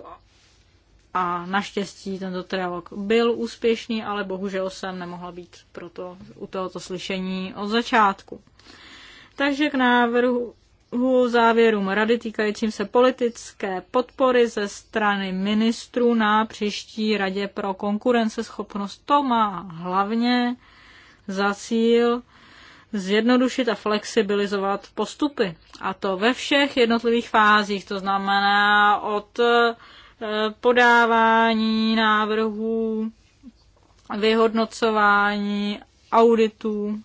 a naštěstí tento trialog byl úspěšný, ale bohužel jsem nemohla být proto u tohoto slyšení od začátku. Takže k návrhu závěrům rady týkajícím se politické podpory ze strany ministrů na příští radě pro konkurenceschopnost. To má hlavně za cíl zjednodušit a flexibilizovat postupy. A to ve všech jednotlivých fázích, to znamená od eh, podávání návrhů, vyhodnocování, auditů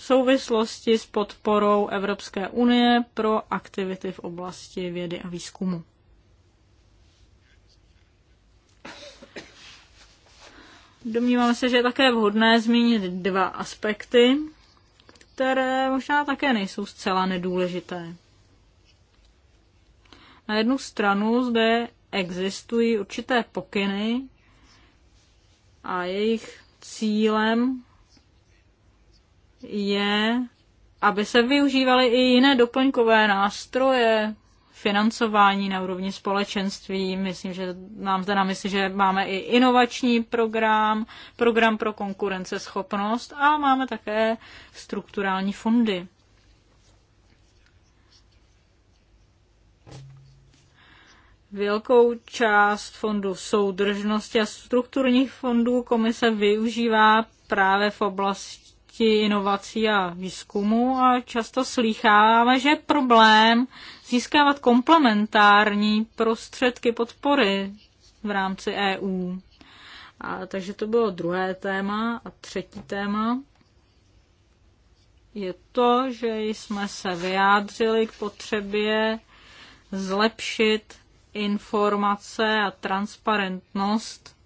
souvislosti s podporou Evropské unie pro aktivity v oblasti vědy a výzkumu. Domnívám se, že je také vhodné zmínit dva aspekty, které možná také nejsou zcela nedůležité. Na jednu stranu zde existují určité pokyny a jejich cílem je, aby se využívaly i jiné doplňkové nástroje financování na úrovni společenství. Myslím, že nám zde na mysli, že máme i inovační program, program pro konkurenceschopnost a máme také strukturální fondy. Velkou část fondů soudržnosti a strukturních fondů komise využívá právě v oblasti oblasti inovací a výzkumu a často slýcháme, že je problém získávat komplementární prostředky podpory v rámci EU. A, takže to bylo druhé téma. A třetí téma je to, že jsme se vyjádřili k potřebě zlepšit informace a transparentnost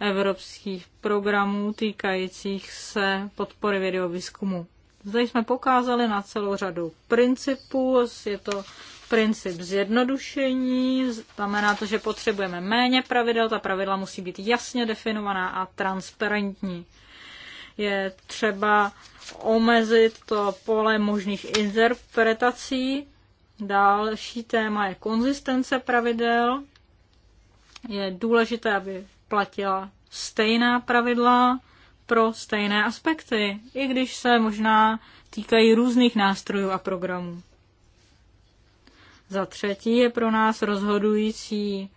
evropských programů týkajících se podpory videovýzkumu. Zde jsme pokázali na celou řadu principů. Je to princip zjednodušení, znamená to, že potřebujeme méně pravidel, ta pravidla musí být jasně definovaná a transparentní. Je třeba omezit to pole možných interpretací. Další téma je konzistence pravidel. Je důležité, aby platila stejná pravidla pro stejné aspekty, i když se možná týkají různých nástrojů a programů. Za třetí je pro nás rozhodující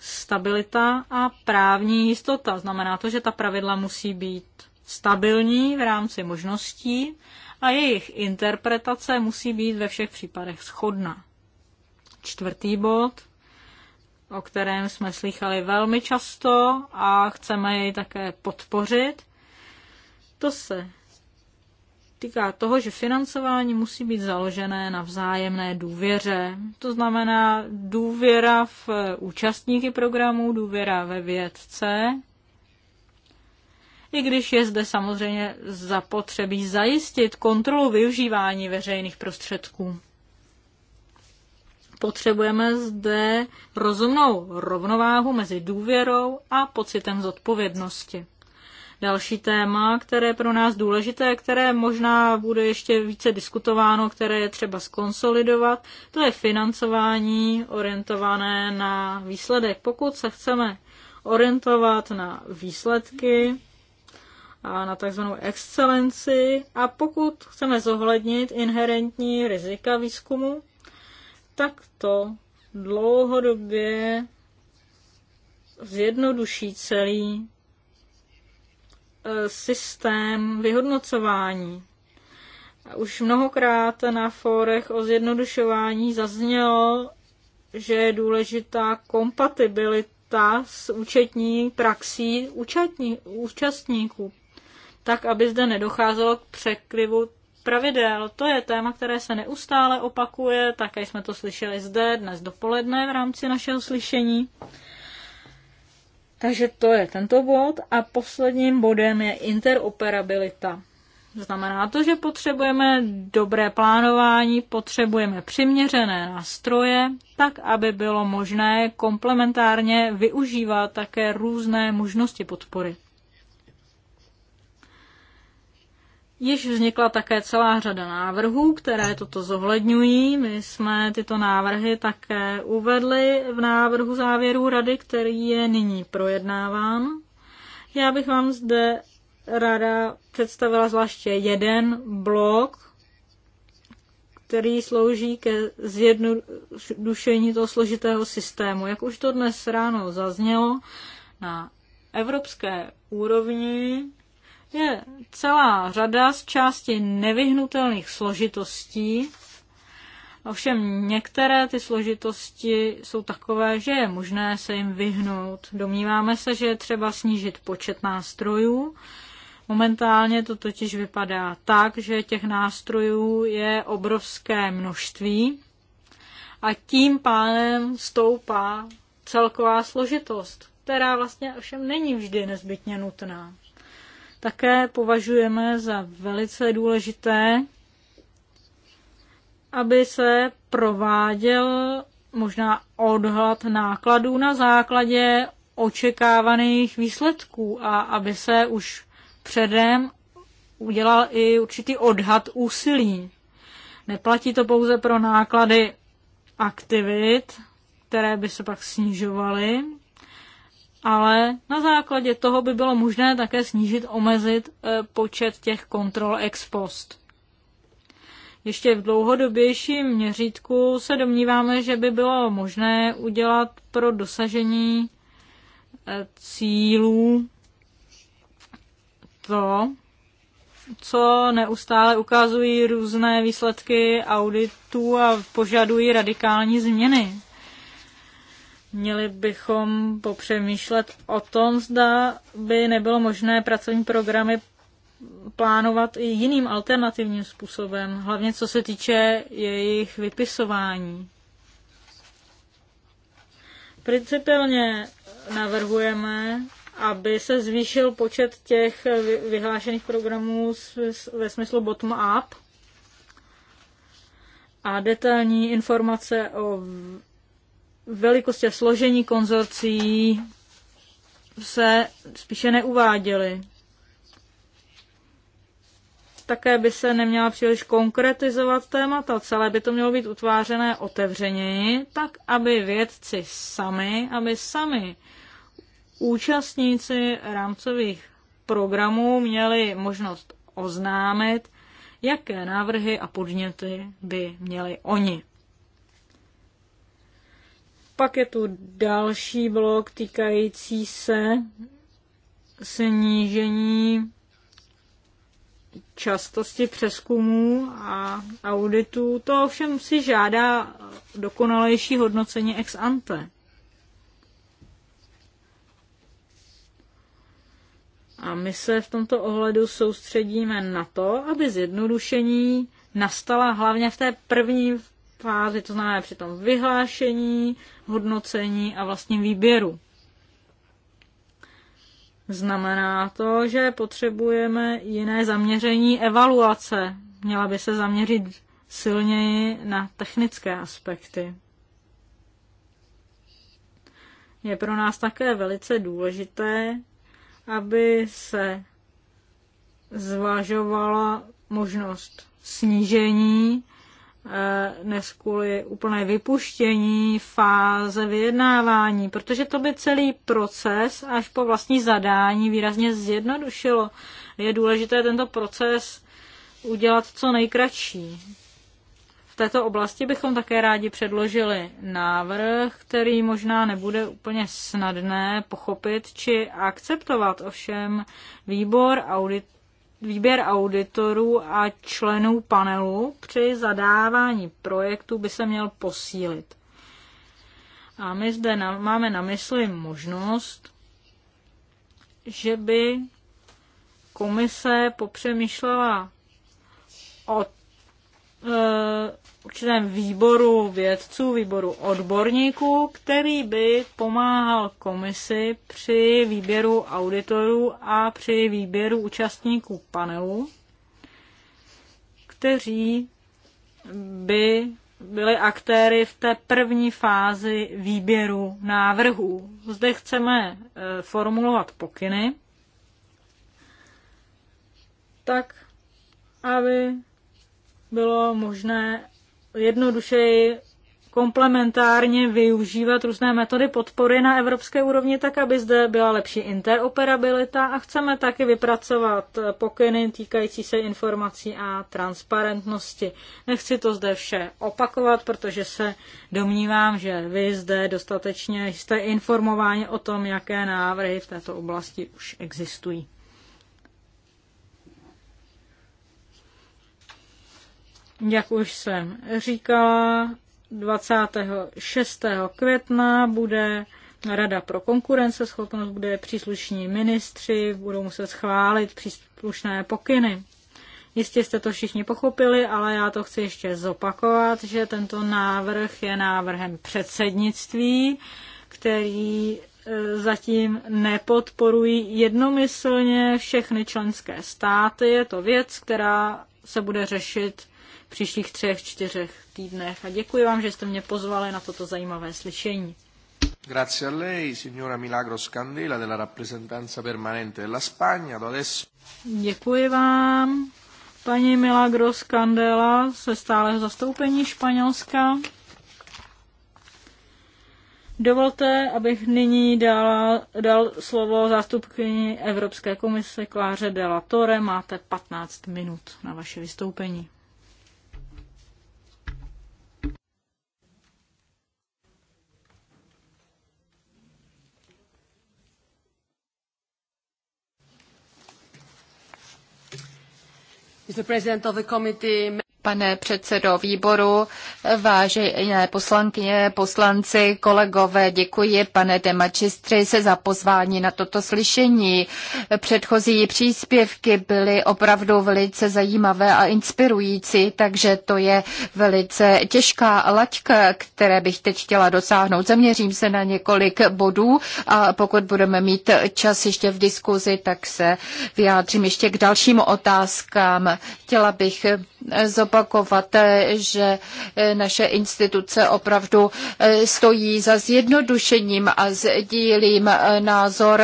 stabilita a právní jistota. Znamená to, že ta pravidla musí být stabilní v rámci možností a jejich interpretace musí být ve všech případech shodná. Čtvrtý bod o kterém jsme slychali velmi často a chceme jej také podpořit. To se týká toho, že financování musí být založené na vzájemné důvěře. To znamená důvěra v účastníky programu, důvěra ve vědce, i když je zde samozřejmě zapotřebí zajistit kontrolu využívání veřejných prostředků. Potřebujeme zde rozumnou rovnováhu mezi důvěrou a pocitem zodpovědnosti. Další téma, které je pro nás důležité, které možná bude ještě více diskutováno, které je třeba skonsolidovat, to je financování orientované na výsledek. Pokud se chceme orientovat na výsledky, a na tzv. excelenci a pokud chceme zohlednit inherentní rizika výzkumu, takto dlouhodobě zjednoduší celý eh, systém vyhodnocování. Už mnohokrát na fórech o zjednodušování zaznělo, že je důležitá kompatibilita s účetní praxí účastníků, tak aby zde nedocházelo k překlivu pravidel, to je téma, které se neustále opakuje, také jsme to slyšeli zde dnes dopoledne v rámci našeho slyšení. Takže to je tento bod a posledním bodem je interoperabilita. Znamená to, že potřebujeme dobré plánování, potřebujeme přiměřené nástroje, tak aby bylo možné komplementárně využívat také různé možnosti podpory. Již vznikla také celá řada návrhů, které toto zohledňují. My jsme tyto návrhy také uvedli v návrhu závěru rady, který je nyní projednáván. Já bych vám zde rada představila zvláště jeden blok, který slouží ke zjednodušení toho složitého systému. Jak už to dnes ráno zaznělo, na evropské úrovni je celá řada z části nevyhnutelných složitostí, Ovšem některé ty složitosti jsou takové, že je možné se jim vyhnout. Domníváme se, že je třeba snížit počet nástrojů. Momentálně to totiž vypadá tak, že těch nástrojů je obrovské množství a tím pádem stoupá celková složitost, která vlastně ovšem není vždy nezbytně nutná. Také považujeme za velice důležité, aby se prováděl možná odhlad nákladů na základě očekávaných výsledků a aby se už předem udělal i určitý odhad úsilí. Neplatí to pouze pro náklady aktivit, které by se pak snižovaly ale na základě toho by bylo možné také snížit, omezit eh, počet těch kontrol ex post. Ještě v dlouhodobějším měřítku se domníváme, že by bylo možné udělat pro dosažení eh, cílů to, co neustále ukazují různé výsledky auditů a požadují radikální změny Měli bychom popřemýšlet o tom, zda by nebylo možné pracovní programy plánovat i jiným alternativním způsobem, hlavně co se týče jejich vypisování. Principálně navrhujeme, aby se zvýšil počet těch vyhlášených programů ve smyslu bottom-up a detailní informace o velikosti a složení konzorcií se spíše neuváděly. Také by se neměla příliš konkretizovat témata, celé by to mělo být utvářené otevřeněji, tak aby vědci sami, aby sami účastníci rámcových programů měli možnost oznámit, jaké návrhy a podněty by měli oni. Pak je tu další blok týkající se snížení častosti přeskumů a auditů. To ovšem si žádá dokonalejší hodnocení ex ante. A my se v tomto ohledu soustředíme na to, aby zjednodušení nastala hlavně v té první fázi, to znamená při tom vyhlášení, hodnocení a vlastně výběru. Znamená to, že potřebujeme jiné zaměření evaluace. Měla by se zaměřit silněji na technické aspekty. Je pro nás také velice důležité, aby se zvažovala možnost snížení Eh, než kvůli úplné vypuštění fáze vyjednávání, protože to by celý proces až po vlastní zadání výrazně zjednodušilo. Je důležité tento proces udělat co nejkratší. V této oblasti bychom také rádi předložili návrh, který možná nebude úplně snadné pochopit či akceptovat. Ovšem výbor audit výběr auditorů a členů panelu při zadávání projektu by se měl posílit. A my zde na, máme na mysli možnost, že by komise popřemýšlela o Eh, určitém výboru vědců, výboru odborníků, který by pomáhal komisi při výběru auditorů a při výběru účastníků panelu, kteří by byli aktéry v té první fázi výběru návrhů. Zde chceme eh, formulovat pokyny, tak aby bylo možné jednodušeji komplementárně využívat různé metody podpory na evropské úrovni, tak aby zde byla lepší interoperabilita a chceme taky vypracovat pokyny týkající se informací a transparentnosti. Nechci to zde vše opakovat, protože se domnívám, že vy zde dostatečně jste informováni o tom, jaké návrhy v této oblasti už existují. Jak už jsem říkala, 26. května bude Rada pro konkurenceschopnost, bude příslušní ministři budou muset schválit příslušné pokyny. Jistě jste to všichni pochopili, ale já to chci ještě zopakovat, že tento návrh je návrhem předsednictví, který e, zatím nepodporují jednomyslně všechny členské státy. Je to věc, která se bude řešit příštích třech, čtyřech týdnech. A děkuji vám, že jste mě pozvali na toto zajímavé slyšení. Grazie a lei, signora Milagros Candela, della rappresentanza permanente della Spagna. Do adesso... Děkuji vám, paní Milagros Candela, se stále zastoupení Španělska. Dovolte, abych nyní dal, dal slovo zástupkyni Evropské komise Kláře de la Torre. Máte 15 minut na vaše vystoupení. Mr. President of the Committee pane předsedo výboru, vážené poslankyně, poslanci, kolegové, děkuji pane magistri se za pozvání na toto slyšení. Předchozí příspěvky byly opravdu velice zajímavé a inspirující, takže to je velice těžká laťka, které bych teď chtěla dosáhnout. Zaměřím se na několik bodů a pokud budeme mít čas ještě v diskuzi, tak se vyjádřím ještě k dalším otázkám. Chtěla bych zopakovat zopakovat, eh, že eh, naše instituce opravdu eh, stojí za zjednodušením a sdílím názor,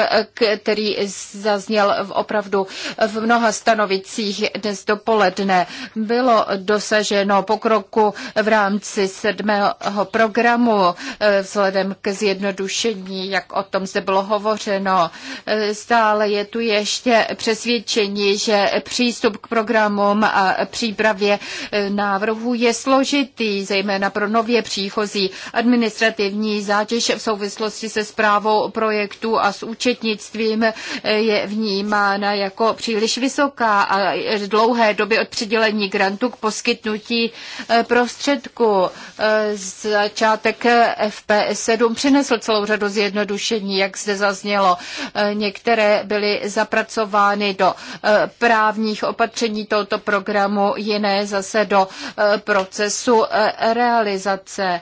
který zazněl opravdu v mnoha stanovicích dnes dopoledne. Bylo dosaženo pokroku v rámci sedmého programu vzhledem k zjednodušení, jak o tom zde bylo hovořeno. Stále je tu ještě přesvědčení, že přístup k programům a přípravě návrhu je složitý, zejména pro nově příchozí. Administrativní zátěž v souvislosti se zprávou projektu a s účetnictvím je vnímána jako příliš vysoká a dlouhé doby od přidělení grantu k poskytnutí eh, prostředku. Eh, začátek FP7 přinesl celou řadu zjednodušení, jak zde zaznělo. Eh, některé byly zapracovány do právních opatření tohoto programu, jiné zase se do eh, procesu eh, realizace.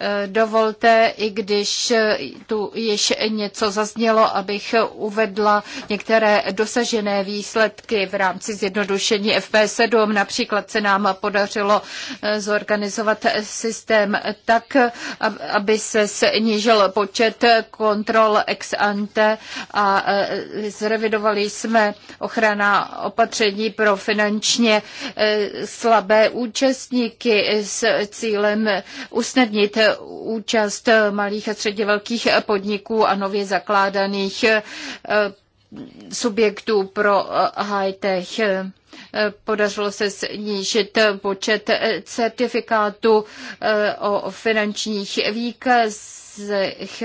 Eh, dovolte, i když eh, tu již něco zaznělo, abych uvedla některé dosažené výsledky v rámci zjednodušení FP7. Například se nám podařilo eh, zorganizovat systém tak, aby se snížil počet kontrol ex ante a zrevidovali jsme ochrana opatření pro finančně slabé účastníky s cílem usnadnit účast malých a středně velkých podniků a nově zakládaných eh, subjektů pro eh, high-tech. Eh, podařilo se snížit počet certifikátů o finančních výkazech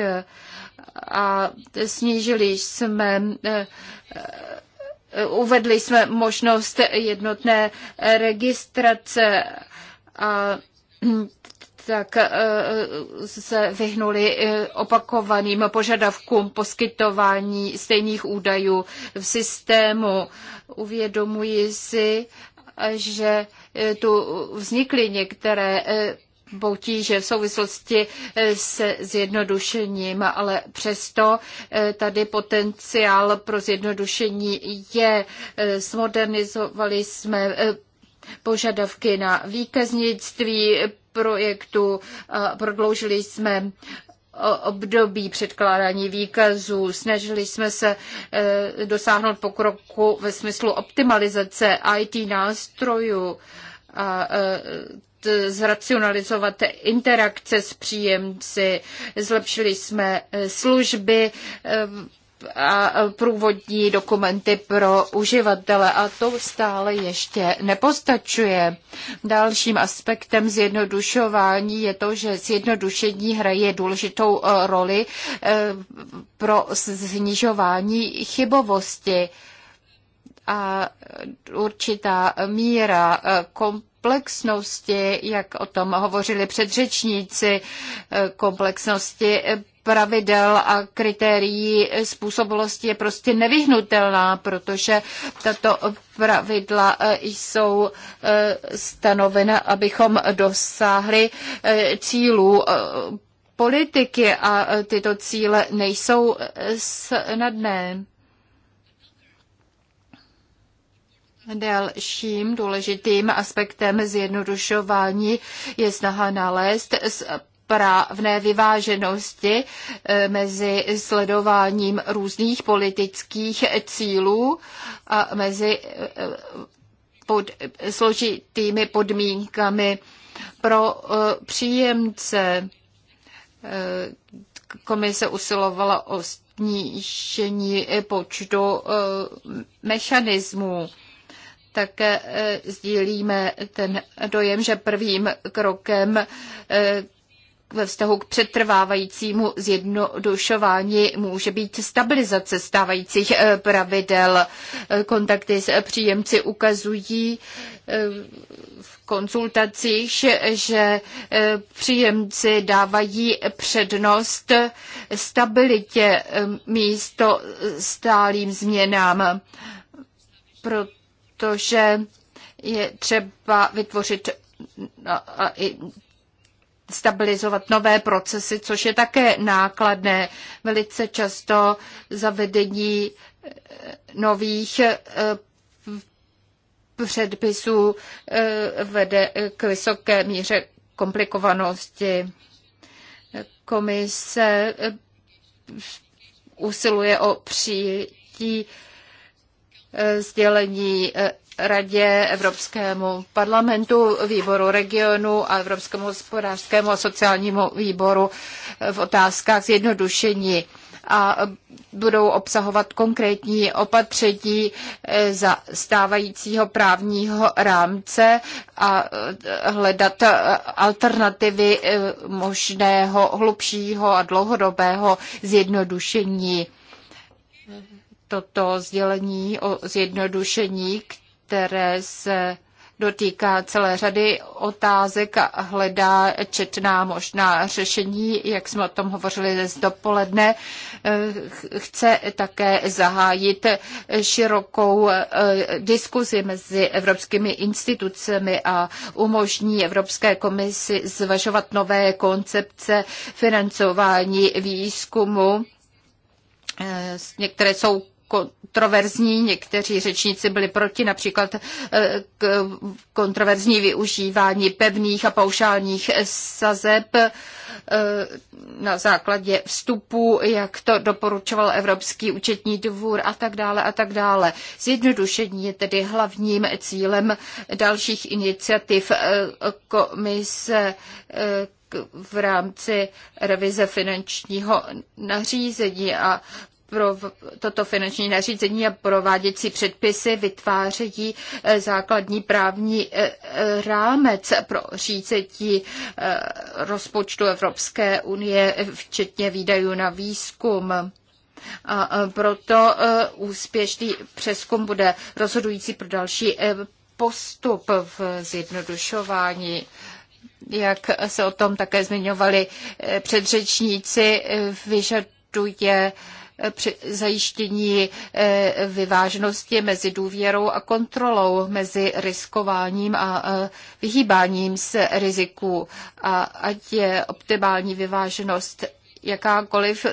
a snížili jsme uvedli jsme možnost jednotné registrace a hm, tak eh, se vyhnuli eh, opakovaným požadavkům poskytování stejných údajů v systému. Uvědomuji si, že eh, tu vznikly některé potíže v souvislosti se zjednodušením, ale přesto tady potenciál pro zjednodušení je. Smodernizovali jsme požadavky na výkaznictví, projektu prodloužili jsme období předkládání výkazů. Snažili jsme se e, dosáhnout pokroku ve smyslu optimalizace IT nástrojů a e, zracionalizovat interakce s příjemci. Zlepšili jsme e, služby a průvodní dokumenty pro uživatele a to stále ještě nepostačuje. Dalším aspektem zjednodušování je to, že zjednodušení hraje důležitou eh, roli eh, pro snižování chybovosti a určitá míra eh, komplexnosti, jak o tom hovořili předřečníci, komplexnosti pravidel a kritérií způsobilosti je prostě nevyhnutelná, protože tato pravidla e, jsou e, stanovena, abychom dosáhli e, cílů politiky a tyto cíle nejsou snadné. Dalším důležitým aspektem zjednodušování je snaha nalézt správné vyváženosti eh, mezi sledováním různých politických cílů a mezi eh, pod, složitými podmínkami pro eh, příjemce. Komise usilovala o snížení počtu mechanismů. Také sdílíme ten dojem, že prvním krokem ve vztahu k přetrvávajícímu zjednodušování může být stabilizace stávajících eh, pravidel. Eh, kontakty s příjemci ukazují eh, v konzultacích, že příjemci dávají přednost stabilitě místo stálým změnám, protože je třeba vytvořit no, i stabilizovat nové procesy, což je také nákladné. Velice často zavedení eh, nových eh, předpisů eh, vede k vysoké míře komplikovanosti. Komise usiluje o přijetí sdělení Radě, Evropskému parlamentu, výboru regionu a Evropskému hospodářskému a sociálnímu výboru v otázkách zjednodušení a budou obsahovat konkrétní opatření eh, za stávajícího právního rámce a eh, hledat eh, alternativy možného hlubšího a dlouhodobého zjednodušení. Toto sdělení o zjednodušení, které se dotýká celé řady otázek a hledá četná možná řešení, jak jsme o tom hovořili dnes dopoledne. Eh, chce také zahájit širokou eh, diskuzi mezi evropskými institucemi a umožní Evropské komisi zvažovat nové koncepce financování výzkumu eh, některé jsou kontroverzní, někteří řečníci byli proti, například eh, kontroverzní využívání pevných a paušálních sazeb eh, na základě vstupu, jak to doporučoval Evropský účetní dvůr a tak dále a tak dále. Zjednodušení je tedy hlavním cílem dalších iniciativ eh, komise v rámci revize finančního nařízení a pro toto finanční nařízení a prováděcí předpisy vytvářejí eh, základní právní eh, eh, rámec pro řízení rozpočtu Evropské unie, včetně výdajů na výzkum. A proto úspěšný přeskum bude rozhodující pro další postup v zjednodušování jak se o tom také zmiňovali předřečníci, vyžaduje při zajištění eh, vyvážnosti mezi důvěrou a kontrolou, mezi riskováním a eh, vyhýbáním se riziku. A ať je optimální vyváženost jakákoliv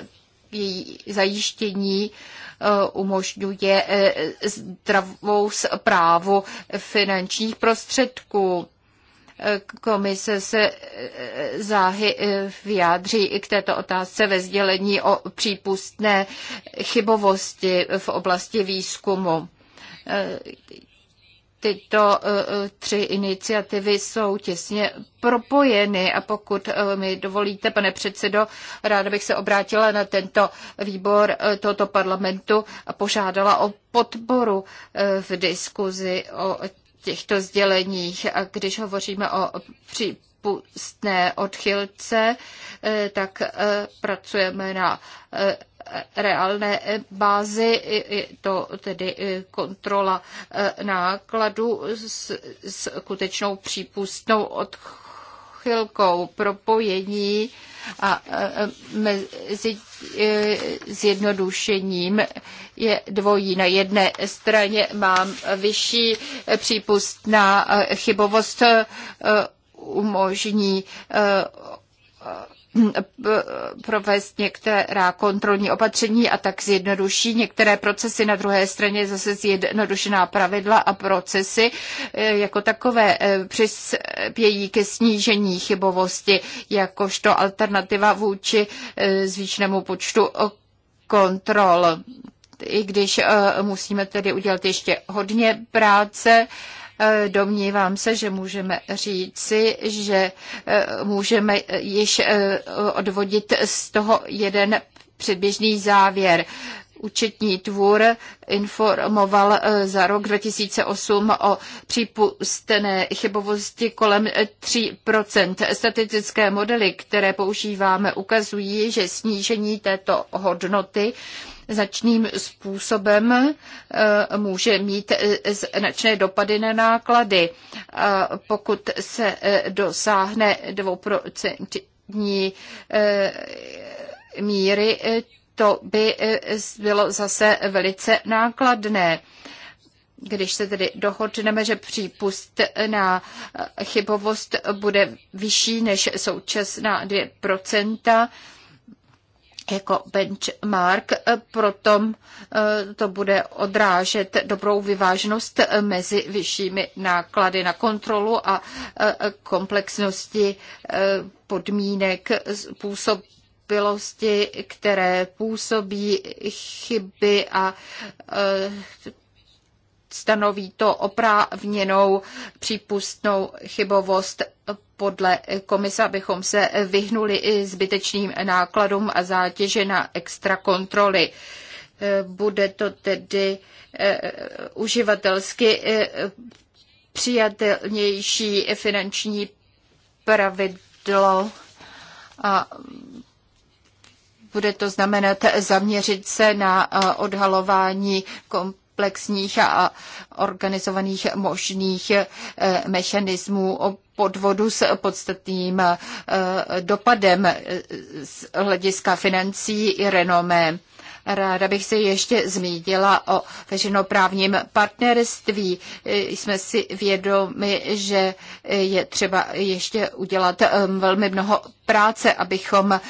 její zajištění eh, umožňuje zdravou zprávu finančních prostředků Komise se e, záhy e, vyjádří i k této otázce ve sdělení o přípustné chybovosti v oblasti výzkumu. E, tyto tři iniciativy jsou těsně propojeny a pokud mi dovolíte, pane předsedo, ráda bych se obrátila na tento výbor tohoto parlamentu a požádala o podporu v diskuzi o těchto sděleních. A když hovoříme o přípustné odchylce, eh, tak eh, pracujeme na eh, reálné bázi, je to tedy kontrola nákladu s skutečnou přípustnou odchylkou úchylkou propojení a mezi e, zjednodušením je dvojí. Na jedné straně mám vyšší přípustná e, chybovost e, umožní Hm, provést některá kontrolní opatření a tak zjednoduší některé procesy. Na druhé straně zase zjednodušená pravidla a procesy e, jako takové e, přispějí ke snížení chybovosti jakožto alternativa vůči e, zvýšenému počtu kontrol. I když musíme tedy udělat ještě hodně práce, E, domnívám se, že můžeme říci, že e, můžeme již e, odvodit z toho jeden předběžný závěr. Účetní tvůr informoval za rok 2008 o přípustné chybovosti kolem 3 Statistické modely, které používáme, ukazují, že snížení této hodnoty značným způsobem e, může mít e, značné dopady na náklady. Pokud se e, dosáhne dvouprocentní míry, to by bylo zase velice nákladné když se tedy dohodneme, že přípust na chybovost bude vyšší než současná 2%, jako benchmark, proto eh, to bude odrážet dobrou vyváženost mezi vyššími náklady na kontrolu a eh, komplexnosti eh, podmínek způsob které působí chyby a stanoví to oprávněnou přípustnou chybovost podle komise, abychom se vyhnuli i zbytečným nákladům a zátěže na extra kontroly. Bude to tedy eh, uživatelsky eh, přijatelnější finanční pravidlo a bude to znamenat zaměřit se na eh, odhalování kom komplexních a organizovaných možných eh, mechanismů podvodu s podstatným eh, dopadem eh, z hlediska financí i renomé. Ráda bych se ještě zmínila o veřejnoprávním partnerství. Jsme si vědomi, že je třeba ještě udělat ehm, velmi mnoho práce, abychom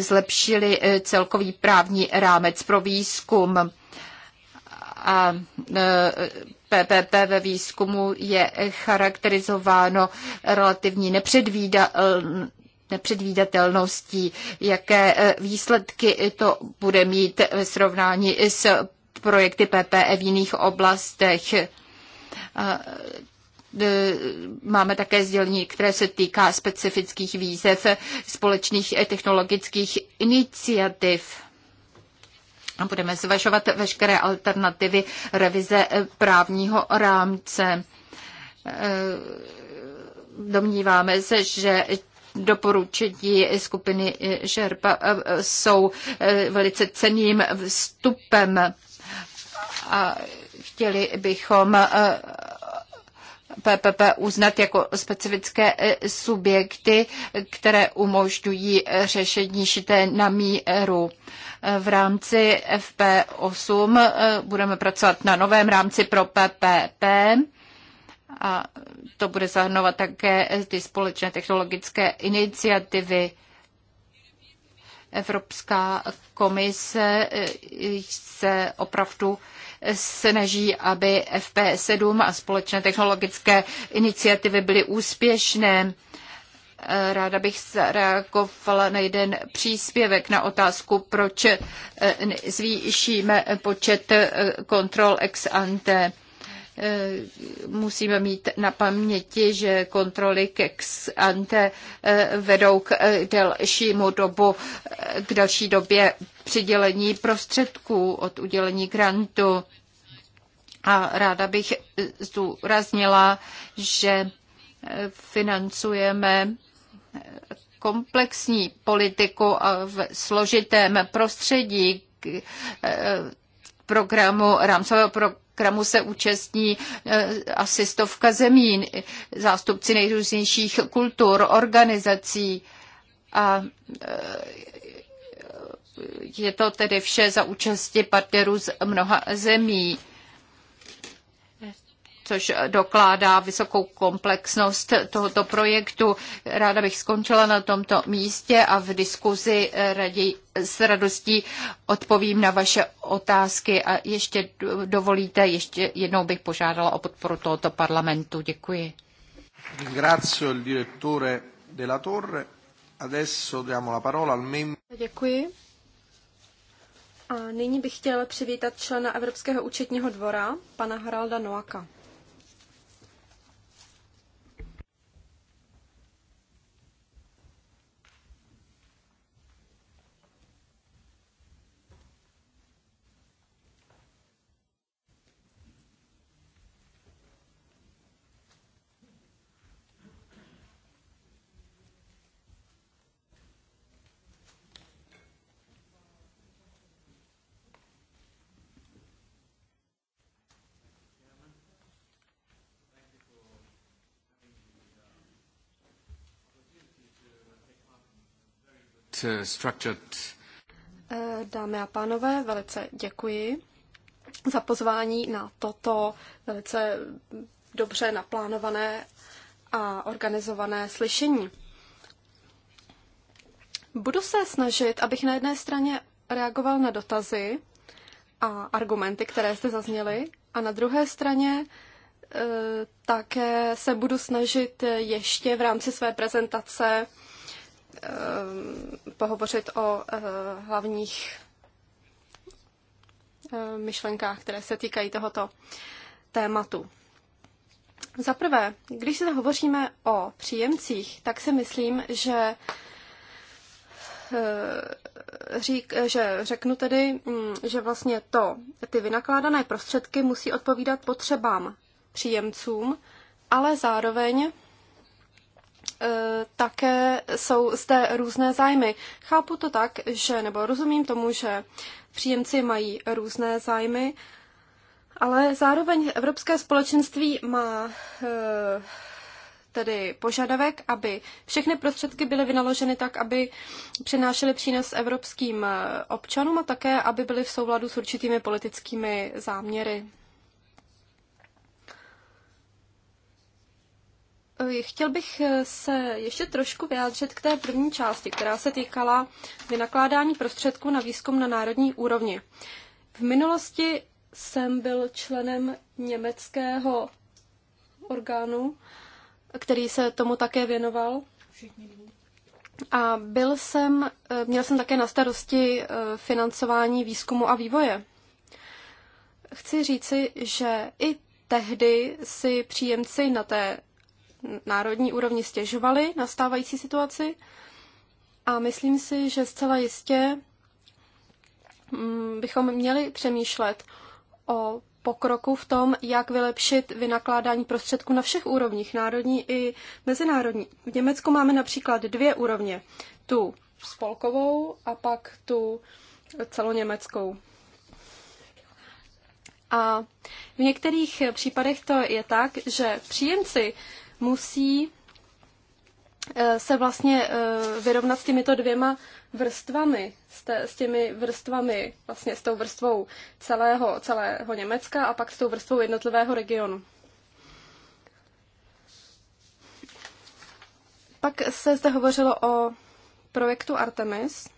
zlepšili celkový právní rámec pro výzkum a PPP e, ve výzkumu je charakterizováno relativní nepředvída, nepředvídatelností, jaké e, výsledky to bude mít ve srovnání s projekty PPE v jiných oblastech. E, máme také sdělení, které se týká specifických výzev společných technologických iniciativ. Budeme zvažovat veškeré alternativy revize eh, právního rámce. Eh, domníváme se, že doporučení skupiny Šerpa eh, jsou velice ceným vstupem a chtěli bychom PPP uznat jako specifické e, subjekty, které umožňují e, řešení šité na míru. E, v rámci FP8 budeme pracovat na novém rámci pro PPP a to bude zahrnovat také ty společné technologické iniciativy. Evropská komise se opravdu snaží, aby FP7 a společné technologické iniciativy byly úspěšné. Ráda bych zareagovala na jeden příspěvek na otázku, proč eh, zvýšíme počet eh, kontrol ex ante. Eh, musíme mít na paměti, že kontroly kex ante eh, vedou k eh, delšímu dobu, k další době přidělení prostředků od udělení grantu. A ráda bych zdůraznila, že financujeme komplexní politiku v složitém prostředí programu, rámcového programu programu se účastní eh, asi stovka zemí, zástupci nejrůznějších kultur, organizací a eh, je to tedy vše za účasti partnerů z mnoha zemí což dokládá vysokou komplexnost tohoto projektu. Ráda bych skončila na tomto místě a v diskuzi raději s radostí odpovím na vaše otázky a ještě dovolíte, ještě jednou bych požádala o podporu tohoto parlamentu. Děkuji. il direttore della Torre. Adesso diamo la parola al membro. Děkuji. A nyní bych chtěla přivítat člena Evropského účetního dvora, pana Haralda Noaka. Uh, structured... Eh, dámy a pánové, velice děkuji za pozvání na toto velice dobře naplánované a organizované slyšení. Budu se snažit, abych na jedné straně reagoval na dotazy a argumenty, které jste zazněly, a na druhé straně eh, také se budu snažit ještě v rámci své prezentace Eh, pohovořit o eh, hlavních eh, myšlenkách, které se týkají tohoto tématu. Za prvé, když se hovoříme o příjemcích, tak si myslím, že řík, že řeknu tedy, mm, že vlastně to, ty vynakládané prostředky musí odpovídat potřebám příjemcům, ale zároveň E, také jsou zde různé zájmy. Chápu to tak, že, nebo rozumím tomu, že příjemci mají různé zájmy, ale zároveň Evropské společenství má e, tedy požadavek, aby všechny prostředky byly vynaloženy tak, aby přinášely přínos evropským e, občanům a také, aby byly v souladu s určitými politickými záměry Eh, chtěl bych eh, se ještě trošku vyjádřit k té první části, která se týkala vynakládání prostředků na výzkum na národní úrovni. V minulosti jsem byl členem německého orgánu, který se tomu také věnoval. A byl jsem, eh, měl jsem také na starosti financování výzkumu a vývoje. Chci říci, že i tehdy si příjemci na té národní úrovni stěžovali na stávající situaci a myslím si, že zcela jistě mm, bychom měli přemýšlet o pokroku v tom, jak vylepšit vynakládání prostředků na všech úrovních, národní i mezinárodní. V Německu máme například dvě úrovně, tu spolkovou a pak tu celoněmeckou. A v některých případech to je tak, že příjemci musí eh, se vlastně eh, vyrovnat s těmito dvěma vrstvami, s těmi vrstvami, vlastně s tou vrstvou celého, celého Německa a pak s tou vrstvou jednotlivého regionu. Pak se zde hovořilo o projektu Artemis.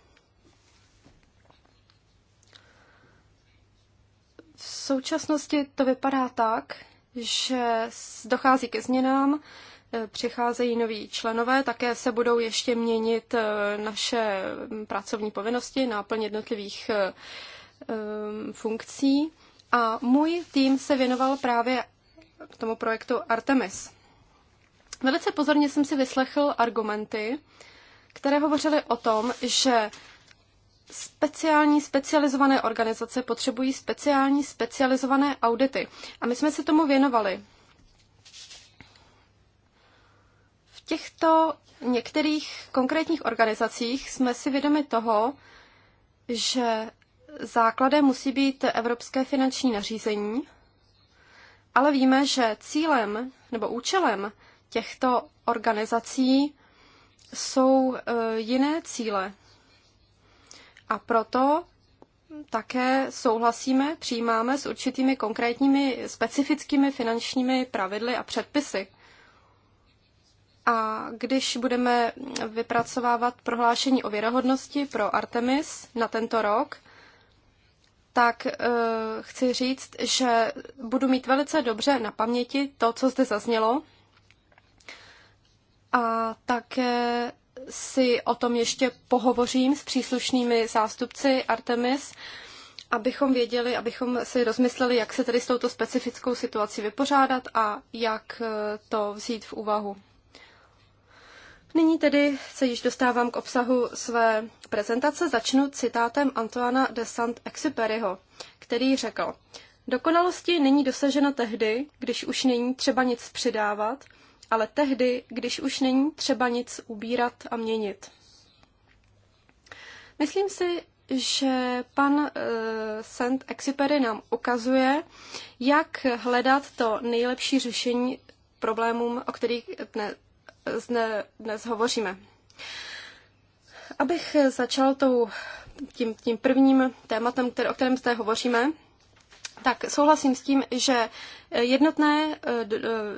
V současnosti to vypadá tak, že dochází ke změnám, e, přicházejí noví členové, také se budou ještě měnit e, naše pracovní povinnosti, náplň jednotlivých e, funkcí. A můj tým se věnoval právě tomu projektu Artemis. Velice pozorně jsem si vyslechl argumenty, které hovořily o tom, že speciální specializované organizace potřebují speciální specializované audity. A my jsme se tomu věnovali. V těchto některých konkrétních organizacích jsme si vědomi toho, že základem musí být evropské finanční nařízení, ale víme, že cílem nebo účelem těchto organizací jsou e, jiné cíle. A proto také souhlasíme, přijímáme s určitými konkrétními specifickými finančními pravidly a předpisy. A když budeme vypracovávat prohlášení o věrohodnosti pro Artemis na tento rok, tak uh, chci říct, že budu mít velice dobře na paměti to, co zde zaznělo. A také si o tom ještě pohovořím s příslušnými zástupci Artemis, abychom věděli, abychom si rozmysleli, jak se tedy s touto specifickou situací vypořádat a jak eh, to vzít v úvahu. Nyní tedy se již dostávám k obsahu své prezentace. Začnu citátem Antoana de Saint-Exupéryho, který řekl, Dokonalosti není dosaženo tehdy, když už není třeba nic přidávat, ale tehdy, když už není třeba nic ubírat a měnit. Myslím si, že pan uh, Saint Exupery nám ukazuje, jak hledat to nejlepší řešení problémům, o kterých dne, dne, dnes hovoříme. Abych začal tou, tím, tím prvním tématem, které, o kterém zde hovoříme, tak souhlasím s tím, že jednotné,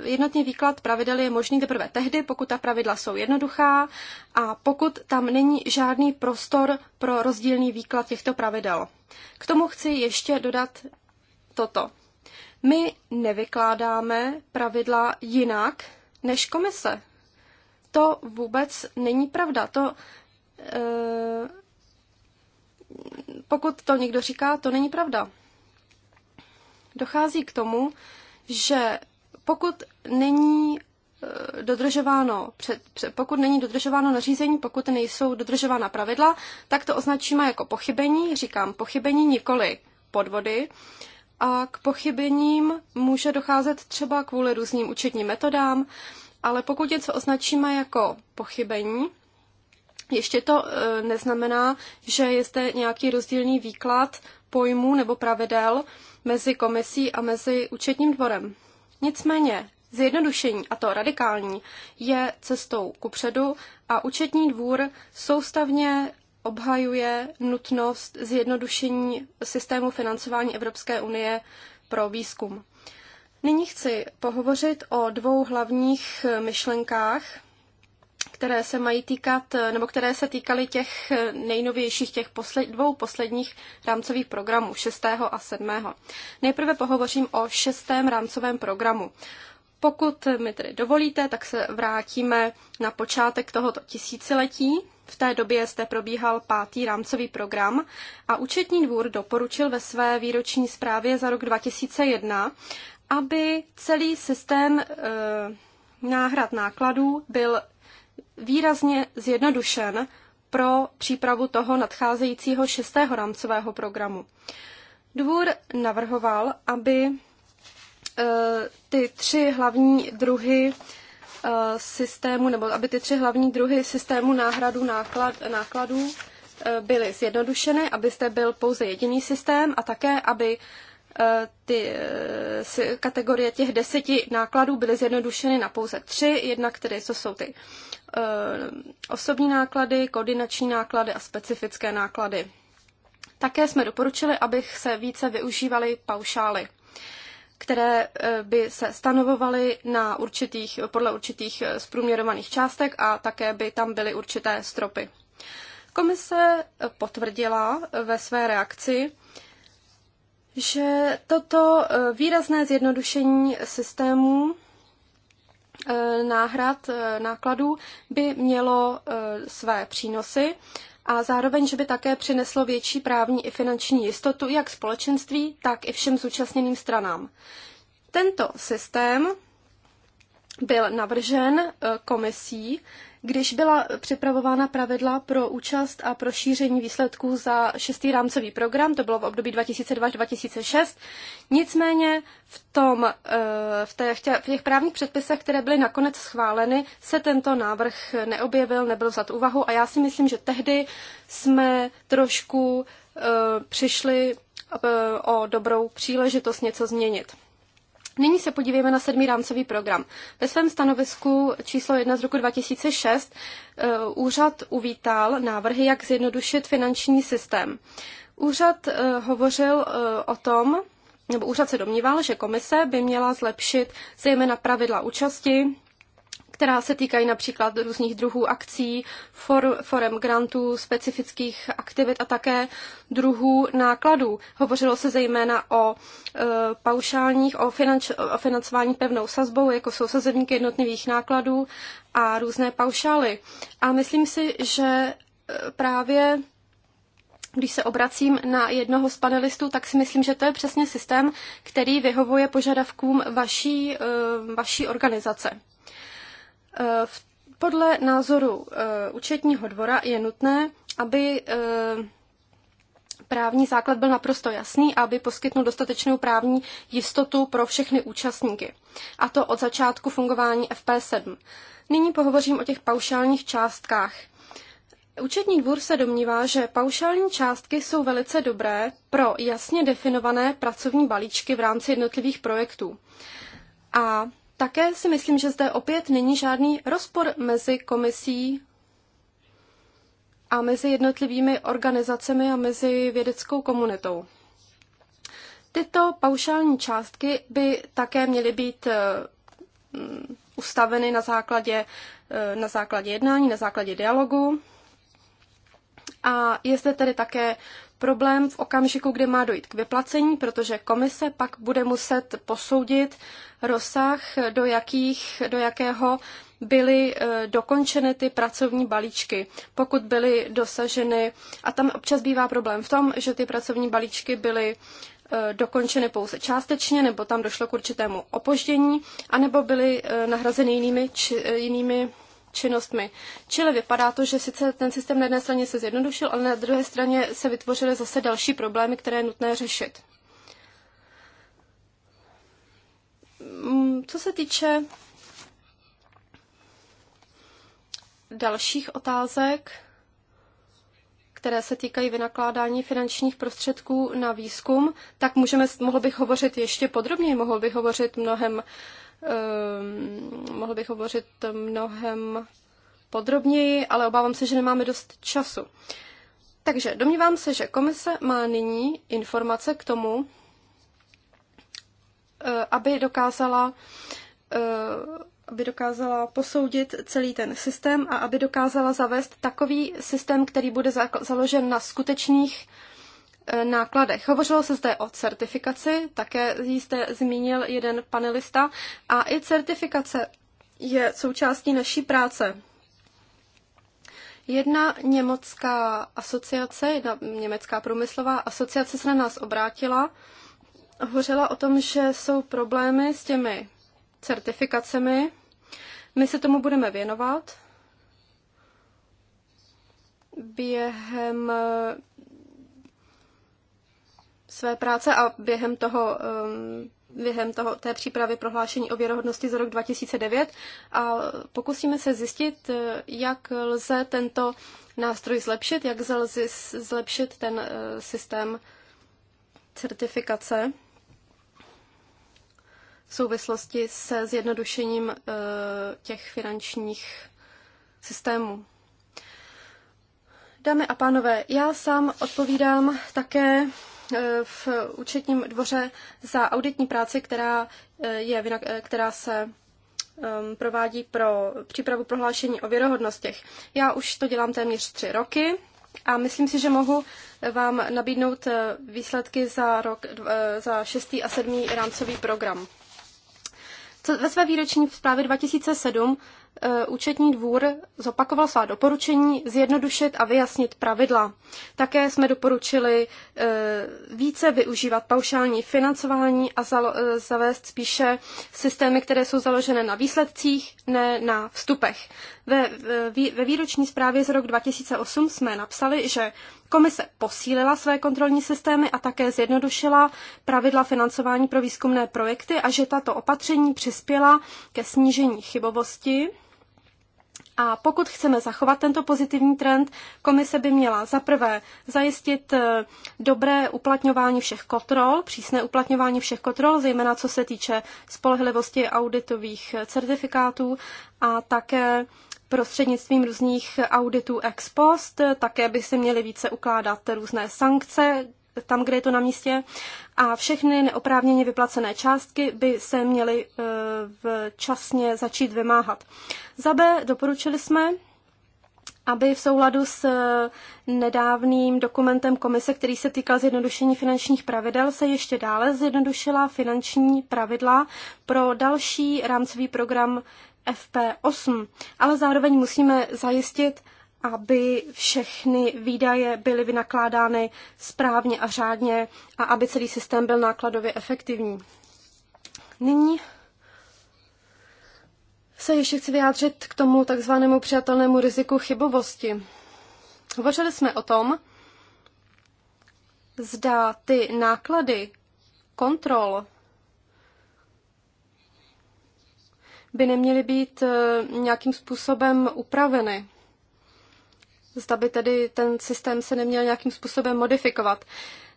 e, jednotný výklad pravidel je možný teprve tehdy, pokud ta pravidla jsou jednoduchá a pokud tam není žádný prostor pro rozdílný výklad těchto pravidel. K tomu chci ještě dodat toto. My nevykládáme pravidla jinak než komise. To vůbec není pravda. To, e, pokud to někdo říká, to není pravda dochází k tomu, že pokud není eh, dodržováno, před, před, pokud není dodržováno nařízení, pokud nejsou dodržována pravidla, tak to označíme jako pochybení, říkám pochybení nikoli podvody. A k pochybením může docházet třeba kvůli různým účetním metodám, ale pokud něco označíme jako pochybení, ještě to e, neznamená, že je zde nějaký rozdílný výklad pojmů nebo pravidel mezi komisí a mezi účetním dvorem. Nicméně zjednodušení, a to radikální, je cestou kupředu a účetní dvůr soustavně obhajuje nutnost zjednodušení systému financování Evropské unie pro výzkum. Nyní chci pohovořit o dvou hlavních e, myšlenkách které se mají týkat, eh, nebo které se týkaly těch eh, nejnovějších, těch posled, dvou posledních rámcových programů, šestého a sedmého. Nejprve pohovořím o šestém rámcovém programu. Pokud mi tedy dovolíte, tak se vrátíme na počátek tohoto tisíciletí. V té době jste probíhal pátý rámcový program a účetní dvůr doporučil ve své výroční zprávě za rok 2001, aby celý systém e, náhrad nákladů byl výrazně zjednodušen pro přípravu toho nadcházejícího šestého rámcového programu. Dvůr navrhoval, aby e, ty tři hlavní druhy e, systému, nebo aby ty tři hlavní druhy systému náhradu náklad, nákladů e, byly zjednodušeny, abyste byl pouze jediný systém a také, aby ty eh, kategorie těch deseti nákladů byly zjednodušeny na pouze tři. jedna které co jsou ty eh, osobní náklady, koordinační náklady a specifické náklady. Také jsme doporučili, abych se více využívaly paušály které eh, by se stanovovaly na určitých, podle určitých zprůměrovaných částek a také by tam byly určité stropy. Komise potvrdila ve své reakci, že toto eh, výrazné zjednodušení systému eh, náhrad eh, nákladů by mělo své přínosy a zároveň, že by také přineslo větší právní i finanční jistotu jak společenství, tak i všem zúčastněným stranám. Tento systém byl navržen komisí když byla připravována pravidla pro účast a pro šíření výsledků za šestý rámcový program, to bylo v období 2002-2006, nicméně v, tom, eh, v, té, v těch právních předpisech, které byly nakonec schváleny, se tento návrh neobjevil, nebyl vzat úvahu a já si myslím, že tehdy jsme trošku eh, přišli eh, o dobrou příležitost něco změnit. Nyní se podívejme na sedmý rámcový program. Ve svém stanovisku číslo 1 z roku 2006 eh, úřad uvítal návrhy, jak zjednodušit finanční systém. Úřad eh, hovořil eh, o tom, nebo úřad se domníval, že komise by měla zlepšit zejména pravidla účasti, která se týkají například různých druhů akcí, for, forem grantů, specifických aktivit a také druhů nákladů. Hovořilo se zejména o e, paušálních, o, finanč, o financování pevnou sazbou, jako jsou sazebníky jednotlivých nákladů a různé paušály. A myslím si, že e, právě když se obracím na jednoho z panelistů, tak si myslím, že to je přesně systém, který vyhovuje požadavkům vaší, e, vaší organizace. Eh, podle názoru eh, účetního dvora je nutné, aby eh, právní základ byl naprosto jasný a aby poskytnul dostatečnou právní jistotu pro všechny účastníky. A to od začátku fungování FP7. Nyní pohovořím o těch paušálních částkách. Účetní dvůr se domnívá, že paušální částky jsou velice dobré pro jasně definované pracovní balíčky v rámci jednotlivých projektů. A také si myslím, že zde opět není žádný rozpor mezi komisí a mezi jednotlivými organizacemi a mezi vědeckou komunitou. Tyto paušální částky by také měly být eh, mm, ustaveny na základě, eh, na základě jednání, na základě dialogu. A je zde tedy také problém v okamžiku, kdy má dojít k vyplacení, protože komise pak bude muset posoudit rozsah, do, jakých, do jakého byly e, dokončeny ty pracovní balíčky, pokud byly dosaženy. A tam občas bývá problém v tom, že ty pracovní balíčky byly e, dokončeny pouze částečně, nebo tam došlo k určitému opoždění, anebo byly e, nahrazeny jinými, či, jinými činnostmi. Čili vypadá to, že sice ten systém na jedné straně se zjednodušil, ale na druhé straně se vytvořily zase další problémy, které je nutné řešit. Mm, co se týče dalších otázek, které se týkají vynakládání finančních prostředků na výzkum, tak můžeme, mohl bych hovořit ještě podrobněji, mohl bych hovořit mnohem Ehm, mohl bych hovořit mnohem podrobněji, ale obávám se, že nemáme dost času. Takže domnívám se, že komise má nyní informace k tomu, eh, aby dokázala eh, aby dokázala posoudit celý ten systém a aby dokázala zavést takový systém, který bude založen na skutečných Eh, nákladech. Hovořilo se zde o certifikaci, také ji zmínil jeden panelista, a i certifikace je součástí naší práce. Jedna německá asociace, jedna německá průmyslová asociace se na nás obrátila, hovořila o tom, že jsou problémy s těmi certifikacemi. My se tomu budeme věnovat během své práce a během toho um, během toho, té přípravy prohlášení o věrohodnosti za rok 2009 a pokusíme se zjistit, uh, jak lze tento nástroj zlepšit, jak lze zlepšit ten uh, systém certifikace v souvislosti se zjednodušením uh, těch finančních systémů. Dámy a pánové, já sám odpovídám také Eh, v účetním dvoře za auditní práci, která, eh, je, eh, která se ehm, provádí pro přípravu prohlášení o věrohodnostech. Já už to dělám téměř tři roky a myslím si, že mohu vám nabídnout výsledky za, rok, za šestý a sedmý rámcový program. Co, ve své výroční zprávě 2007 E, účetní dvůr zopakoval svá doporučení zjednodušit a vyjasnit pravidla. Také jsme doporučili e, více využívat paušální financování a e, zavést spíše systémy, které jsou založené na výsledcích, ne na vstupech. Ve, ve výroční zprávě z roku 2008 jsme napsali, že Komise posílila své kontrolní systémy a také zjednodušila pravidla financování pro výzkumné projekty a že tato opatření přispěla ke snížení chybovosti a pokud chceme zachovat tento pozitivní trend, komise by měla za prvé zajistit eh, dobré uplatňování všech kontrol, přísné uplatňování všech kontrol, zejména co se týče spolehlivosti auditových eh, certifikátů a také prostřednictvím různých auditů ex post. Eh, také by se měly více ukládat různé sankce tam, kde je to na místě. A všechny neoprávněně vyplacené částky by se měly e, včasně začít vymáhat. Za B doporučili jsme, aby v souladu s e, nedávným dokumentem komise, který se týkal zjednodušení finančních pravidel, se ještě dále zjednodušila finanční pravidla pro další rámcový program FP8. Ale zároveň musíme zajistit, aby všechny výdaje byly vynakládány správně a řádně a aby celý systém byl nákladově efektivní. Nyní se ještě chci vyjádřit k tomu takzvanému přijatelnému riziku chybovosti. Hovořili jsme o tom, zda ty náklady kontrol by neměly být eh, nějakým způsobem upraveny. Zda by tedy ten systém se neměl nějakým způsobem modifikovat.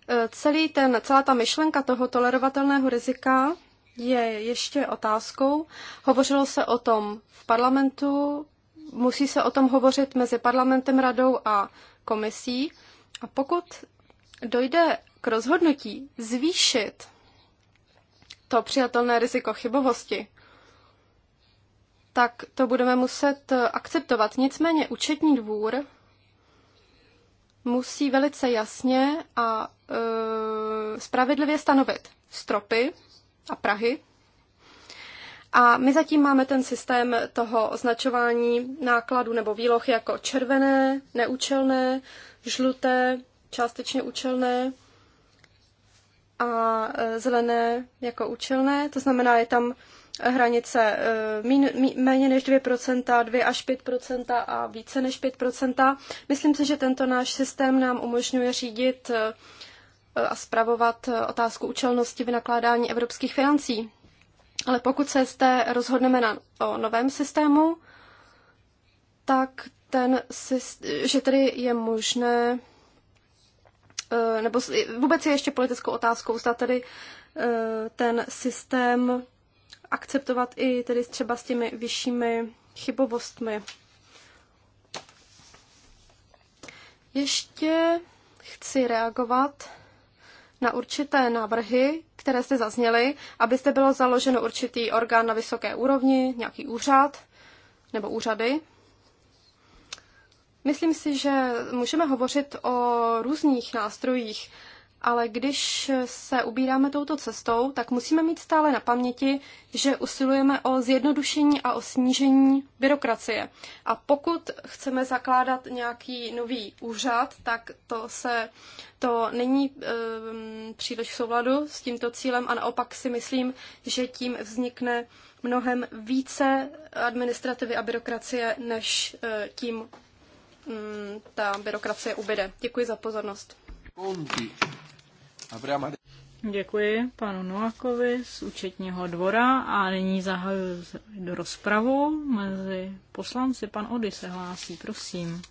E, celý ten, celá ta myšlenka toho tolerovatelného rizika je ještě otázkou. Hovořilo se o tom v parlamentu, musí se o tom hovořit mezi parlamentem, radou a komisí. A pokud dojde k rozhodnutí zvýšit to přijatelné riziko chybovosti, tak to budeme muset akceptovat. Nicméně účetní dvůr musí velice jasně a e, spravedlivě stanovit stropy a Prahy. A my zatím máme ten systém toho označování nákladů nebo výloh jako červené, neúčelné, žluté, částečně účelné a e, zelené jako účelné. To znamená, je tam hranice eh, méně než 2%, 2 až 5% a více než 5%. Myslím si, že tento náš systém nám umožňuje řídit eh, a spravovat eh, otázku účelnosti vynakládání evropských financí. Ale pokud se zde rozhodneme na, o novém systému, tak ten, že tedy je možné, nebo vůbec je ještě politickou otázkou, zda tedy ten systém akceptovat i tedy třeba s těmi vyššími chybovostmi. Ještě chci reagovat na určité návrhy, které jste zazněly, abyste bylo založeno určitý orgán na vysoké úrovni, nějaký úřad nebo úřady. Myslím si, že můžeme hovořit o různých nástrojích, ale když se ubíráme touto cestou, tak musíme mít stále na paměti, že usilujeme o zjednodušení a o snížení byrokracie. A pokud chceme zakládat nějaký nový úřad, tak to se to není um, příliš v souladu s tímto cílem a naopak si myslím, že tím vznikne mnohem více administrativy a byrokracie, než uh, tím um, ta byrokracie ubyde. Děkuji za pozornost. Konti. Děkuji panu Noakovi z účetního dvora a nyní zahajuji do rozpravu mezi poslanci. Pan Ody se hlásí, prosím.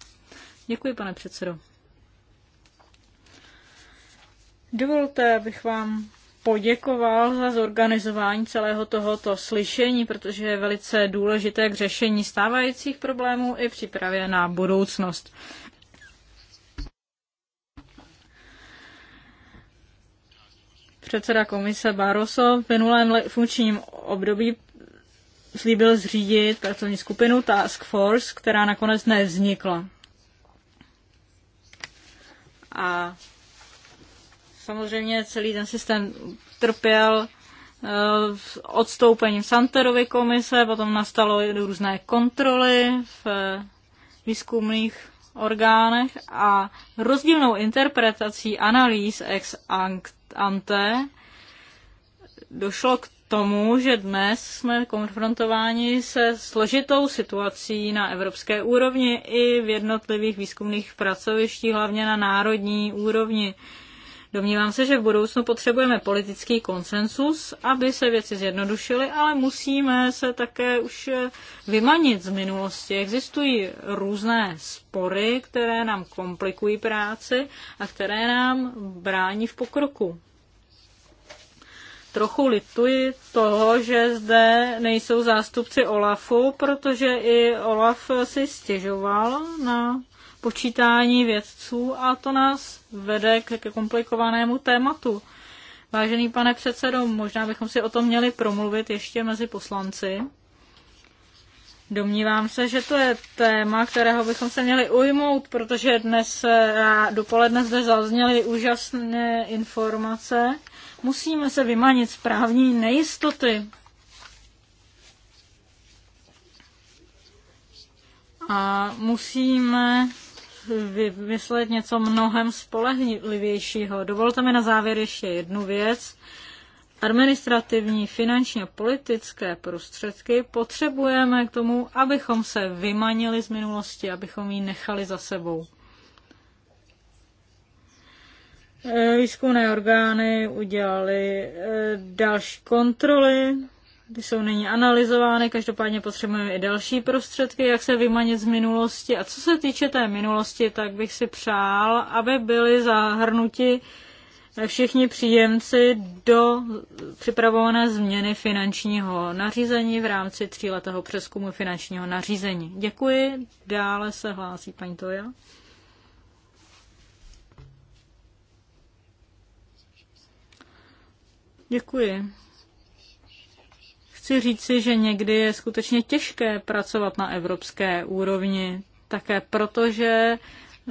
Děkuji, pane předsedo. Dovolte, abych vám poděkoval za zorganizování celého tohoto slyšení, protože je velice důležité k řešení stávajících problémů i přípravě na budoucnost. Předseda komise Barroso v minulém funkčním období slíbil zřídit pracovní skupinu Task Force, která nakonec nevznikla. A samozřejmě celý ten systém trpěl eh, s odstoupením Santerovy komise, potom nastalo různé kontroly v eh, výzkumných orgánech a rozdílnou interpretací analýz ex ante došlo k tomu, že dnes jsme konfrontováni se složitou situací na evropské úrovni i v jednotlivých výzkumných pracovištích, hlavně na národní úrovni. Domnívám se, že v budoucnu potřebujeme politický konsensus, aby se věci zjednodušily, ale musíme se také už vymanit z minulosti. Existují různé spory, které nám komplikují práci a které nám brání v pokroku. Trochu lituji toho, že zde nejsou zástupci Olafu, protože i Olaf si stěžoval na počítání vědců a to nás vede k komplikovanému tématu. Vážený pane předsedo, možná bychom si o tom měli promluvit ještě mezi poslanci. Domnívám se, že to je téma, kterého bychom se měli ujmout, protože dnes a eh, dopoledne zde zazněly úžasné informace. Musíme se vymanit z právní nejistoty. A musíme vymyslet něco mnohem spolehlivějšího. Dovolte mi na závěr ještě jednu věc. Administrativní, finanční politické prostředky potřebujeme k tomu, abychom se vymanili z minulosti, abychom ji nechali za sebou. Eh, výzkumné orgány udělali eh, další kontroly, ty jsou nyní analyzovány, každopádně potřebujeme i další prostředky, jak se vymanit z minulosti. A co se týče té minulosti, tak bych si přál, aby byly zahrnuti všichni příjemci do připravované změny finančního nařízení v rámci tříletého přeskumu finančního nařízení. Děkuji. Dále se hlásí paní Toja. Děkuji chci říci, že někdy je skutečně těžké pracovat na evropské úrovni, také protože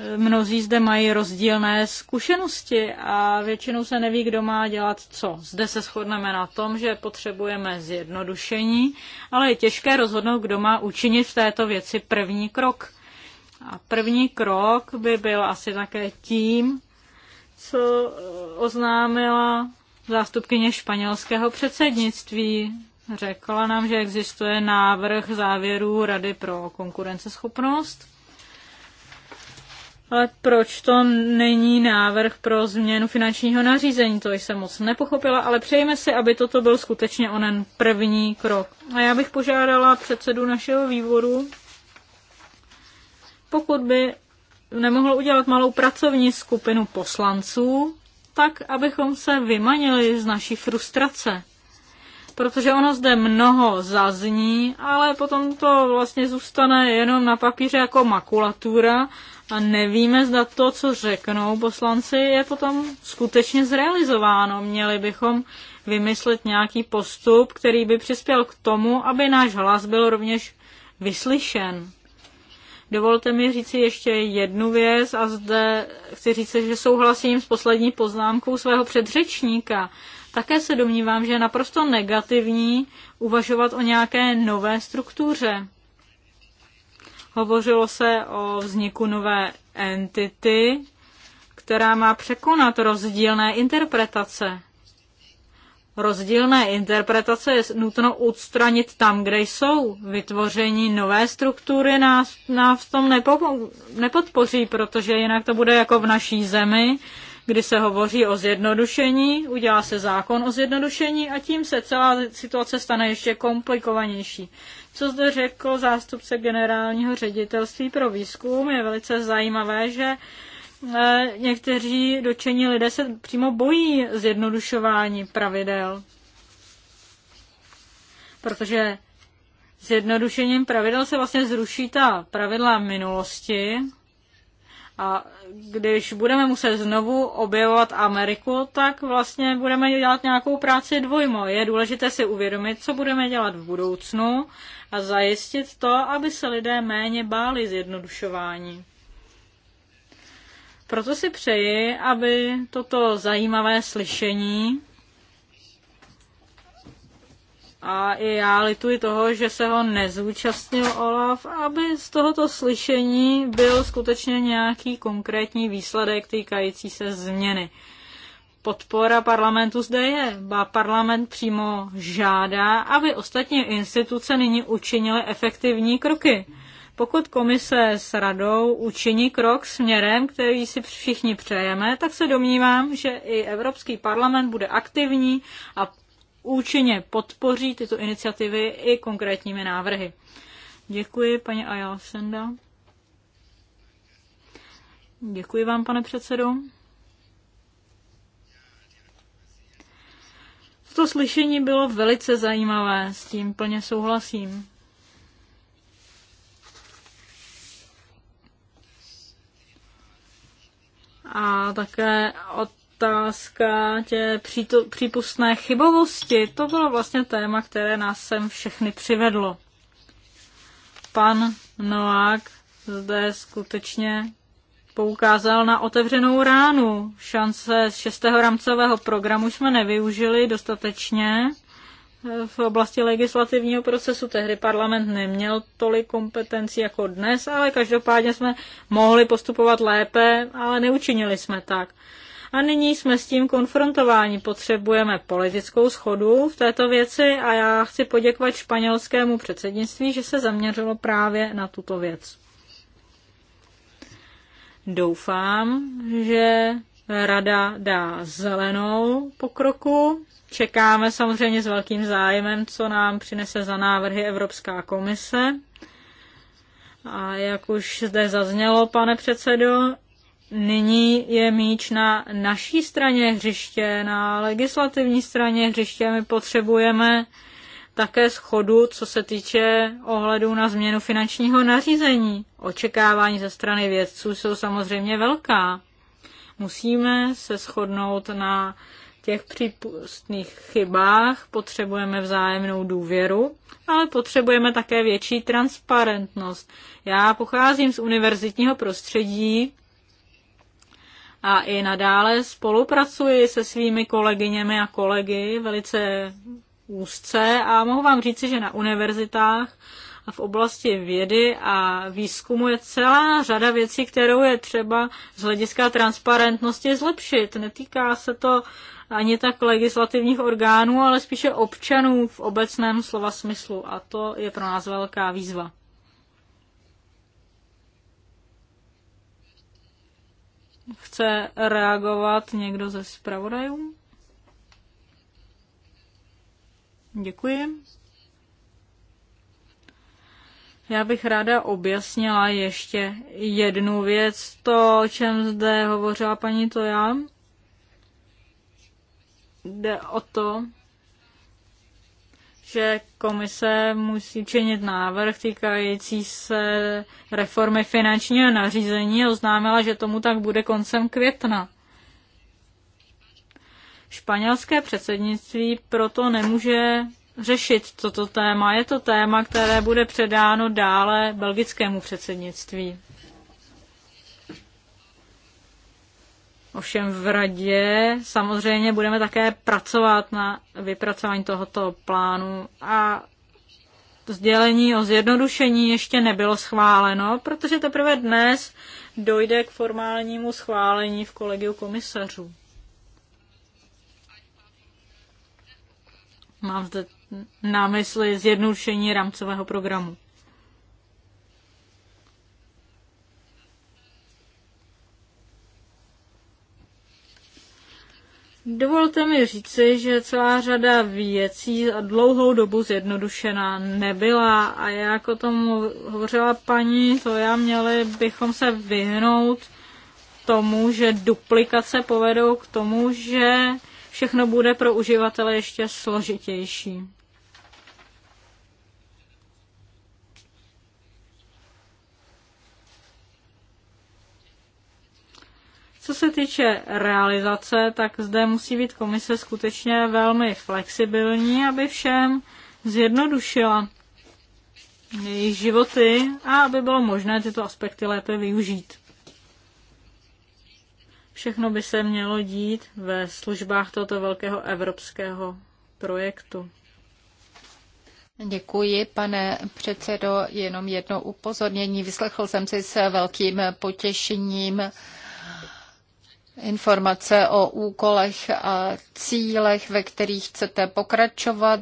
eh, mnozí zde mají rozdílné zkušenosti a většinou se neví, kdo má dělat co. Zde se shodneme na tom, že potřebujeme zjednodušení, ale je těžké rozhodnout, kdo má učinit v této věci první krok. A první krok by byl asi také tím, co eh, oznámila zástupkyně španělského předsednictví Řekla nám, že existuje návrh závěrů Rady pro konkurenceschopnost. Ale proč to není návrh pro změnu finančního nařízení? To jsem moc nepochopila, ale přejeme si, aby toto byl skutečně onen první krok. A já bych požádala předsedu našeho výboru, pokud by nemohl udělat malou pracovní skupinu poslanců, tak abychom se vymanili z naší frustrace protože ono zde mnoho zazní, ale potom to vlastně zůstane jenom na papíře jako makulatura a nevíme, zda to, co řeknou poslanci, je potom skutečně zrealizováno. Měli bychom vymyslet nějaký postup, který by přispěl k tomu, aby náš hlas byl rovněž vyslyšen. Dovolte mi říci ještě jednu věc a zde chci říct, že souhlasím s poslední poznámkou svého předřečníka. Také se domnívám, že je naprosto negativní uvažovat o nějaké nové struktuře. Hovořilo se o vzniku nové entity, která má překonat rozdílné interpretace. Rozdílné interpretace je nutno odstranit tam, kde jsou. Vytvoření nové struktury nás, nás v tom nepo, nepodpoří, protože jinak to bude jako v naší zemi, kdy se hovoří o zjednodušení, udělá se zákon o zjednodušení a tím se celá situace stane ještě komplikovanější. Co zde řekl zástupce generálního ředitelství pro výzkum, je velice zajímavé, že e, někteří dočení lidé se přímo bojí zjednodušování pravidel. Protože zjednodušením pravidel se vlastně zruší ta pravidla minulosti a když budeme muset znovu objevovat Ameriku, tak vlastně budeme dělat nějakou práci dvojmo. Je důležité si uvědomit, co budeme dělat v budoucnu a zajistit to, aby se lidé méně báli zjednodušování. Proto si přeji, aby toto zajímavé slyšení a i já lituji toho, že se ho nezúčastnil Olaf, aby z tohoto slyšení byl skutečně nějaký konkrétní výsledek týkající se změny. Podpora parlamentu zde je, ba parlament přímo žádá, aby ostatní instituce nyní učinily efektivní kroky. Pokud komise s radou učiní krok směrem, který si všichni přejeme, tak se domnívám, že i Evropský parlament bude aktivní a účinně podpoří tyto iniciativy i konkrétními návrhy. Děkuji, paní Ayal Děkuji vám, pane předsedo. To slyšení bylo velice zajímavé, s tím plně souhlasím. A také od otázka tě příto, přípustné chybovosti. To bylo vlastně téma, které nás sem všechny přivedlo. Pan Noak zde skutečně poukázal na otevřenou ránu. Šance z šestého rámcového programu jsme nevyužili dostatečně v oblasti legislativního procesu. Tehdy parlament neměl tolik kompetencí jako dnes, ale každopádně jsme mohli postupovat lépe, ale neučinili jsme tak. A nyní jsme s tím konfrontováni. Potřebujeme politickou schodu v této věci a já chci poděkovat španělskému předsednictví, že se zaměřilo právě na tuto věc. Doufám, že rada dá zelenou pokroku. Čekáme samozřejmě s velkým zájmem, co nám přinese za návrhy Evropská komise. A jak už zde zaznělo, pane předsedo, Nyní je míč na naší straně hřiště, na legislativní straně hřiště. My potřebujeme také schodu, co se týče ohledu na změnu finančního nařízení. Očekávání ze strany vědců jsou samozřejmě velká. Musíme se shodnout na těch přípustných chybách, potřebujeme vzájemnou důvěru, ale potřebujeme také větší transparentnost. Já pocházím z univerzitního prostředí, a i nadále spolupracuji se svými kolegyněmi a kolegy velice úzce a mohu vám říci, že na univerzitách a v oblasti vědy a výzkumu je celá řada věcí, kterou je třeba z hlediska transparentnosti zlepšit. Netýká se to ani tak legislativních orgánů, ale spíše občanů v obecném slova smyslu a to je pro nás velká výzva. Chce reagovat někdo ze zpravodajů? Děkuji. Já bych ráda objasnila ještě jednu věc, to, o čem zde hovořila paní Toja. Jde o to, že komise musí činit návrh týkající se reformy finančního nařízení a oznámila, že tomu tak bude koncem května. Španělské předsednictví proto nemůže řešit toto téma. Je to téma, které bude předáno dále belgickému předsednictví. Ovšem v radě samozřejmě budeme také pracovat na vypracování tohoto plánu a sdělení o zjednodušení ještě nebylo schváleno, protože teprve dnes dojde k formálnímu schválení v kolegiu komisařů. Mám zde na mysli zjednodušení rámcového programu. Dovolte mi říci, že celá řada věcí dlouhou dobu zjednodušená nebyla a jak o tom hovořila paní, to já měli bychom se vyhnout tomu, že duplikace povedou k tomu, že všechno bude pro uživatele ještě složitější. Co se týče realizace, tak zde musí být komise skutečně velmi flexibilní, aby všem zjednodušila jejich životy a aby bylo možné tyto aspekty lépe využít. Všechno by se mělo dít ve službách tohoto velkého evropského projektu. Děkuji, pane předsedo. Jenom jedno upozornění. Vyslechl jsem si s velkým potěšením informace o úkolech a cílech, ve kterých chcete pokračovat,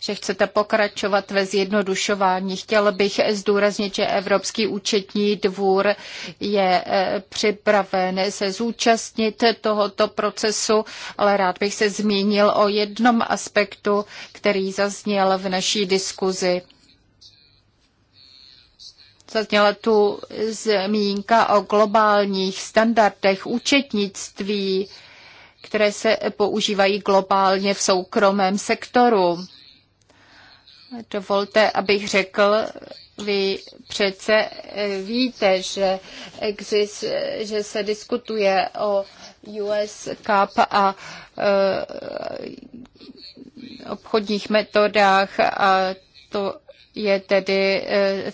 že chcete pokračovat ve zjednodušování. Chtěl bych zdůraznit, že Evropský účetní dvůr je eh, připraven se zúčastnit tohoto procesu, ale rád bych se zmínil o jednom aspektu, který zazněl v naší diskuzi. Zazněla tu zmínka o globálních standardech účetnictví, které se používají globálně v soukromém sektoru. Dovolte, abych řekl, vy přece víte, že, exist, že se diskutuje o US Cup a e, obchodních metodách a to je tedy eh, eh,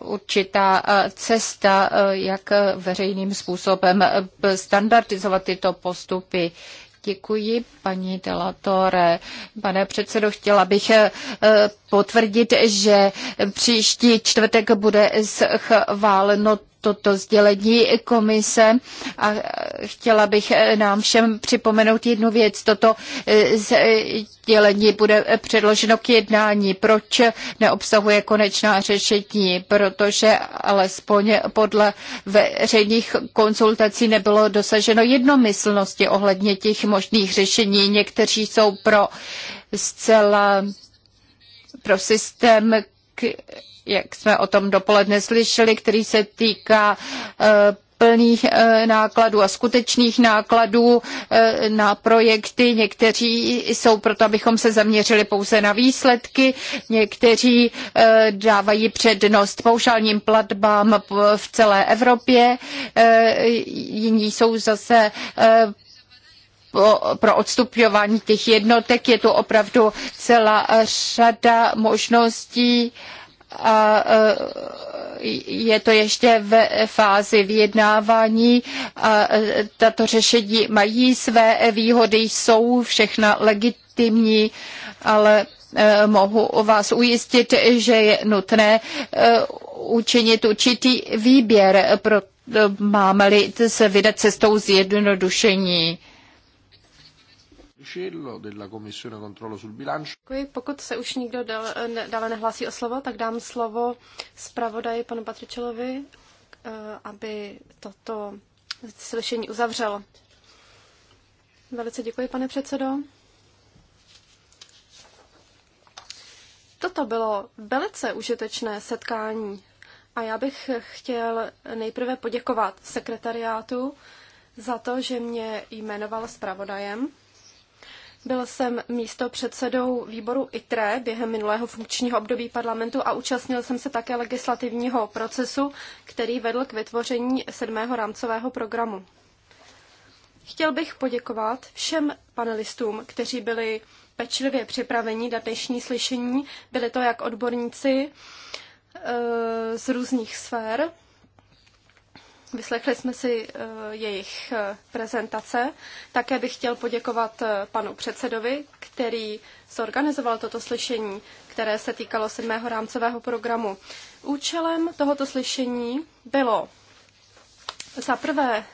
určitá eh, cesta, jak veřejným způsobem standardizovat tyto postupy. Děkuji, paní Delatore. Pane předsedo, chtěla bych potvrdit, že příští čtvrtek bude schváleno toto sdělení komise a chtěla bych eh, nám všem připomenout jednu věc. Toto eh, sdělení bude předloženo k jednání. Proč neobsahuje konečná řešení? Protože alespoň podle veřejných konzultací nebylo dosaženo jednomyslnosti ohledně těch možných řešení. Někteří jsou pro zcela pro systém, k jak jsme o tom dopoledne slyšeli, který se týká eh, plných eh, nákladů a skutečných nákladů eh, na projekty. Někteří jsou proto, abychom se zaměřili pouze na výsledky, někteří dávají přednost paušálním platbám v celé Evropě, jiní jsou zase pro odstupňování těch jednotek. Je tu opravdu celá řada možností a e, je to ještě ve fázi vyjednávání a e, tato řešení mají své výhody, jsou všechna legitimní, ale e, mohu vás ujistit, že je nutné učinit určitý výběr, pro, máme-li se vydat cestou zjednodušení. Patriciello della Commissione Controllo sul Bilancio. Děkuji. Pokud se už nikdo dal, dále nehlásí o slovo, tak dám slovo zpravodaji panu Patričelovi, eh, aby toto slyšení uzavřel. Velice děkuji, pane předsedo. Toto bylo velice užitečné setkání a já bych chtěl nejprve poděkovat sekretariátu za to, že mě jmenoval zpravodajem. Byl jsem místo předsedou výboru ITRE během minulého funkčního období parlamentu a účastnil jsem se také legislativního procesu, který vedl k vytvoření sedmého rámcového programu. Chtěl bych poděkovat všem panelistům, kteří byli pečlivě připraveni na dnešní slyšení. Byli to jak odborníci eh, z různých sfér, Vyslechli jsme si eh, jejich eh, prezentace. Také bych chtěl poděkovat eh, panu předsedovi, který zorganizoval toto slyšení, které se týkalo sedmého rámcového programu. Účelem tohoto slyšení bylo za prvé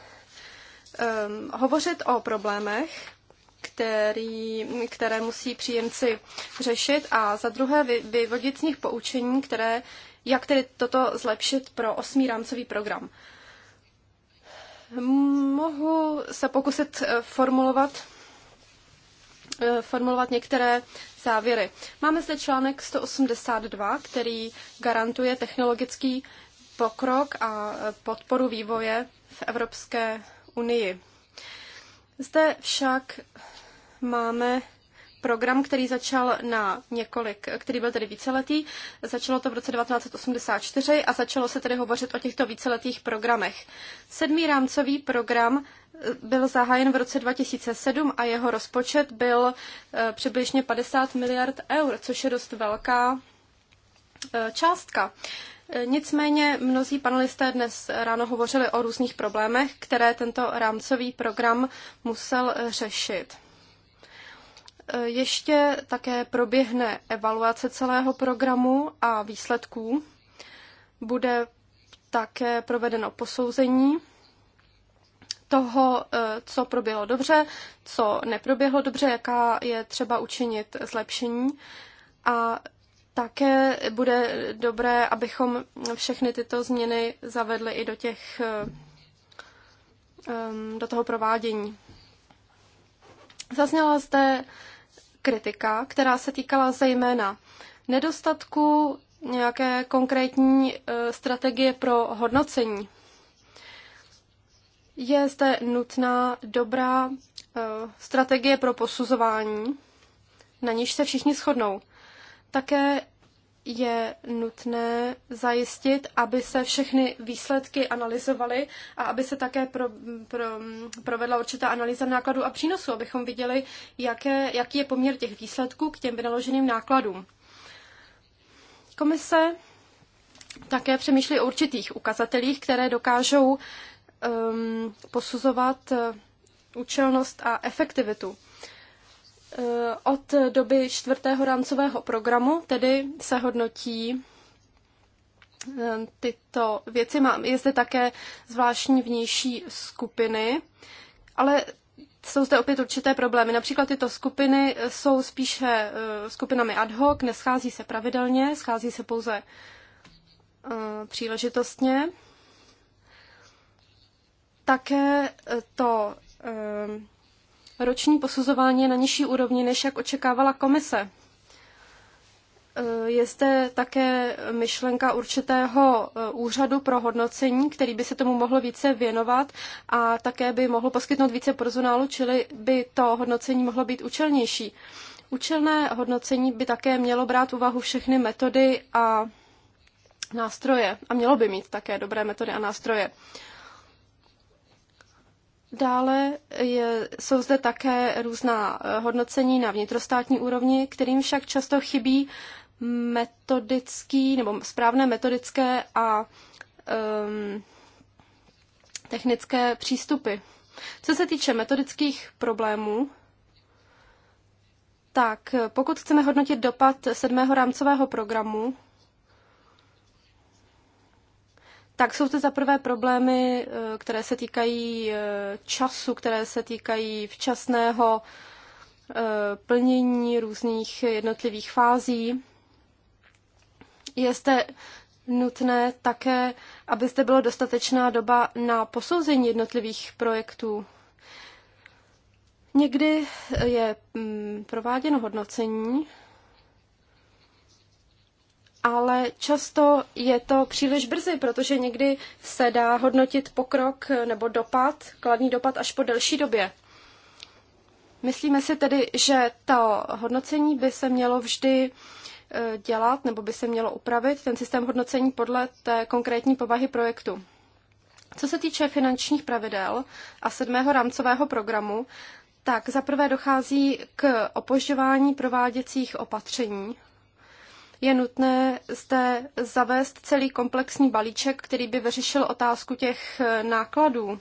um, hovořit o problémech, který, které musí příjemci řešit a za druhé vy, vyvodit z nich poučení, které, jak tedy toto zlepšit pro osmý rámcový program. Mohu se pokusit eh, formulovat, eh, formulovat některé závěry. Máme zde článek 182, který garantuje technologický pokrok a eh, podporu vývoje v Evropské unii. Zde však máme program, který začal na několik, který byl tedy víceletý. Začalo to v roce 1984 a začalo se tedy hovořit o těchto víceletých programech. Sedmý rámcový program eh, byl zahájen v roce 2007 a jeho rozpočet byl eh, přibližně 50 miliard eur, což je dost velká eh, částka. Nicméně mnozí panelisté dnes ráno hovořili o různých problémech, které tento rámcový program musel řešit. E, ještě také proběhne evaluace celého programu a výsledků. Bude také provedeno posouzení toho, e, co proběhlo dobře, co neproběhlo dobře, jaká je třeba učinit zlepšení. A také bude dobré, abychom všechny tyto změny zavedli i do, těch, e, do toho provádění. Zazněla zde kritika, která se týkala zejména nedostatku nějaké konkrétní e, strategie pro hodnocení. Je zde nutná dobrá e, strategie pro posuzování, na níž se všichni shodnou. Také je nutné zajistit, aby se všechny výsledky analyzovaly a aby se také pro, pro, provedla určitá analýza nákladů a přínosů, abychom viděli, jaké, jaký je poměr těch výsledků k těm vynaloženým nákladům. Komise také přemýšlí o určitých ukazatelích, které dokážou um, posuzovat uh, účelnost a efektivitu. Eh, od doby čtvrtého rámcového programu tedy se hodnotí eh, tyto věci. Mám, je zde také zvláštní vnější skupiny, ale jsou zde opět určité problémy. Například tyto skupiny jsou spíše eh, skupinami ad hoc, neschází se pravidelně, schází se pouze příležitostně. Také to roční posuzování je na nižší úrovni, než jak očekávala komise. E, je zde také myšlenka určitého e, úřadu pro hodnocení, který by se tomu mohl více věnovat a také by mohl poskytnout více personálu, čili by to hodnocení mohlo být účelnější. Účelné hodnocení by také mělo brát úvahu všechny metody a nástroje a mělo by mít také dobré metody a nástroje. Uh, Dále je, jsou zde také různá eh, hodnocení na vnitrostátní úrovni, kterým však často chybí metodický nebo správné metodické a um, technické přístupy. Co se týče metodických problémů, tak eh, pokud chceme hodnotit dopad sedmého rámcového programu, tak jsou to zaprvé problémy, eh, které se týkají eh, času, které se týkají včasného eh, plnění různých jednotlivých fází. Je zde nutné také, aby zde byla dostatečná doba na posouzení jednotlivých projektů. Někdy je mm, prováděno hodnocení ale často je to příliš brzy, protože někdy se dá hodnotit pokrok nebo dopad, kladný dopad až po delší době. Myslíme si tedy, že to hodnocení by se mělo vždy e, dělat nebo by se mělo upravit ten systém hodnocení podle té konkrétní povahy projektu. Co se týče finančních pravidel a sedmého rámcového programu, tak zaprvé dochází k opožďování prováděcích opatření je nutné zde zavést celý komplexní balíček, který by vyřešil otázku těch eh, nákladů.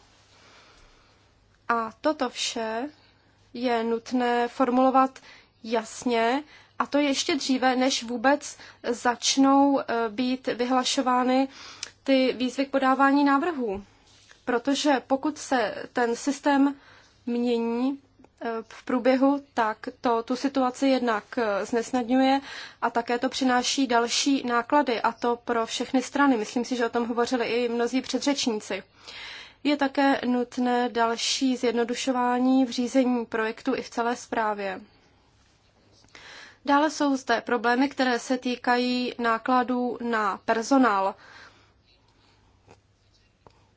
A toto vše je nutné formulovat jasně, a to ještě dříve, než vůbec začnou eh, být vyhlašovány ty výzvy k podávání návrhů. Protože pokud se ten systém mění, v průběhu, tak to tu situaci jednak eh, znesnadňuje a také to přináší další náklady a to pro všechny strany. Myslím si, že o tom hovořili i mnozí předřečníci. Je také nutné další zjednodušování v řízení projektu i v celé správě. Dále jsou zde problémy, které se týkají nákladů na personál.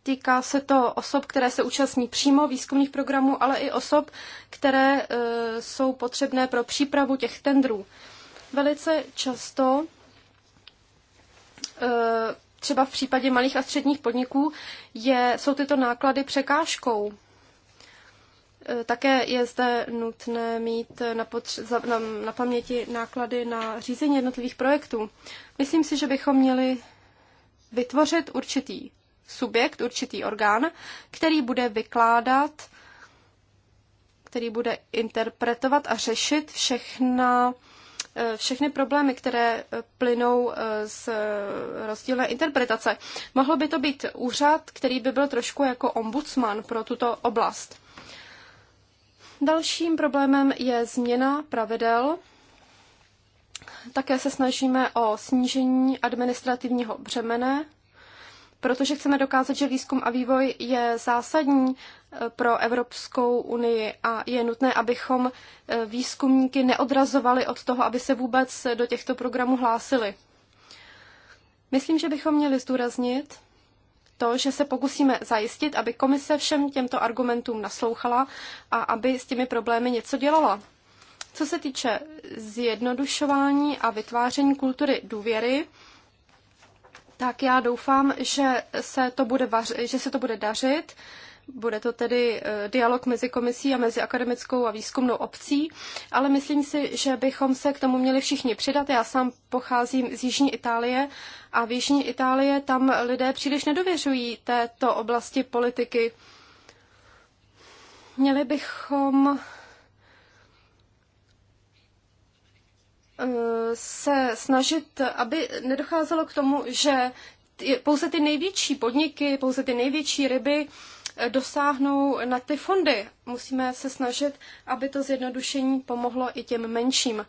Týká se to osob, které se účastní přímo výzkumných programů, ale i osob, které e, jsou potřebné pro přípravu těch tendrů. Velice často e, třeba v případě malých a středních podniků je, jsou tyto náklady překážkou. E, také je zde nutné mít na, za, na, na paměti náklady na řízení jednotlivých projektů. Myslím si, že bychom měli vytvořit určitý subjekt, určitý orgán, který bude vykládat, který bude interpretovat a řešit všechna, eh, všechny problémy, které eh, plynou eh, z rozdílné interpretace. Mohlo by to být úřad, který by byl trošku jako ombudsman pro tuto oblast. Dalším problémem je změna pravidel. Také se snažíme o snížení administrativního břemene protože chceme dokázat, že výzkum a vývoj je zásadní eh, pro Evropskou unii a je nutné, abychom eh, výzkumníky neodrazovali od toho, aby se vůbec do těchto programů hlásili. Myslím, že bychom měli zdůraznit to, že se pokusíme zajistit, aby komise všem těmto argumentům naslouchala a aby s těmi problémy něco dělala. Co se týče zjednodušování a vytváření kultury důvěry, tak já doufám, že se to bude, vař, že se to bude dařit. Bude to tedy eh, dialog mezi komisí a mezi akademickou a výzkumnou obcí, ale myslím si, že bychom se k tomu měli všichni přidat. Já sám pocházím z Jižní Itálie a v Jižní Itálie tam lidé příliš nedověřují této oblasti politiky. Měli bychom se snažit, aby nedocházelo k tomu, že pouze ty největší podniky, pouze ty největší ryby eh, dosáhnou na ty fondy. Musíme se snažit, aby to zjednodušení pomohlo i těm menším.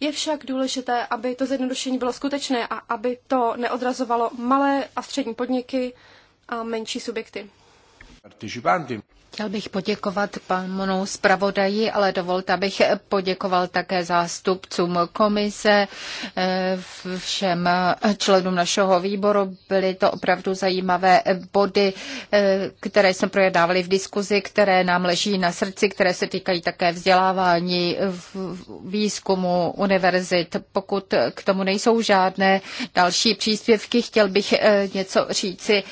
Je však důležité, aby to zjednodušení bylo skutečné a aby to neodrazovalo malé a střední podniky a menší subjekty. Chtěl bych poděkovat panu zpravodaji, ale dovolte, abych poděkoval také zástupcům komise, eh, všem členům našeho výboru. Byly to opravdu zajímavé body, eh, které jsme projednávali v diskuzi, které nám leží na srdci, které se týkají také vzdělávání, výzkumu univerzit. Pokud k tomu nejsou žádné další příspěvky, chtěl bych eh, něco říci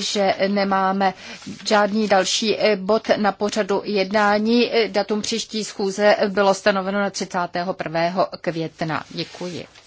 že nemáme žádný další eh, bod na pořadu jednání. Eh, datum příští schůze bylo stanoveno na 31. května. Děkuji.